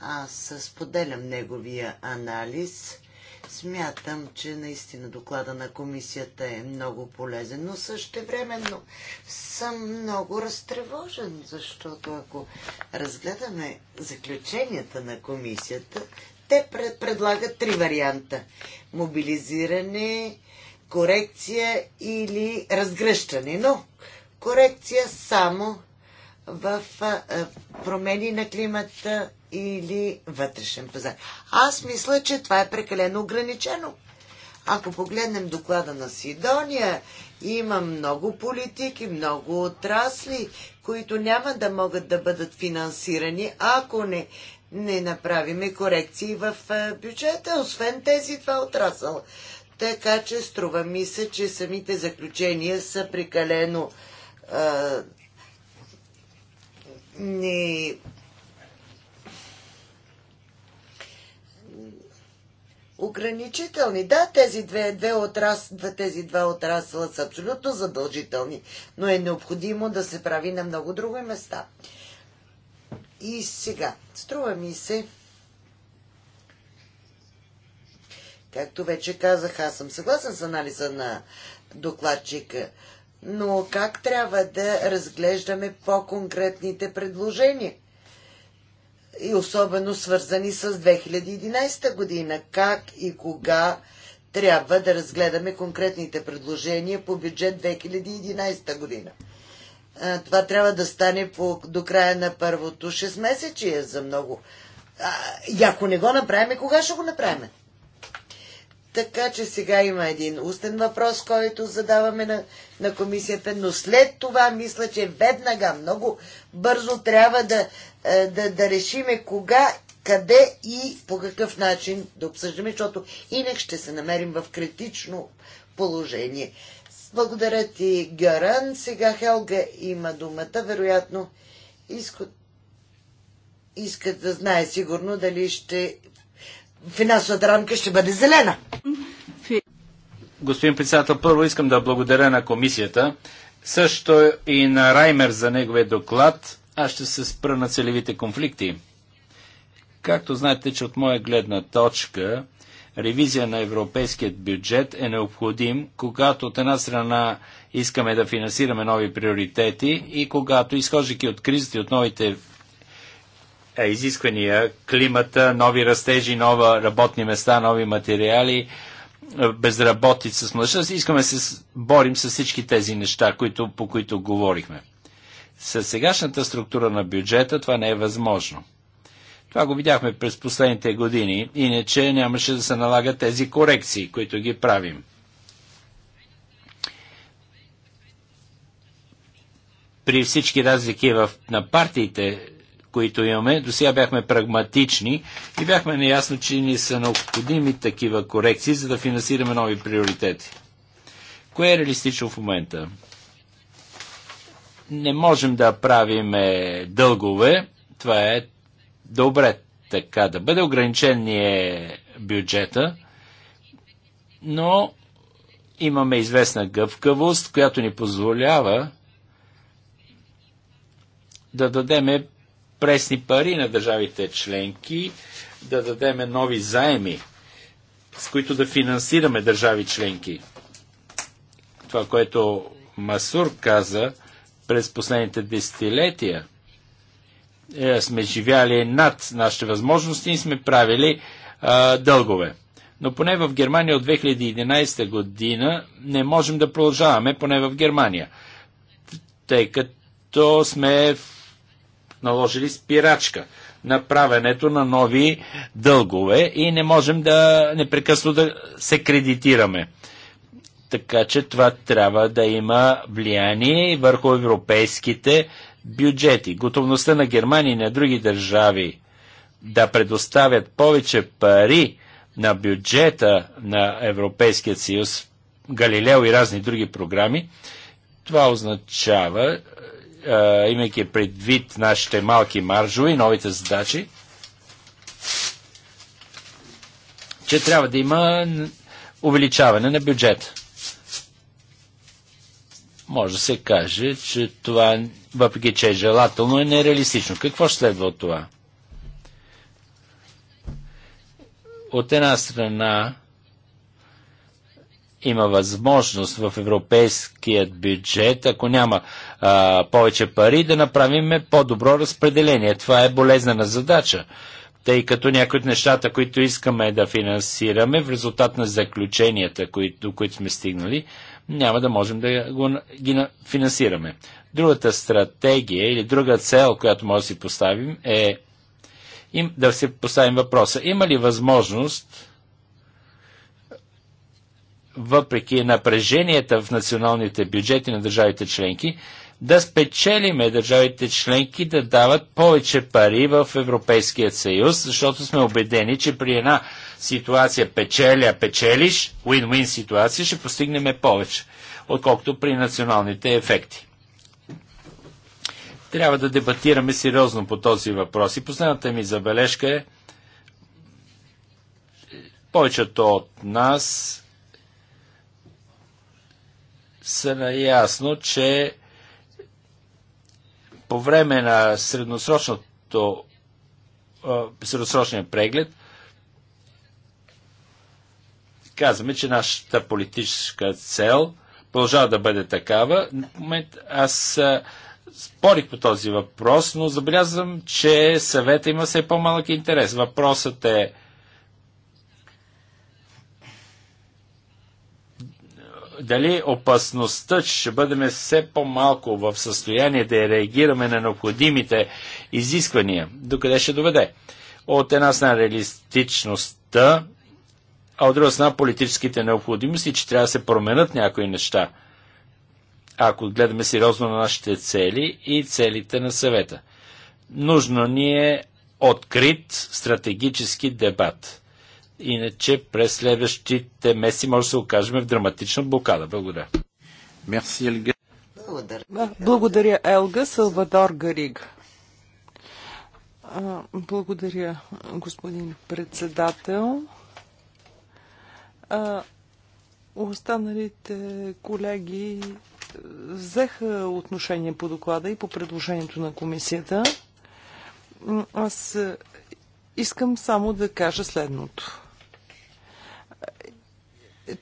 Аз споделям неговия анализ Смятам, че наистина доклада на комисията е много полезен, но също времено съм много разтревожен, защото ако разгледаме заключенията на комисията, те предлагат три варианта. Мобилизиране, корекция или разгръщане. Но корекция само в промени на климата или вътрешен пазар. Аз мисля, че това е прекалено ограничено. Ако погледнем доклада на Сидония, има много политики, много отрасли, които няма да могат да бъдат финансирани, ако не, не направиме корекции в бюджета, освен тези два отрасъла. Така че струва ми се, че самите заключения са прекалено а, не ограничителни. Да, тези две, две отрас, тези два отрасла са абсолютно задължителни, но е необходимо да се прави на много други места. И сега, струва ми се, както вече казах, аз съм съгласен с анализа на докладчика, но как трябва да разглеждаме по-конкретните предложения? и особено свързани с 2011 година. Как и кога трябва да разгледаме конкретните предложения по бюджет 2011 година. Това трябва да стане по, до края на първото 6 месечие за много. А, и ако не го направим, кога ще го направим? Така че сега има един устен въпрос, който задаваме на, на комисията, но след това мисля, че веднага, много бързо трябва да, е, да, да решиме кога, къде и по какъв начин да обсъждаме, защото инак ще се намерим в критично положение. Благодаря ти, Гаран. Сега Хелга има думата. Вероятно, иска, иска да знае сигурно дали ще финансовата рамка ще бъде зелена. Господин председател, първо искам да благодаря на комисията, също и на Раймер за неговия доклад. Аз ще се спра на целевите конфликти. Както знаете, че от моя гледна точка ревизия на европейският бюджет е необходим, когато от една страна искаме да финансираме нови приоритети и когато, изхождайки от кризите и от новите е изисквания, климата, нови растежи, нова работни места, нови материали, е, безработица с мъжност. Искаме да се борим с всички тези неща, които, по които говорихме. С сегашната структура на бюджета това не е възможно. Това го видяхме през последните години, иначе нямаше да се налагат тези корекции, които ги правим. При всички разлики в, на партиите които имаме. До сега бяхме прагматични и бяхме неясно, че ни са необходими такива корекции, за да финансираме нови приоритети. Кое е реалистично в момента? Не можем да правим дългове. Това е добре така да бъде. Ограничен ни е бюджета, но имаме известна гъвкавост, която ни позволява да дадеме пресни пари на държавите членки, да дадеме нови заеми, с които да финансираме държави членки. Това, което Масур каза през последните десетилетия, е, сме живяли над нашите възможности и сме правили а, дългове. Но поне в Германия от 2011 година не можем да продължаваме, поне в Германия, тъй като сме в наложили спирачка на правенето на нови дългове и не можем да непрекъсно да се кредитираме. Така че това трябва да има влияние върху европейските бюджети. Готовността на Германия и на други държави да предоставят повече пари на бюджета на Европейския съюз, Галилео и разни други програми, това означава, имайки предвид нашите малки маржови, новите задачи, че трябва да има увеличаване на бюджет. Може да се каже, че това, въпреки че е желателно, е нереалистично. Какво ще следва от това? От една страна, има възможност в европейският бюджет, ако няма а, повече пари, да направим по-добро разпределение. Това е болезнена задача, тъй като някои от нещата, които искаме да финансираме, в резултат на заключенията, до които сме стигнали, няма да можем да го, ги финансираме. Другата стратегия или друга цел, която може да си поставим, е им, да си поставим въпроса. Има ли възможност въпреки напреженията в националните бюджети на държавите членки, да спечелиме държавите членки да дават повече пари в Европейския съюз, защото сме убедени, че при една ситуация печеля, печелиш, win-win ситуация, ще постигнем повече, отколкото при националните ефекти. Трябва да дебатираме сериозно по този въпрос. И последната ми забележка е, повечето от нас са наясно, че по време на средносрочното средносрочния преглед казваме, че нашата политическа цел продължава да бъде такава. В момент аз спорих по този въпрос, но забелязвам, че съвета има все по-малък интерес. Въпросът е дали опасността, че ще бъдем все по-малко в състояние да реагираме на необходимите изисквания, докъде ще доведе. От една страна реалистичността, а от друга страна политическите необходимости, че трябва да се променят някои неща, ако гледаме сериозно на нашите цели и целите на съвета. Нужно ни е открит стратегически дебат Иначе през следващите месеци може да се окажем в драматична блокада. Благодаря. Мерси, Елга. Благодаря. Елга. Салвадор Гариг. Благодаря, господин председател. Останалите колеги взеха отношение по доклада и по предложението на комисията. Аз искам само да кажа следното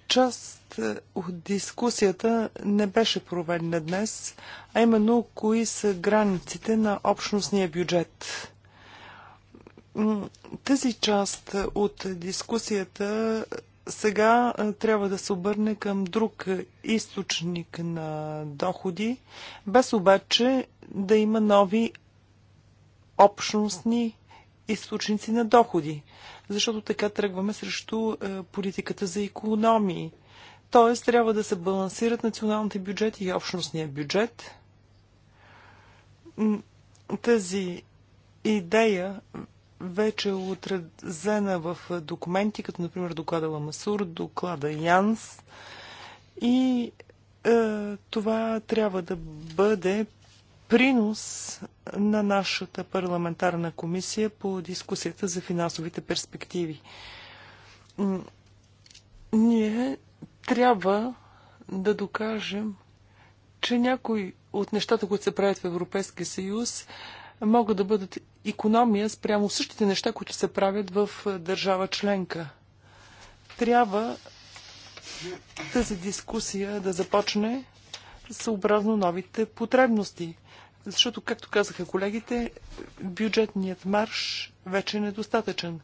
част е, от дискусията не беше проведена днес, а именно кои са границите на общностния бюджет. Тази част от дискусията сега е, трябва да се обърне към друг източник на доходи, без обаче да има нови общностни източници на доходи защото така тръгваме срещу е, политиката за економии. Тоест, трябва да се балансират националните бюджети и общностния бюджет. Тази идея вече е отразена в е, документи, като например доклада Ламасур, доклада Янс. И е, това трябва да бъде принос на нашата парламентарна комисия по дискусията за финансовите перспективи. Ние трябва да докажем, че някои от нещата, които се правят в Европейския съюз, могат да бъдат економия спрямо същите неща, които се правят в е, държава членка. Трябва тази дискусия да започне съобразно новите потребности. Защото, както казаха колегите, бюджетният марш вече е недостатъчен.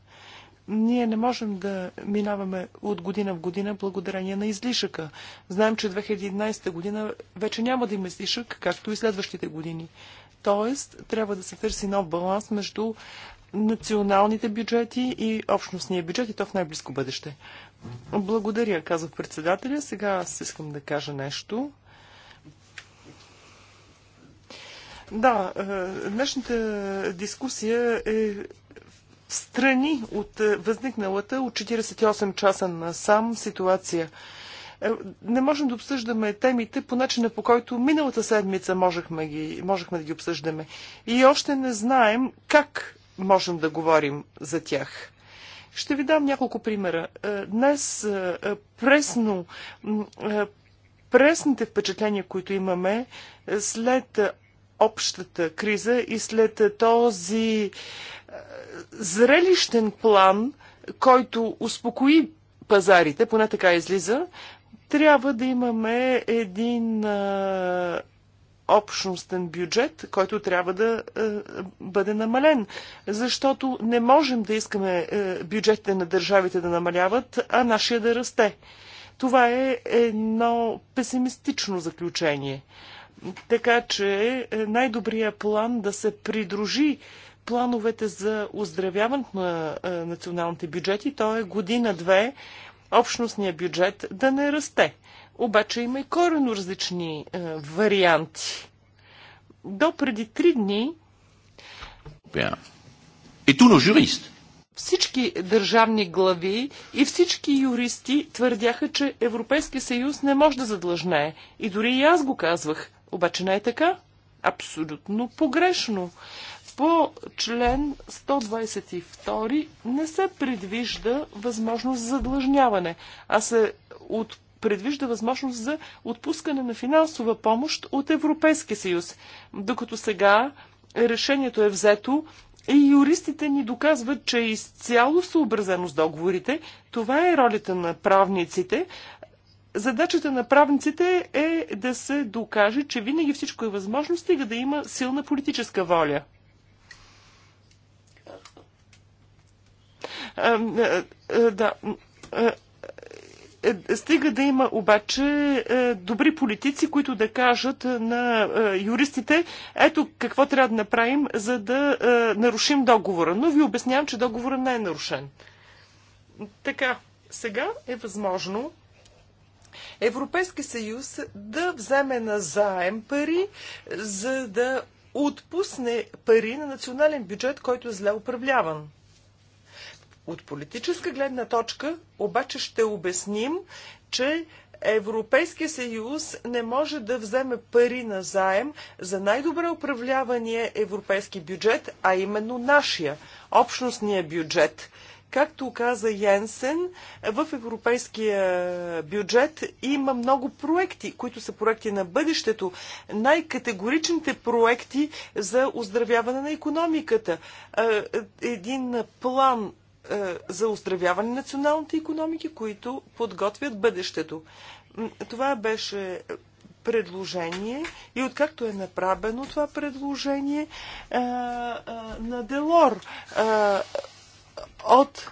Ние не можем да минаваме от година в година благодарение на излишъка. Знаем, че 2011 година вече няма да има излишък, както и следващите години. Тоест, трябва да се търси нов баланс между националните бюджети и общностния бюджет и то в най-близко бъдеще. Благодаря, казах председателя. Сега аз искам да кажа нещо. Да, е, днешната дискусия е страни от е, възникналата от 48 часа на сам ситуация. Е, не можем да обсъждаме темите по начина по който миналата седмица можехме, ги, можехме да ги обсъждаме. И още не знаем как можем да говорим за тях. Ще ви дам няколко примера. Днес пресно, пресните впечатления, които имаме след общата криза и след този е, зрелищен план, който успокои пазарите, поне така излиза, трябва да имаме един а, е, общностен бюджет, който трябва да а, е, бъде намален. Защото не можем да искаме а, бюджетите на държавите да намаляват, а нашия да расте. Това е едно песимистично заключение. Така че е, най-добрият план да се придружи плановете за оздравяването на е, националните бюджети, то е година-две общностния бюджет да не расте. Обаче има и корено различни е, варианти. До преди три дни и туно юрист. Всички държавни глави и всички юристи твърдяха, че Европейския съюз не може да задлъжне. И дори и аз го казвах. Обаче не е така. Абсолютно погрешно. По член 122 не се предвижда възможност за длъжняване, а се от предвижда възможност за отпускане на финансова помощ от Европейския съюз. Докато сега решението е взето и юристите ни доказват, че е изцяло съобразено с договорите. Това е ролята на правниците, Задачата на правниците е да се докаже, че винаги всичко е възможно, стига да има силна политическа воля. А, да. А, е, стига да има обаче е, добри политици, които да кажат на е, юристите, ето какво трябва да направим, за да нарушим договора. Но ви обяснявам, че договора не е нарушен. Така, сега е възможно Европейски съюз да вземе на заем пари, за да отпусне пари на национален бюджет, който е зле управляван. От политическа гледна точка обаче ще обясним, че Европейския съюз не може да вземе пари на заем за най-добре управлявания европейски бюджет, а именно нашия, общностния бюджет – Както каза Йенсен, в европейския бюджет има много проекти, които са проекти на бъдещето. Най-категоричните проекти за оздравяване на економиката. Един план за оздравяване на националните економики, които подготвят бъдещето. Това беше предложение и откакто е направено това предложение а, а, на Делор. А, от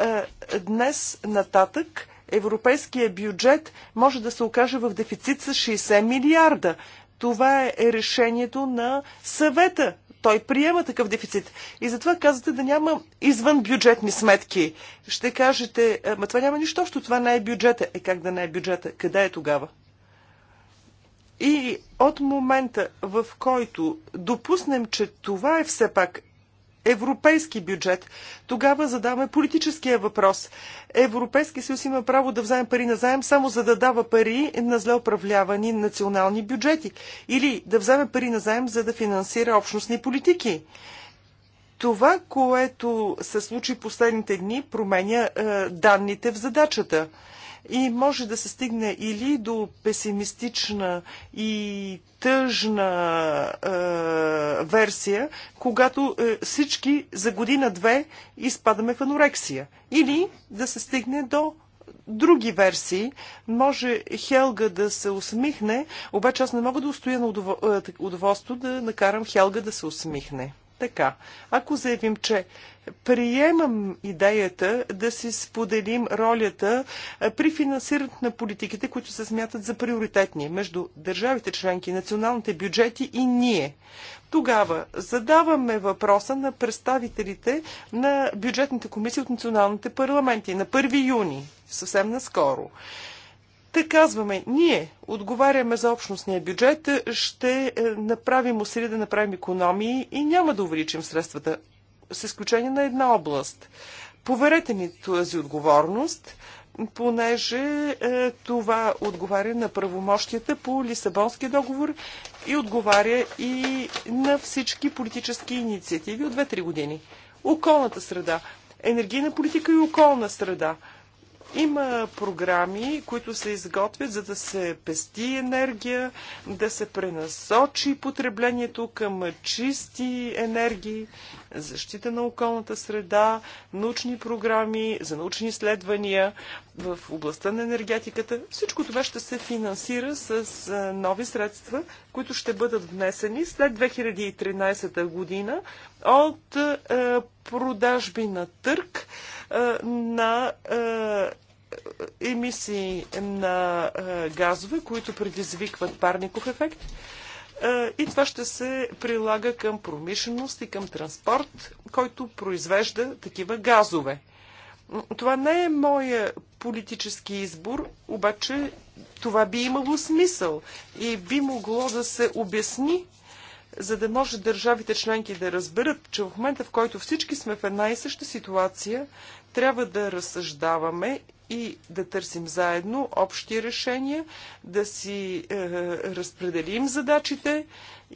е, днес нататък европейския бюджет може да се окаже в дефицит с 60 милиарда. Това е решението на съвета. Той приема такъв дефицит. И затова казвате да няма извън бюджетни сметки. Ще кажете, е, ма това няма нищо, защото това не е бюджета. Е как да не е бюджета? Къде е тогава? И от момента, в който допуснем, че това е все пак европейски бюджет. Тогава задаваме политическия въпрос. Европейски съюз има право да вземе пари на заем, само за да дава пари на зле управлявани национални бюджети. Или да вземе пари на заем, за да финансира общностни политики. Това, което се случи последните дни, променя е, данните в задачата и може да се стигне или до песимистична и тъжна е, версия, когато е, всички за година-две изпадаме в анорексия. Или да се стигне до други версии. Може Хелга да се усмихне, обаче аз не мога да устоя на е, удоволство да накарам Хелга да се усмихне така. Ако заявим, че приемам идеята да си споделим ролята при финансирането на политиките, които се смятат за приоритетни между държавите членки, националните бюджети и ние. Тогава задаваме въпроса на представителите на бюджетните комисии от националните парламенти на 1 юни, съвсем наскоро. Те казваме, ние отговаряме за общностния бюджет, ще е, направим усилия да направим економии и няма да увеличим средствата, с изключение на една област. Поверете ни тази отговорност, понеже е, това отговаря на правомощията по Лисабонския договор и отговаря и на всички политически инициативи от 2-3 години. Околната среда, енергийна политика и околна среда – има програми, които се изготвят, за да се пести енергия, да се пренасочи потреблението към чисти енергии, защита на околната среда, научни програми за научни изследвания в областта на енергетиката. Всичко това ще се финансира с нови средства, които ще бъдат внесени след 2013 година от продажби на търг на емисии на газове, които предизвикват парников ефект. И това ще се прилага към промишленост и към транспорт, който произвежда такива газове. Това не е моя политически избор, обаче това би имало смисъл и би могло да се обясни за да може държавите членки да разберат, че в момента, в който всички сме в една и съща ситуация, трябва да разсъждаваме и да търсим заедно общи решения, да си е, разпределим задачите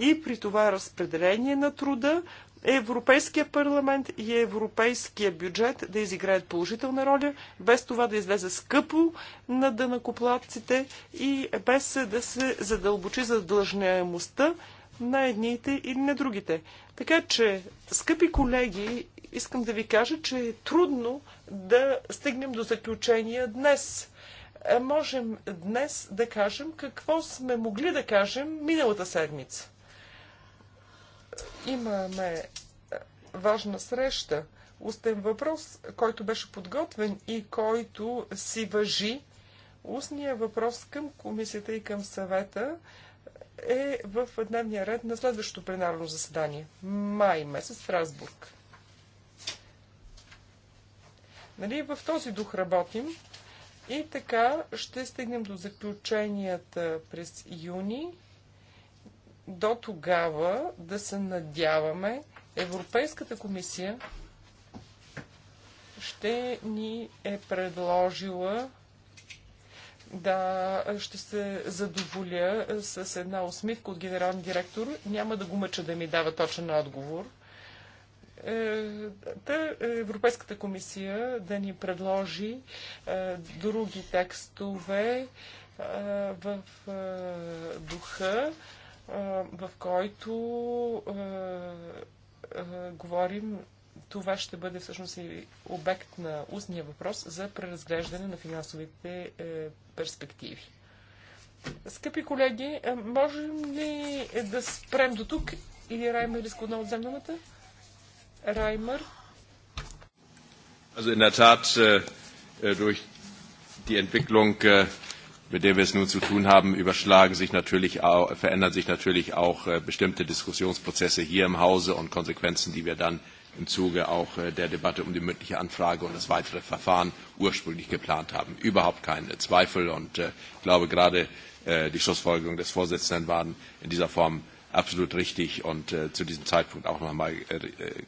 и при това разпределение на труда Европейския парламент и Европейския бюджет да изиграят положителна роля, без това да излезе скъпо на дънакоплатците и без да се задълбочи задлъжняемостта на едните или на другите. Така че, скъпи колеги, искам да ви кажа, че е трудно да стигнем до заключения днес. Е, можем днес да кажем какво сме могли да кажем миналата седмица. Имаме е, важна среща. Устен въпрос, който беше подготвен и който си въжи. Устният въпрос към комисията и към съвета е в дневния ред на следващото пленарно заседание. Май месец в Разбург. Нали, в този дух работим и така ще стигнем до заключенията през юни. До тогава да се надяваме Европейската комисия ще ни е предложила да, ще се задоволя с една усмивка от генерален директор. Няма да го мъча да ми дава точен отговор. Е, та е, Европейската комисия да ни предложи е, други текстове в духа, в който говорим това ще бъде всъщност и обект на устния въпрос за преразглеждане на финансовите е, перспективи. Скъпи колеги, можем ли да спрем до тук или Раймер иска отново взем думата? Раймер. Also in der Tat, äh, durch die Entwicklung, äh, mit der wir es nun zu tun haben, überschlagen sich natürlich auch, verändern sich natürlich auch äh, bestimmte Diskussionsprozesse hier im Hause und Konsequenzen, die wir dann äh, im Zuge auch der Debatte um die mündliche Anfrage und das weitere Verfahren ursprünglich geplant haben. Überhaupt keine Zweifel und ich glaube gerade die Schlussfolgerungen des Vorsitzenden waren in dieser Form absolut richtig und zu diesem Zeitpunkt auch noch einmal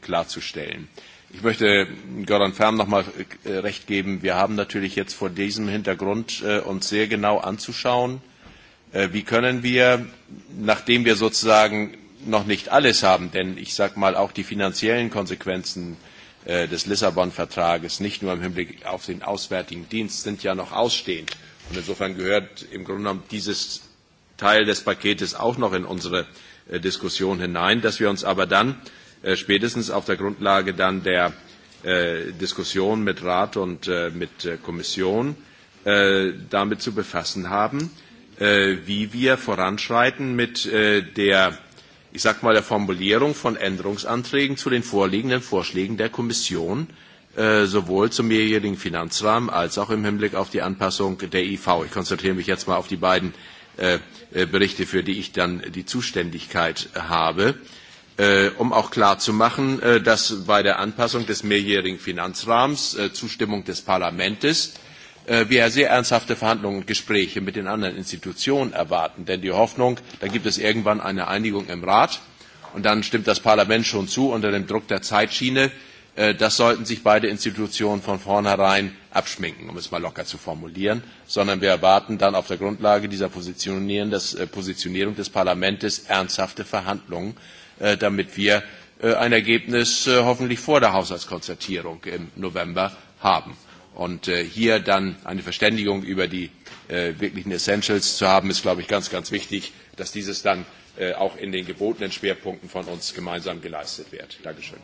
klarzustellen. Ich möchte Göran Färm noch mal recht geben. Wir haben natürlich jetzt vor diesem Hintergrund uns sehr genau anzuschauen, wie können wir, nachdem wir sozusagen noch nicht alles haben, denn ich sage mal auch die finanziellen Konsequenzen des Lissabon-Vertrages, nicht nur im Hinblick auf den Auswärtigen Dienst, sind ja noch ausstehend. Und insofern gehört im Grunde genommen dieses Teil des Paketes auch noch in unsere Diskussion hinein, dass wir uns aber dann spätestens auf der Grundlage dann der Diskussion mit Rat und mit Kommission damit zu befassen haben, wie wir voranschreiten mit der ich sage mal, der Formulierung von Änderungsanträgen zu den vorliegenden Vorschlägen der Kommission, sowohl zum mehrjährigen Finanzrahmen als auch im Hinblick auf die Anpassung der IV. Ich konzentriere mich jetzt mal auf die beiden Berichte, für die ich dann die Zuständigkeit habe, um auch klarzumachen, dass bei der Anpassung des mehrjährigen Finanzrahmens Zustimmung des Parlaments wir sehr ernsthafte Verhandlungen und Gespräche mit den anderen Institutionen erwarten. Denn die Hoffnung, da gibt es irgendwann eine Einigung im Rat und dann stimmt das Parlament schon zu unter dem Druck der Zeitschiene. Das sollten sich beide Institutionen von vornherein abschminken, um es mal locker zu formulieren, sondern wir erwarten dann auf der Grundlage dieser Positionierung des Parlaments ernsthafte Verhandlungen, damit wir ein Ergebnis hoffentlich vor der Haushaltskonzertierung im November haben. Und hier dann eine Verständigung über die wirklichen Essentials zu haben, ist, glaube ich, ganz, ganz wichtig, dass dieses dann auch in den gebotenen Schwerpunkten von uns gemeinsam geleistet wird. Dankeschön.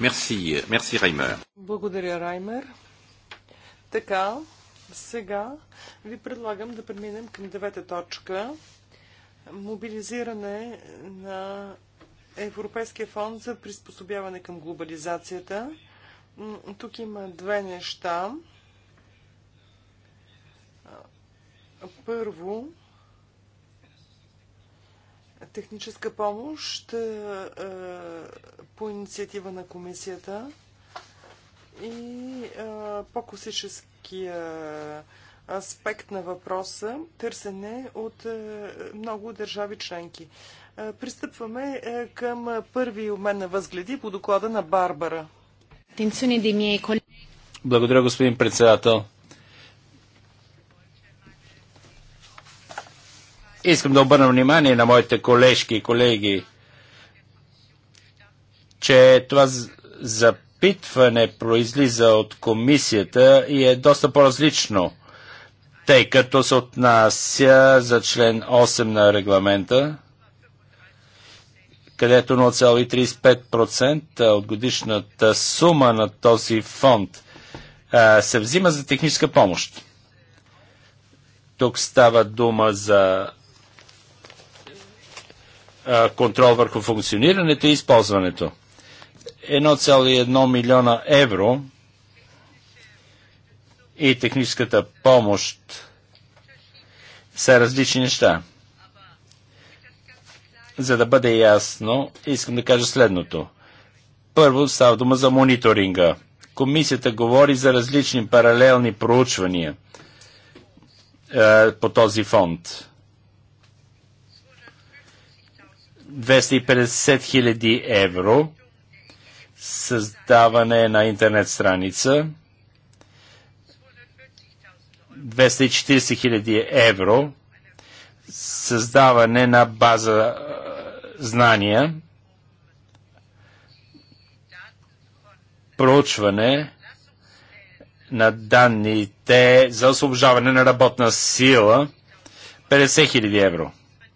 Merci, merci Благодаря, Раймер. Така, сега ви предлагам да преминем към девета точка. Мобилизиране на Европейския фонд за приспособяване към глобализацията. Тук има две неща. Първо, техническа помощ по инициатива на комисията и по косическия аспект на въпроса търсене от много държави членки. Пристъпваме към първи обмен на възгледи по доклада на Барбара. Благодаря, господин председател. Искам да обърна внимание на моите колежки и колеги, че това запитване произлиза от комисията и е доста по-различно, тъй като се отнася за член 8 на регламента където 0,35% от годишната сума на този фонд се взима за техническа помощ. Тук става дума за контрол върху функционирането и използването. 1,1 милиона евро и техническата помощ са различни неща. За да бъде ясно, искам да кажа следното. Първо става дума за мониторинга. Комисията говори за различни паралелни проучвания е, по този фонд. 250 000 евро създаване на интернет страница 240 000 евро създаване на база знания, проучване на данните за освобождаване на работна сила 50 000 евро.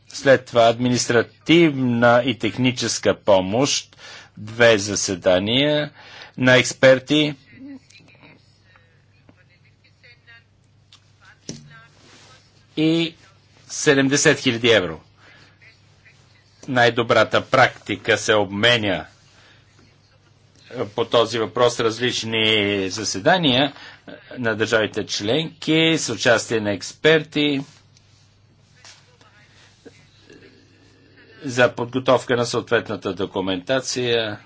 След това административна и техническа помощ, две заседания на експерти, и 70 000 евро най-добрата практика се обменя по този въпрос различни заседания на държавите членки с участие на експерти за подготовка на съответната документация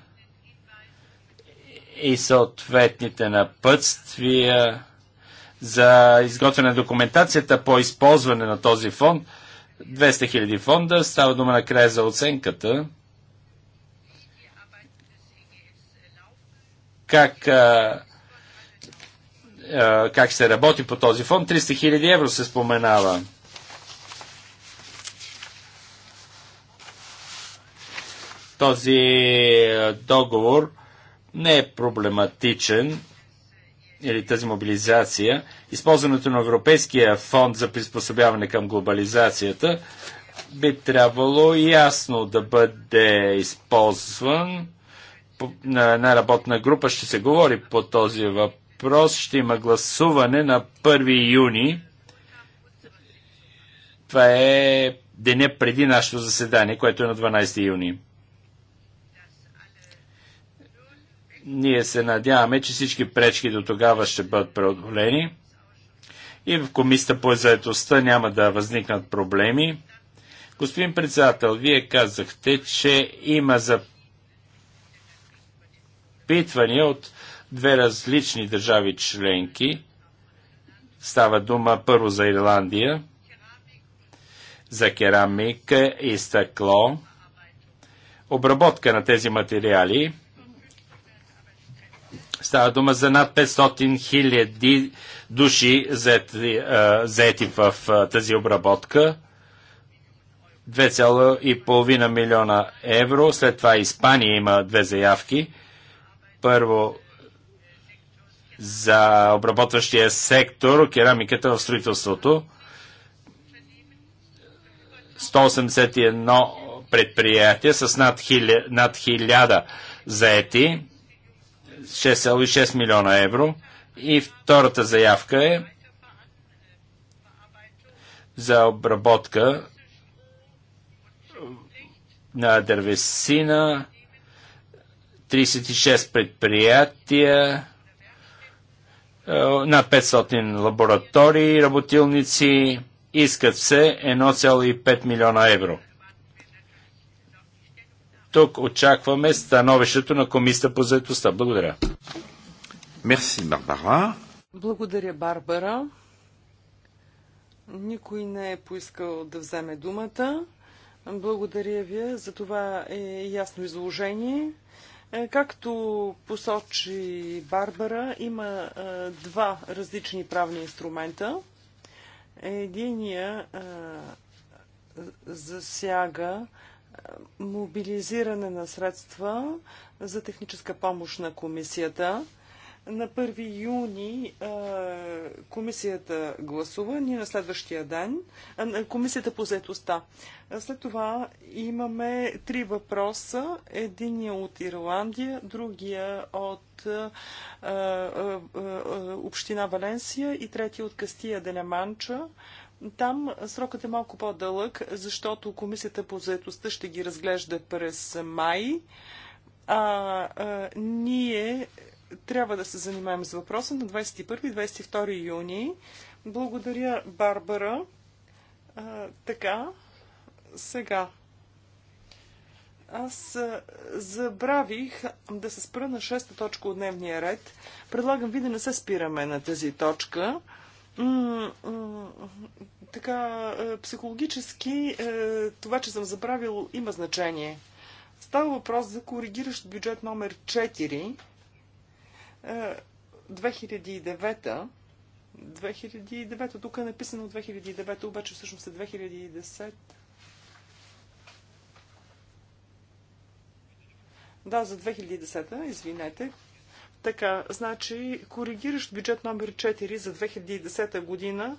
и съответните напътствия за изготвяне на документацията по използване на този фонд – 200 000 фонда, става дума накрая за оценката. Как, а, а, как се работи по този фонд? 300 000 евро се споменава. Този договор не е проблематичен или тази мобилизация, използването на Европейския фонд за приспособяване към глобализацията би трябвало ясно да бъде използван. На една работна група ще се говори по този въпрос. Ще има гласуване на 1 юни. Това е деня преди нашето заседание, което е на 12 юни. Ние се надяваме, че всички пречки до тогава ще бъдат преодолени и в комисията по заедостта няма да възникнат проблеми. Господин председател, вие казахте, че има запитвания от две различни държави членки. Става дума първо за Ирландия, за керамика и стъкло, обработка на тези материали – Става дума за над 500 хиляди души заети, заети в тази обработка. 2,5 милиона евро. След това Испания има две заявки. Първо за обработващия сектор, керамиката в строителството. 181 предприятия с над 1000, над 1000 заети 6,6 милиона евро. И втората заявка е за обработка на дървесина, 36 предприятия, е, над 500 лаборатории, работилници, искат се 1,5 милиона евро. Тук очакваме становището на Комисията по заедостта. Благодаря. Мерси, Барбара. Благодаря, Барбара. Никой не е поискал да вземе думата. Благодаря ви за това е ясно изложение. Е, както посочи Барбара, има е, два различни правни инструмента. Единия е, засяга мобилизиране на средства за техническа помощ на комисията. На 1 юни а, комисията гласува, ние на следващия ден, а, комисията по заетостта. След това имаме три въпроса. Единия от Ирландия, другия от а, община Валенсия и третия от Кастия Деляманча. Манча там срокът е малко по-дълъг, защото комисията по заедостта ще ги разглежда през май. А, а ние трябва да се занимаем с въпроса на 21-22 юни. Благодаря, Барбара. А, така, сега. Аз забравих да се спра на шеста точка от дневния ред. Предлагам ви да не се спираме на тази точка така, е, психологически е, това, че съм забравил, има значение. Става въпрос за коригиращ бюджет номер 4, 2009 2009 тук е написано 2009 обаче всъщност е 2010 Да, за 2010 извинете, така, значи, коригиращ бюджет номер 4 за 2010 година,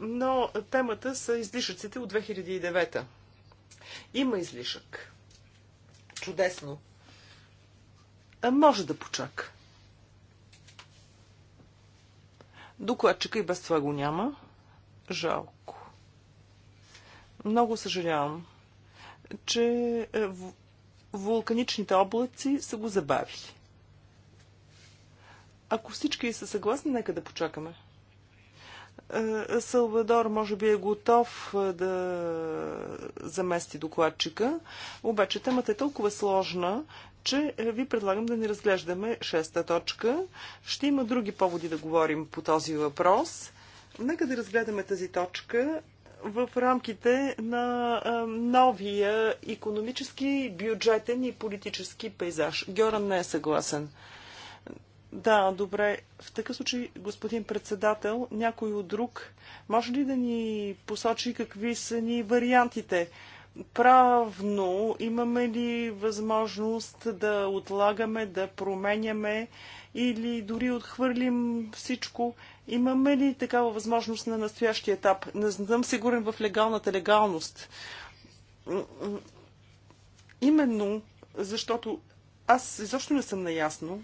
но темата са излишъците от 2009. Има излишък. Чудесно. А може да почака. Докладчика и без това го няма. Жалко. Много съжалявам, че е, вулканичните облаци са го забавили. Ако всички са съгласни, нека да почакаме. Е, Салвадор може би е готов е, да замести докладчика, обаче темата е толкова сложна, че е, ви предлагам да не разглеждаме шеста точка. Ще има други поводи да говорим по този въпрос. Нека да разгледаме тази точка в рамките на новия економически, бюджетен и политически пейзаж. Гьоран не е съгласен. Да, добре. В такъв случай, господин председател, някой от друг, може ли да ни посочи какви са ни вариантите? Правно имаме ли възможност да отлагаме, да променяме или дори отхвърлим всичко? Имаме ли такава възможност на настоящия етап? Не съм сигурен в легалната легалност. Именно защото аз изобщо не съм наясно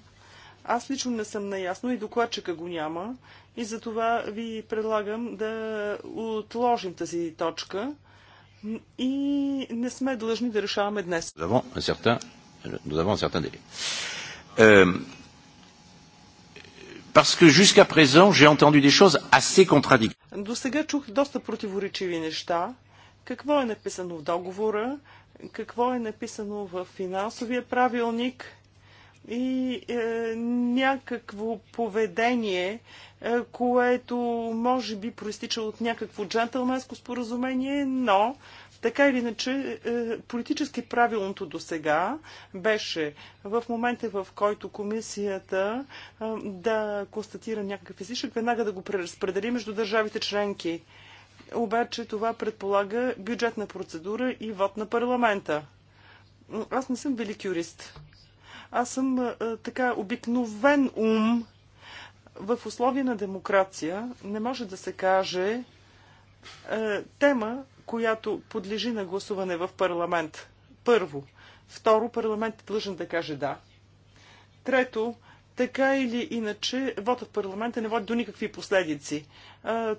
аз лично не съм наясно и докладчика го няма. И за това ви предлагам да отложим тази точка. И не сме длъжни да решаваме днес. Е, parce que jusqu'à présent, j'ai entendu des choses assez contradictoires. До сега чух доста противоречиви неща. Какво е написано в договора? Какво е написано в финансовия правилник? и е, някакво поведение, е, което може би проистича от някакво джентълменско споразумение, но така или иначе, е, политически правилното до сега беше в момента, в който комисията е, да констатира някакъв излишък, веднага да го преразпредели между държавите членки. Обаче това предполага бюджетна процедура и вод на парламента. Аз не съм велик юрист. Аз съм а, така обикновен ум. В условия на демокрация не може да се каже а, тема, която подлежи на гласуване в парламент. Първо. Второ, парламент е длъжен да каже да. Трето, така или иначе, вода в парламента не води до никакви последици.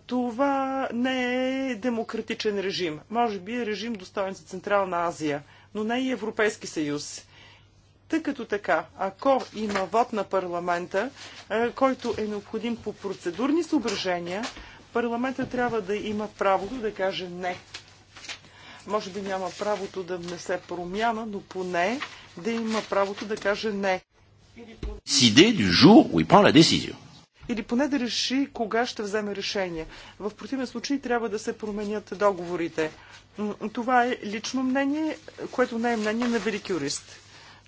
Това не е демократичен режим. Може би е режим достоен за Централна Азия, но не и Европейски съюз. Тъй като така, ако има вод на парламента, е, който е необходим по процедурни съображения, парламента трябва да има правото да каже не. Може би няма правото да внесе промяна, но поне да има правото да каже не. Или поне да реши кога ще вземе решение. В противен случай трябва да се променят договорите. Това е лично мнение, което не е мнение на велики юрист.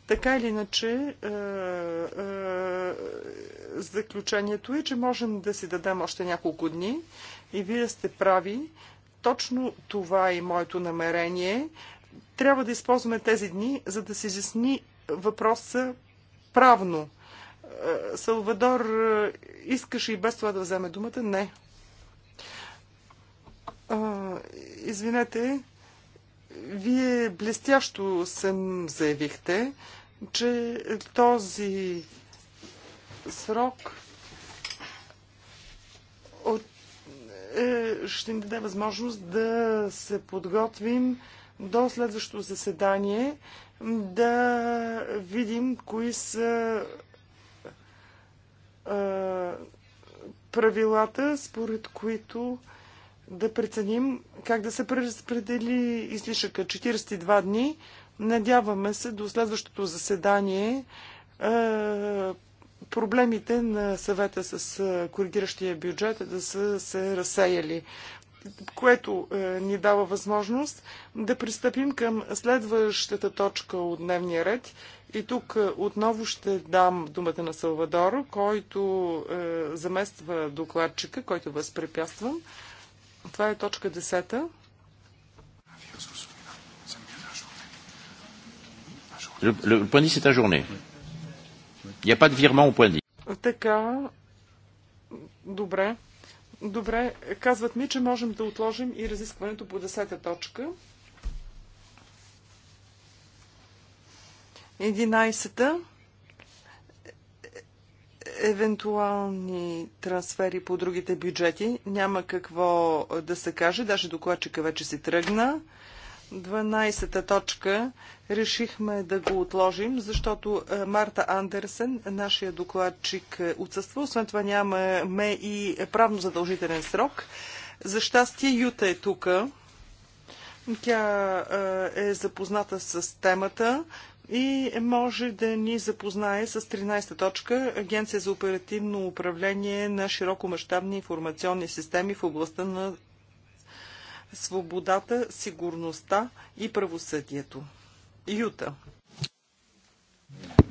Така или иначе, е, е, заключението е, че можем да си дадем още няколко дни и вие сте прави. Точно това е моето намерение. Трябва да използваме тези дни, за да се изясни въпроса правно. Е, Салвадор е, искаше и без това да вземе думата? Не. Е, извинете, вие блестящо съм заявихте, че този срок от, е, ще ни даде възможност да се подготвим до следващото заседание, да видим кои са е, правилата, според които да преценим как да се преразпредели излишъка 42 дни. Надяваме се до следващото заседание е, проблемите на съвета с е, коригиращия бюджет да са се разсеяли което е, ни дава възможност да пристъпим към следващата точка от дневния ред. И тук отново ще дам думата на Салвадоро, който замества докладчика, който възпрепятствам. Това е точка 10. Le, le, le point 10 est ajourné. Il n'y a pas de virement au point 10. Така, добре. Добре, казват ми, че можем да отложим и разискването по 10-та точка. 11-та евентуални трансфери по другите бюджети няма какво да се каже. Даже докладчика вече си тръгна. 12-та точка решихме да го отложим, защото е, Марта Андерсен, нашия докладчик, е, отсъства. Освен това нямаме и правно задължителен срок. За щастие Юта е тук. Тя е, е запозната с темата и може да ни запознае с 13-та точка Агенция за оперативно управление на широкомащабни информационни системи в областта на свободата, сигурността и правосъдието. Юта.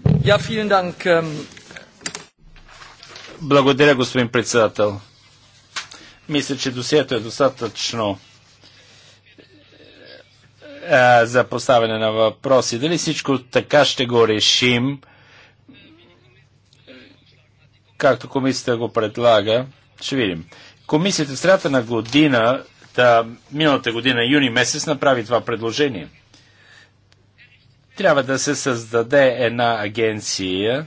Ähm, Благодаря, господин председател. Мисля, че досието е достатъчно а, е, за поставяне на въпроси. Дали всичко така ще го решим, както комисията го предлага, ще видим. Комисията в средата на година, та, миналата година, юни месец, направи това предложение. Трябва да се създаде една агенция,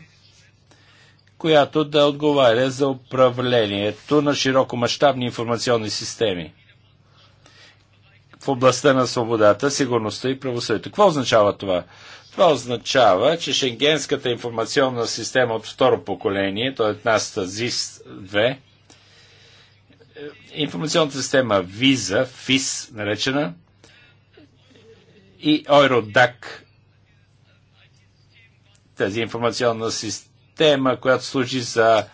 която да отговаря за управлението на широкомащабни информационни системи в областта на свободата, сигурността и правосъдието. Какво означава това? Това означава, че Шенгенската информационна система от второ поколение, т.е. нашата ЗИС-2, е, информационната система ВИЗА, ФИС наречена, и Ойродак, тази информационна система, която служи за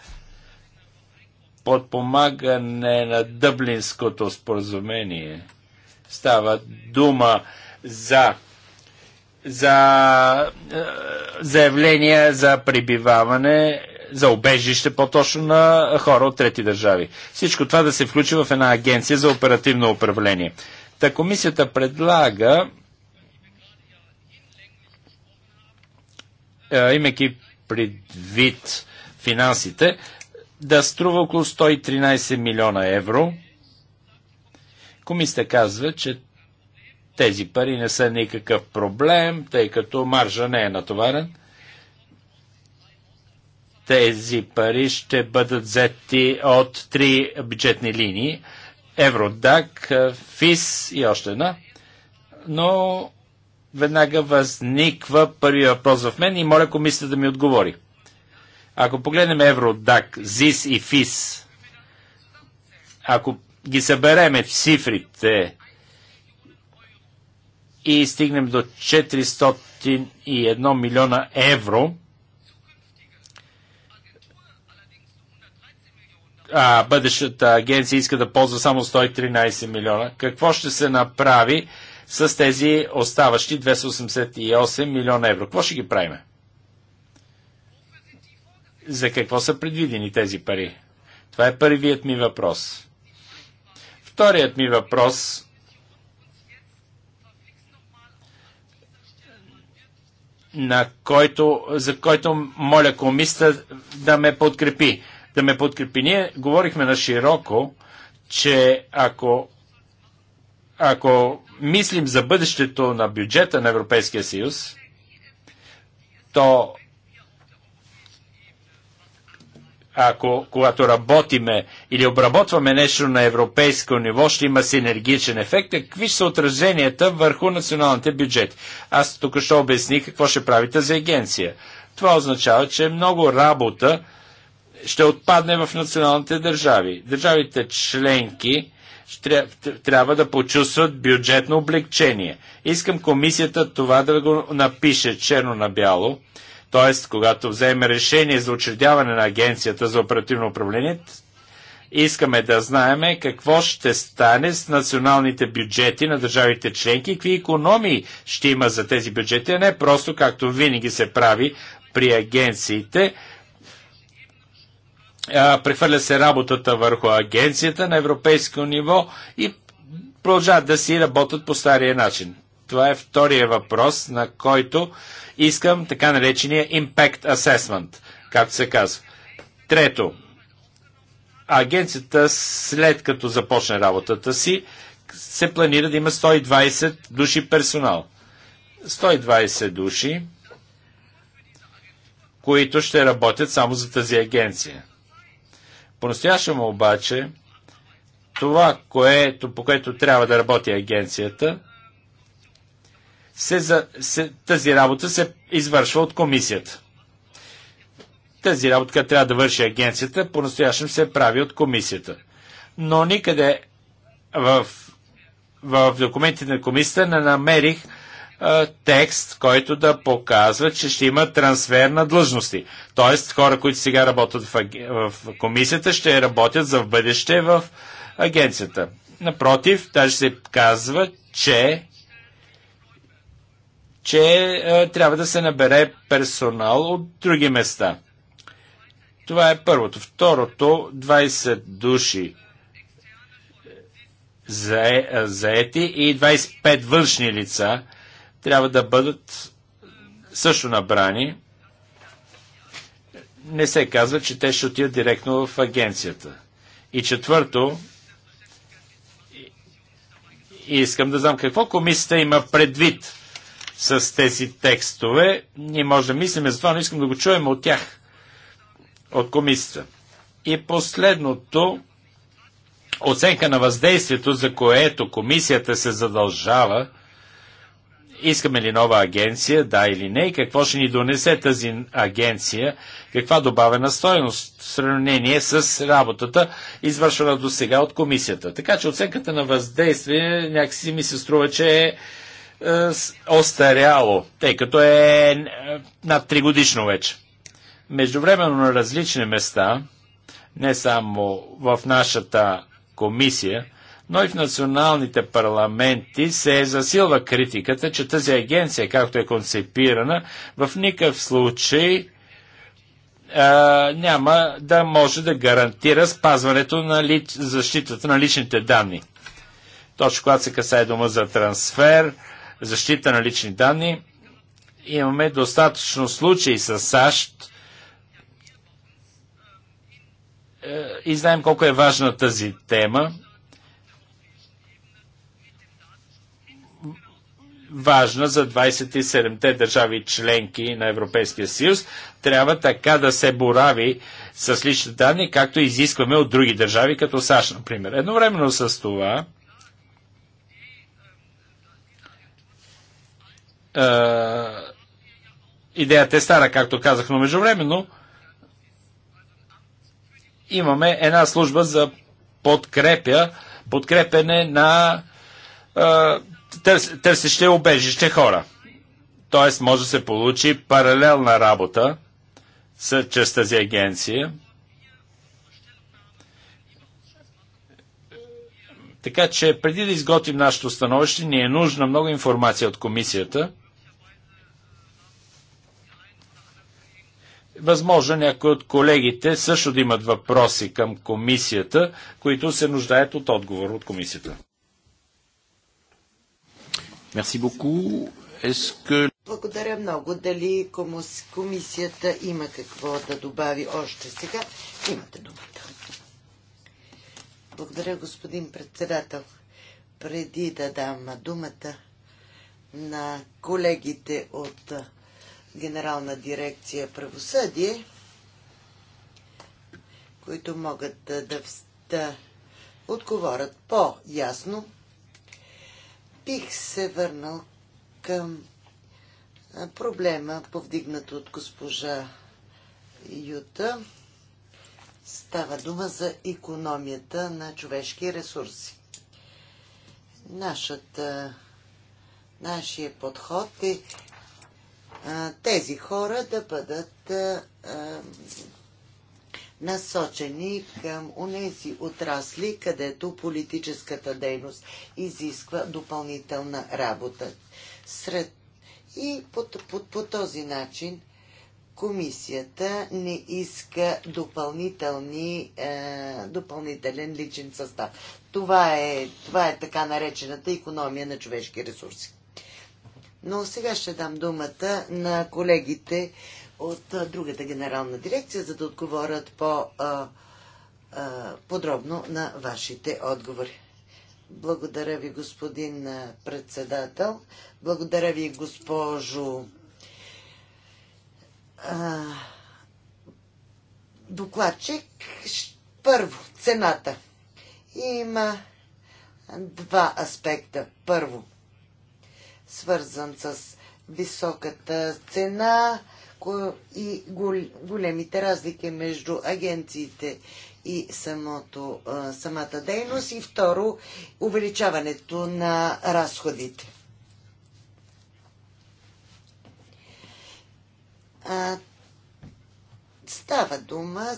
подпомагане на Дъблинското споразумение – Става дума за за е, заявления за прибиваване, за обежище по-точно на хора от трети държави. Всичко това да се включи в една агенция за оперативно управление. Та комисията предлага, е, имайки предвид финансите, да струва около 113 милиона евро – Комисията казва, че тези пари не са никакъв проблем, тъй като маржа не е натоварен. Тези пари ще бъдат взети от три бюджетни линии. Евродак, ФИС и още една. Но веднага възниква първи въпрос в мен и моля комисията да ми отговори. Ако погледнем Евродак, ЗИС и ФИС, ако ги събереме цифрите и стигнем до 401 милиона евро, а бъдещата агенция иска да ползва само 113 милиона, какво ще се направи с тези оставащи 288 милиона евро? Какво ще ги правиме? За какво са предвидени тези пари? Това е първият ми въпрос. Вторият ми въпрос на който, за който моля комиста да ме подкрепи. Да ме подкрепи. Ние говорихме на широко, че ако, ако мислим за бъдещето на бюджета на Европейския съюз, то ако когато работиме или обработваме нещо на европейско ниво, ще има синергичен ефект. Какви са отраженията върху националните бюджети? Аз тук ще обясних какво ще правите за агенция. Това означава, че много работа ще отпадне в националните държави. Държавите членки трябва да почувстват бюджетно облегчение. Искам комисията това да го напише черно на бяло Тоест, когато вземе решение за учредяване на Агенцията за оперативно управление, искаме да знаеме какво ще стане с националните бюджети на държавите членки, какви економии ще има за тези бюджети, а не просто както винаги се прави при агенциите. прехвърля се работата върху агенцията на европейско ниво и продължават да си работят по стария начин. Това е втория въпрос, на който искам така наречения Impact Assessment, както се казва. Трето, агенцията след като започне работата си, се планира да има 120 души персонал. 120 души, които ще работят само за тази агенция. По-настоящему обаче, това, което, по което трябва да работи агенцията, се, за, се, тази работа се извършва от комисията. Тази работа, която трябва да върши агенцията, по-настоящем се прави от комисията. Но никъде в, в документите на комисията не намерих а, текст, който да показва, че ще има трансфер на длъжности. Тоест, хора, които сега работят в, в комисията, ще работят за в бъдеще в агенцията. Напротив, даже се казва, че че е, трябва да се набере персонал от други места. Това е първото. Второто, 20 души е, заети и 25 външни лица трябва да бъдат също набрани. Не се казва, че те ще отидат директно в агенцията. И четвърто, и искам да знам какво комисията има предвид с тези текстове. Ние може да мислиме за това, но искам да го чуем от тях, от комисията. И последното, оценка на въздействието, за което комисията се задължава, искаме ли нова агенция, да или не, и какво ще ни донесе тази агенция, каква добавена стоеност в сравнение с работата, извършена до сега от комисията. Така че оценката на въздействие някакси ми се струва, че е е, остаряло, тъй като е, е над 3 годишно вече. Междувременно на различни места, не само в нашата комисия, но и в националните парламенти се е засилва критиката, че тази агенция, както е концепирана, в никакъв случай а, няма да може да гарантира спазването на ли, защитата на личните данни. Точно когато се касае дума за трансфер, защита на лични данни. Имаме достатъчно случаи с САЩ е, и знаем колко е важна тази тема. важна за 27-те държави членки на Европейския съюз. Трябва така да се борави с лични данни, както изискваме от други държави, като САЩ, например. Едновременно с това, Е, идеята е стара, както казах, но междувременно имаме една служба за подкрепя, подкрепене на е, търсещи обежище хора. Тоест може да се получи паралелна работа с, чрез тази агенция. Така че преди да изготвим нашето становище, ни е нужна много информация от комисията – Възможно някои от колегите също да имат въпроси към комисията, които се нуждаят от отговор от комисията. Merci Que... Благодаря много. Дали комисията има какво да добави още сега? Имате думата. Благодаря, господин председател. Преди да дам думата на колегите от Генерална дирекция правосъдие, които могат да, да, да отговорят по-ясно, бих се върнал към проблема, повдигнат от госпожа Юта. Става дума за економията на човешки ресурси. Нашата, нашия подход е тези хора да бъдат насочени към унези отрасли, където политическата дейност изисква допълнителна работа. Сред... И по, по, по този начин комисията не иска допълнителни, а, допълнителен личен състав. Това е, това е така наречената економия на човешки ресурси. Но сега ще дам думата на колегите от другата генерална дирекция, за да отговорят по-подробно на вашите отговори. Благодаря ви, господин председател. Благодаря ви, госпожо а, докладчик. Първо, цената. Има два аспекта. Първо, свързан с високата цена и големите разлики между агенциите и самото, самата дейност и второ увеличаването на разходите. А, става дума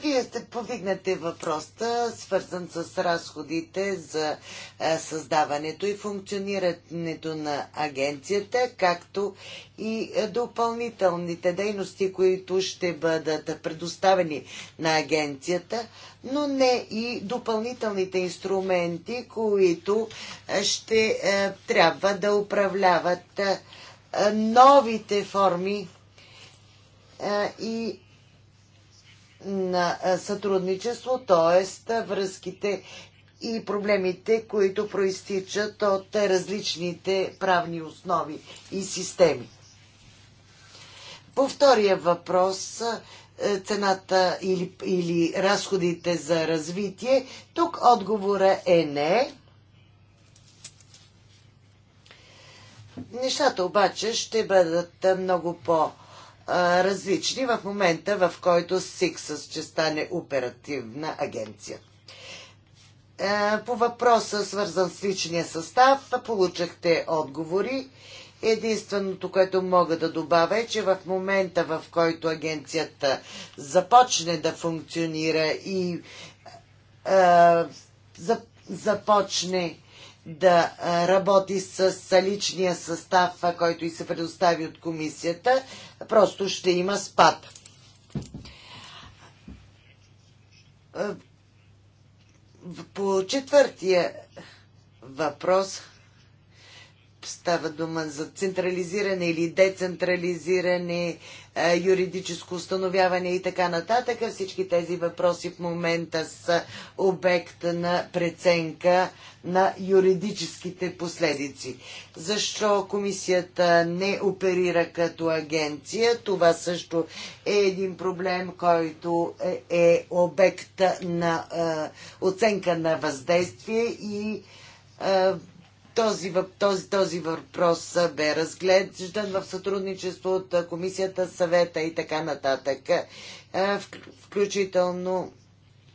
вие сте повигнате въпроса, свързан с разходите за е, създаването и функционирането на агенцията, както и е, допълнителните дейности, които ще бъдат предоставени на агенцията, но не и допълнителните инструменти, които е, ще трябва да управляват новите форми и на сътрудничество, т.е. връзките и проблемите, които проистичат от различните правни основи и системи. По втория въпрос, цената или, или разходите за развитие, тук отговора е не. Нещата обаче ще бъдат много по- а, различни в момента, в който СИКС ще стане оперативна агенция. А, по въпроса, свързан с личния състав, получахте отговори. Единственото, което мога да добавя е, че в момента, в който агенцията започне да функционира и а, за, започне да работи с личния състав, който и се предостави от комисията, просто ще има спад. По четвъртия въпрос става дума за централизиране или децентрализиране е, юридическо установяване и така нататък. Всички тези въпроси в момента са обект на преценка на юридическите последици. Защо комисията не оперира като агенция? Това също е един проблем, който е, е обект на е, оценка на въздействие и този, този, този въпрос бе разглеждан в сътрудничество от комисията, съвета и така нататък, е, включително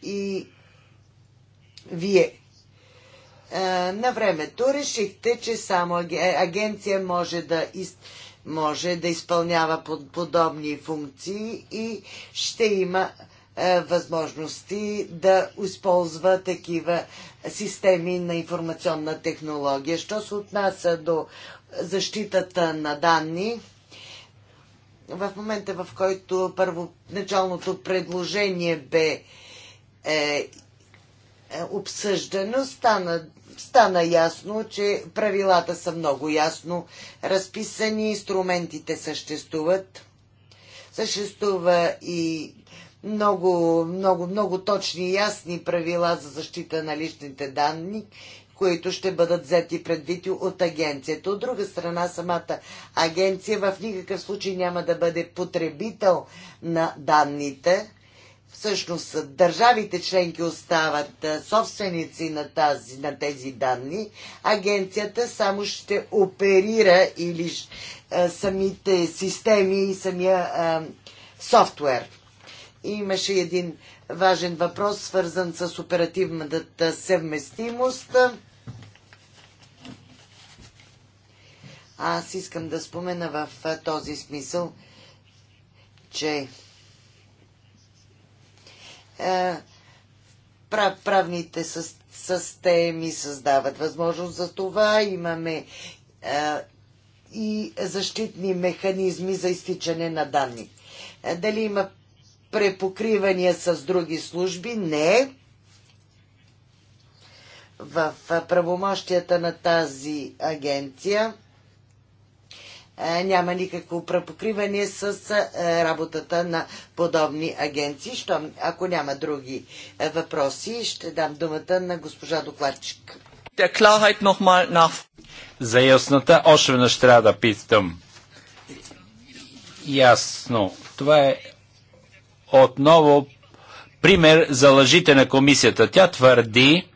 и вие. Е, на времето решихте, че само агенция може да, из, може да изпълнява подобни функции и ще има е, възможности да използва такива системи на информационна технология. Що се отнася до защитата на данни, в момента в който първоначалното предложение бе е, е, обсъждано, стана, стана ясно, че правилата са много ясно разписани, инструментите съществуват. Съществува и много, много, много точни и ясни правила за защита на личните данни, които ще бъдат взети предвид от агенцията. От друга страна, самата агенция в никакъв случай няма да бъде потребител на данните. Всъщност, държавите членки остават собственици на, тази, на тези данни. Агенцията само ще оперира или самите системи и самия а, софтуер имаше един важен въпрос, свързан с оперативната съвместимост. Аз искам да спомена в този смисъл, че правните системи създават възможност за това. Имаме и защитни механизми за изтичане на данни. Дали има препокривания с други служби. Не. В правомощията на тази агенция е, няма никакво препокриване с е, работата на подобни агенции. ако няма други е, въпроси, ще дам думата на госпожа докладчик. За яснота още веднъж трябва да питам. Ясно. Това е отново пример за лъжите на комисията. Тя твърди,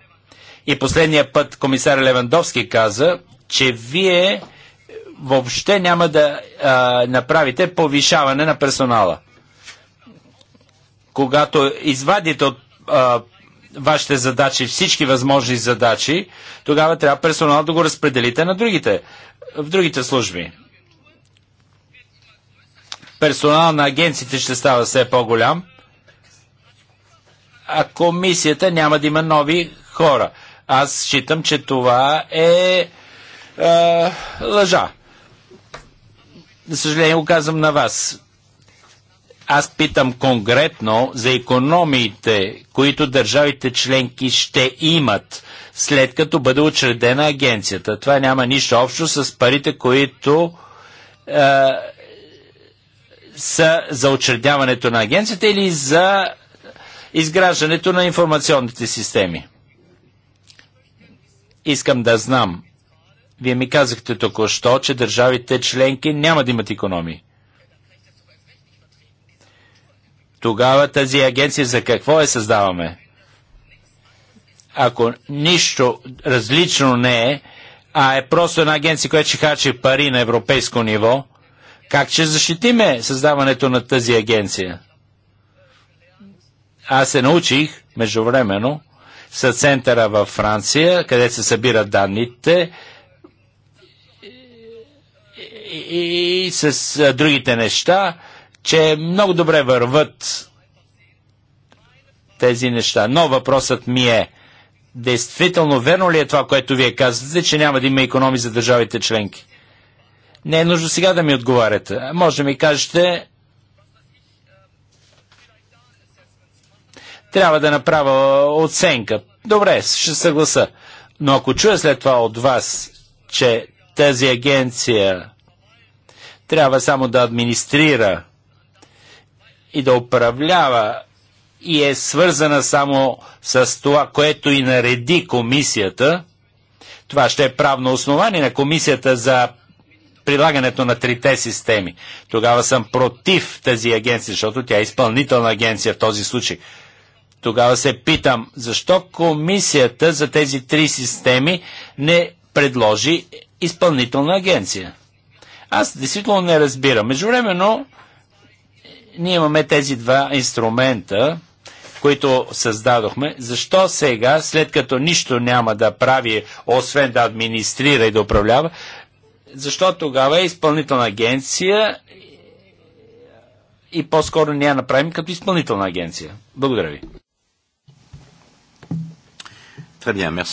и последния път комисар Левандовски каза, че вие въобще няма да а, направите повишаване на персонала. Когато извадите от а, вашите задачи всички възможни задачи, тогава трябва персонал да го разпределите на другите, в другите служби персонал на агенциите ще става все по-голям, а комисията няма да има нови хора. Аз считам, че това е, е лъжа. За съжаление го казвам на вас. Аз питам конкретно за економиите, които държавите членки ще имат след като бъде учредена агенцията. Това няма нищо общо с парите, които са за учредяването на агенцията или за изграждането на информационните системи. Искам да знам. Вие ми казахте току-що, че държавите членки няма да имат економии. Тогава тази агенция за какво я създаваме? Ако нищо различно не е, а е просто една агенция, която ще харчи пари на европейско ниво, как ще защитиме създаването на тази агенция? Аз се научих, междувременно, с центъра във Франция, къде се събират данните и, и, и с другите неща, че много добре върват тези неща. Но въпросът ми е, действително верно ли е това, което вие казвате, че няма да има економи за държавите членки? Не е нужно сега да ми отговаряте. Може да ми кажете, трябва да направя оценка. Добре, ще съгласа. Но ако чуя след това от вас, че тази агенция трябва само да администрира и да управлява и е свързана само с това, което и нареди комисията, това ще е правно основание на комисията за прилагането на трите системи. Тогава съм против тази агенция, защото тя е изпълнителна агенция в този случай. Тогава се питам, защо комисията за тези три системи не предложи изпълнителна агенция? Аз действително не разбирам. Междувременно, ние имаме тези два инструмента, които създадохме. Защо сега, след като нищо няма да прави, освен да администрира и да управлява, защо тогава е изпълнителна агенция и по-скоро ние я направим като изпълнителна агенция? Благодаря ви.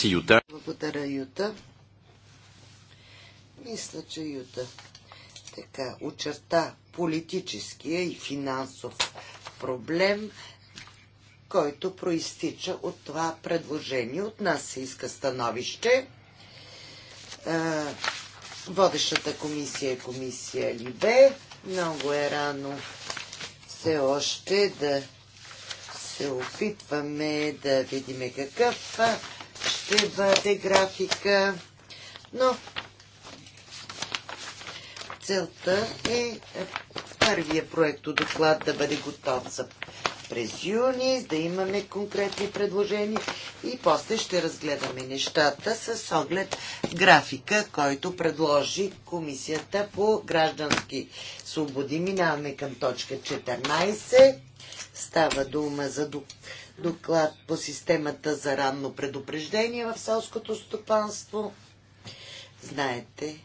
Юта. Благодаря, Юта. Мисля, че Юта така очерта политическия и финансов проблем, който проистича от това предложение. От нас се иска становище. Е, Водещата комисия е комисия Либе. Много е рано все още да се опитваме да видим какъв ще бъде графика. Но целта е първия проект доклад да бъде готов за през юни, да имаме конкретни предложения и после ще разгледаме нещата с оглед графика, който предложи Комисията по граждански свободи. Минаваме към точка 14. Става дума за доклад по системата за ранно предупреждение в селското стопанство. Знаете,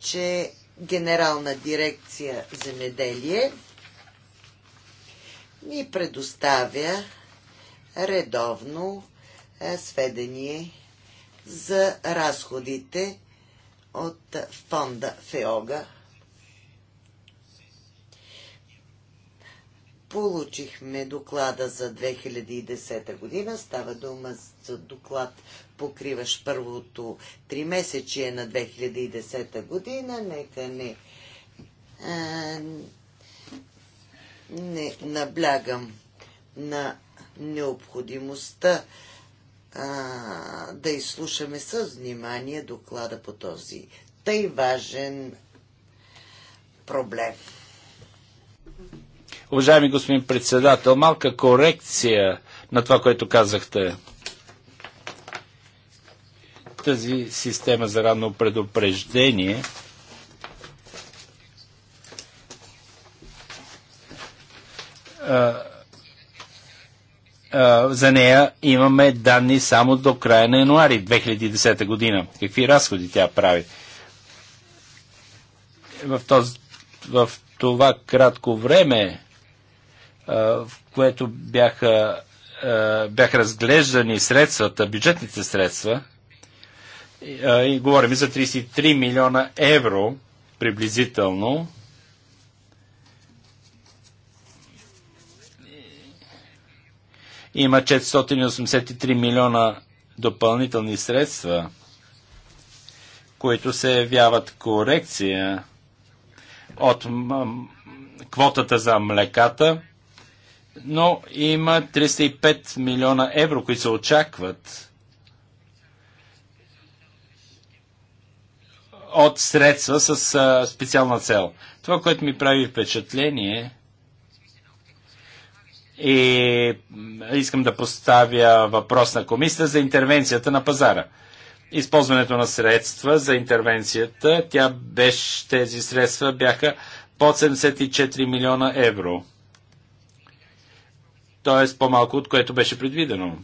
че Генерална дирекция за неделие ни предоставя редовно е, сведение за разходите от фонда ФЕОГА. Получихме доклада за 2010 година. Става дума за доклад, покриваш първото три месечие на 2010 година. Нека не а, е, не наблягам на необходимостта а, да изслушаме с внимание доклада по този тъй важен проблем. Уважаеми господин председател, малка корекция на това, което казахте. Тази система за ранно предупреждение за нея имаме данни само до края на януари 2010 година. Какви разходи тя прави? В, този, в това кратко време, в което бяха, бяха разглеждани средствата, бюджетните средства, и говорим за 33 милиона евро приблизително, Има 483 милиона допълнителни средства, които се явяват корекция от квотата за млеката, но има 305 милиона евро, които се очакват от средства с специална цел. Това, което ми прави впечатление и искам да поставя въпрос на комисията за интервенцията на пазара. Използването на средства за интервенцията, тя беше, тези средства бяха под 74 милиона евро. Тоест по-малко от което беше предвидено.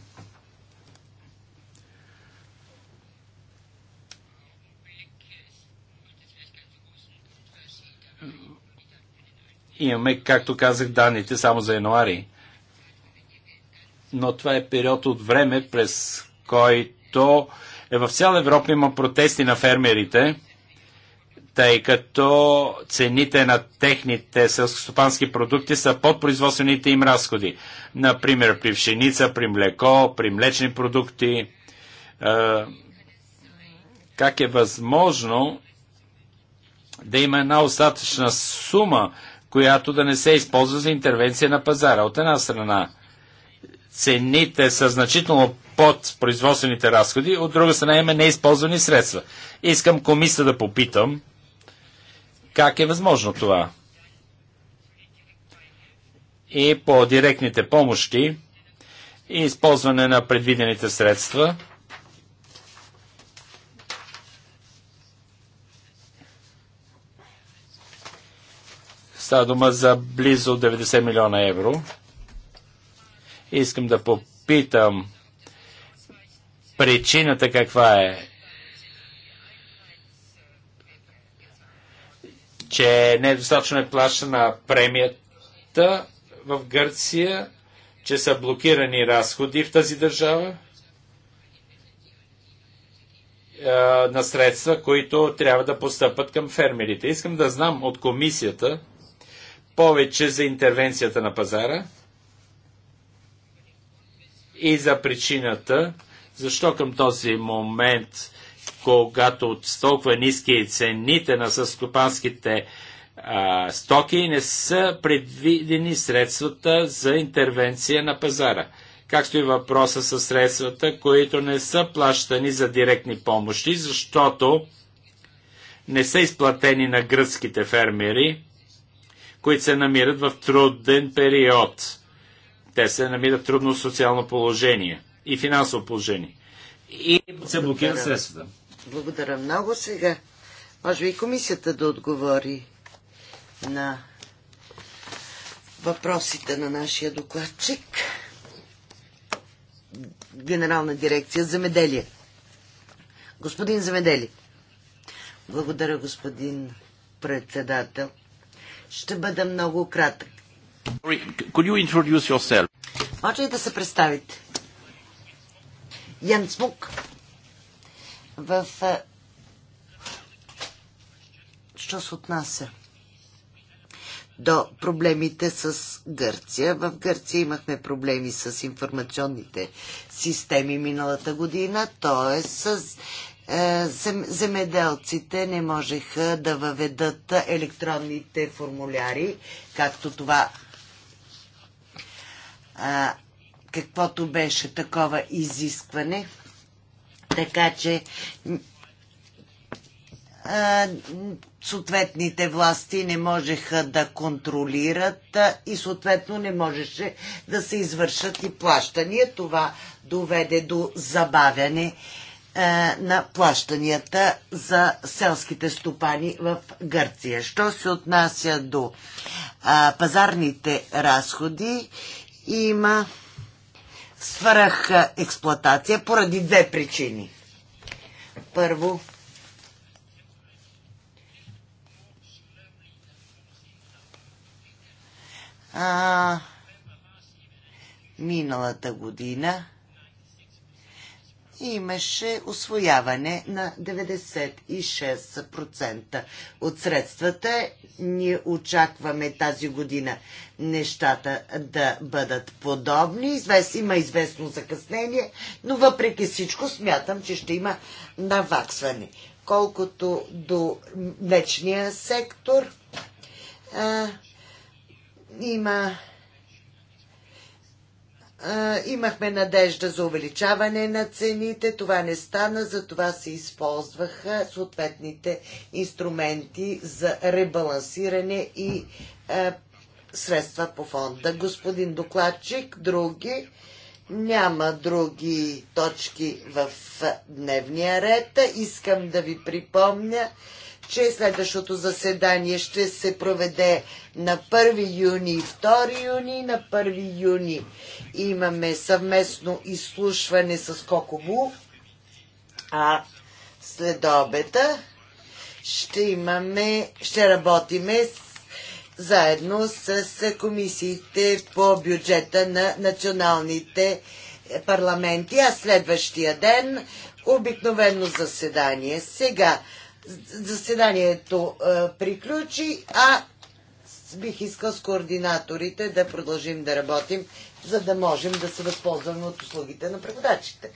имаме, както казах, данните само за януари но това е период от време, през който е в цяла Европа има протести на фермерите, тъй като цените на техните селскостопански продукти са под производствените им разходи. Например, при пшеница, при млеко, при млечни продукти. Е, как е възможно да има една остатъчна сума, която да не се използва за интервенция на пазара? От една страна – цените са значително под производствените разходи, от друга страна има неизползвани средства. Искам комисията да попитам как е възможно това. И по директните помощи и използване на предвидените средства. Става дума за близо 90 милиона евро. Искам да попитам причината каква е. Че недостатъчно е, е плащана премията в Гърция, че са блокирани разходи в тази държава на средства, които трябва да постъпат към фермерите. Искам да знам от комисията повече за интервенцията на пазара – и за причината, защо към този момент, когато от толкова ниски цените на съскопанските а, стоки не са предвидени средствата за интервенция на пазара. Както и въпроса с средствата, които не са плащани за директни помощи, защото не са изплатени на гръцките фермери, които се намират в труден период те се намират в трудно социално положение и финансово положение. И се блокират средствата. Благодаря много сега. Може би и комисията да отговори на въпросите на нашия докладчик. Генерална дирекция Замеделие. Господин Замедели. Благодаря, господин председател. Ще бъда много кратък. Could you introduce yourself? Може ли да се представите? Ян Смук в е, що се отнася до проблемите с Гърция. В Гърция имахме проблеми с информационните системи миналата година, т.е. с е, земеделците не можеха да въведат електронните формуляри, както това а, каквото беше такова изискване. Така че а, съответните власти не можеха да контролират а, и съответно не можеше да се извършат и плащания. Това доведе до забавяне на плащанията за селските стопани в Гърция. Що се отнася до а, пазарните разходи, има свръх експлоатация поради две причини. Първо, а, миналата година имаше освояване на 96% от средствата. Ние очакваме тази година нещата да бъдат подобни. Извест, има известно закъснение, но въпреки всичко смятам, че ще има наваксване. Колкото до мечния сектор, а, има имахме надежда за увеличаване на цените, това не стана, затова се използваха съответните инструменти за ребалансиране и е, средства по фонда. Господин докладчик, други. Няма други точки в дневния ред. Искам да ви припомня, че следващото заседание ще се проведе на 1 юни и 2 юни. На 1 юни имаме съвместно изслушване с Кокобу, а след обеда ще имаме, ще работиме с заедно с комисиите по бюджета на националните парламенти, а следващия ден обикновено заседание. Сега Заседанието а, е, приключи, а бих искал с координаторите да продължим да работим, за да можем да се възползваме от услугите на преводачите.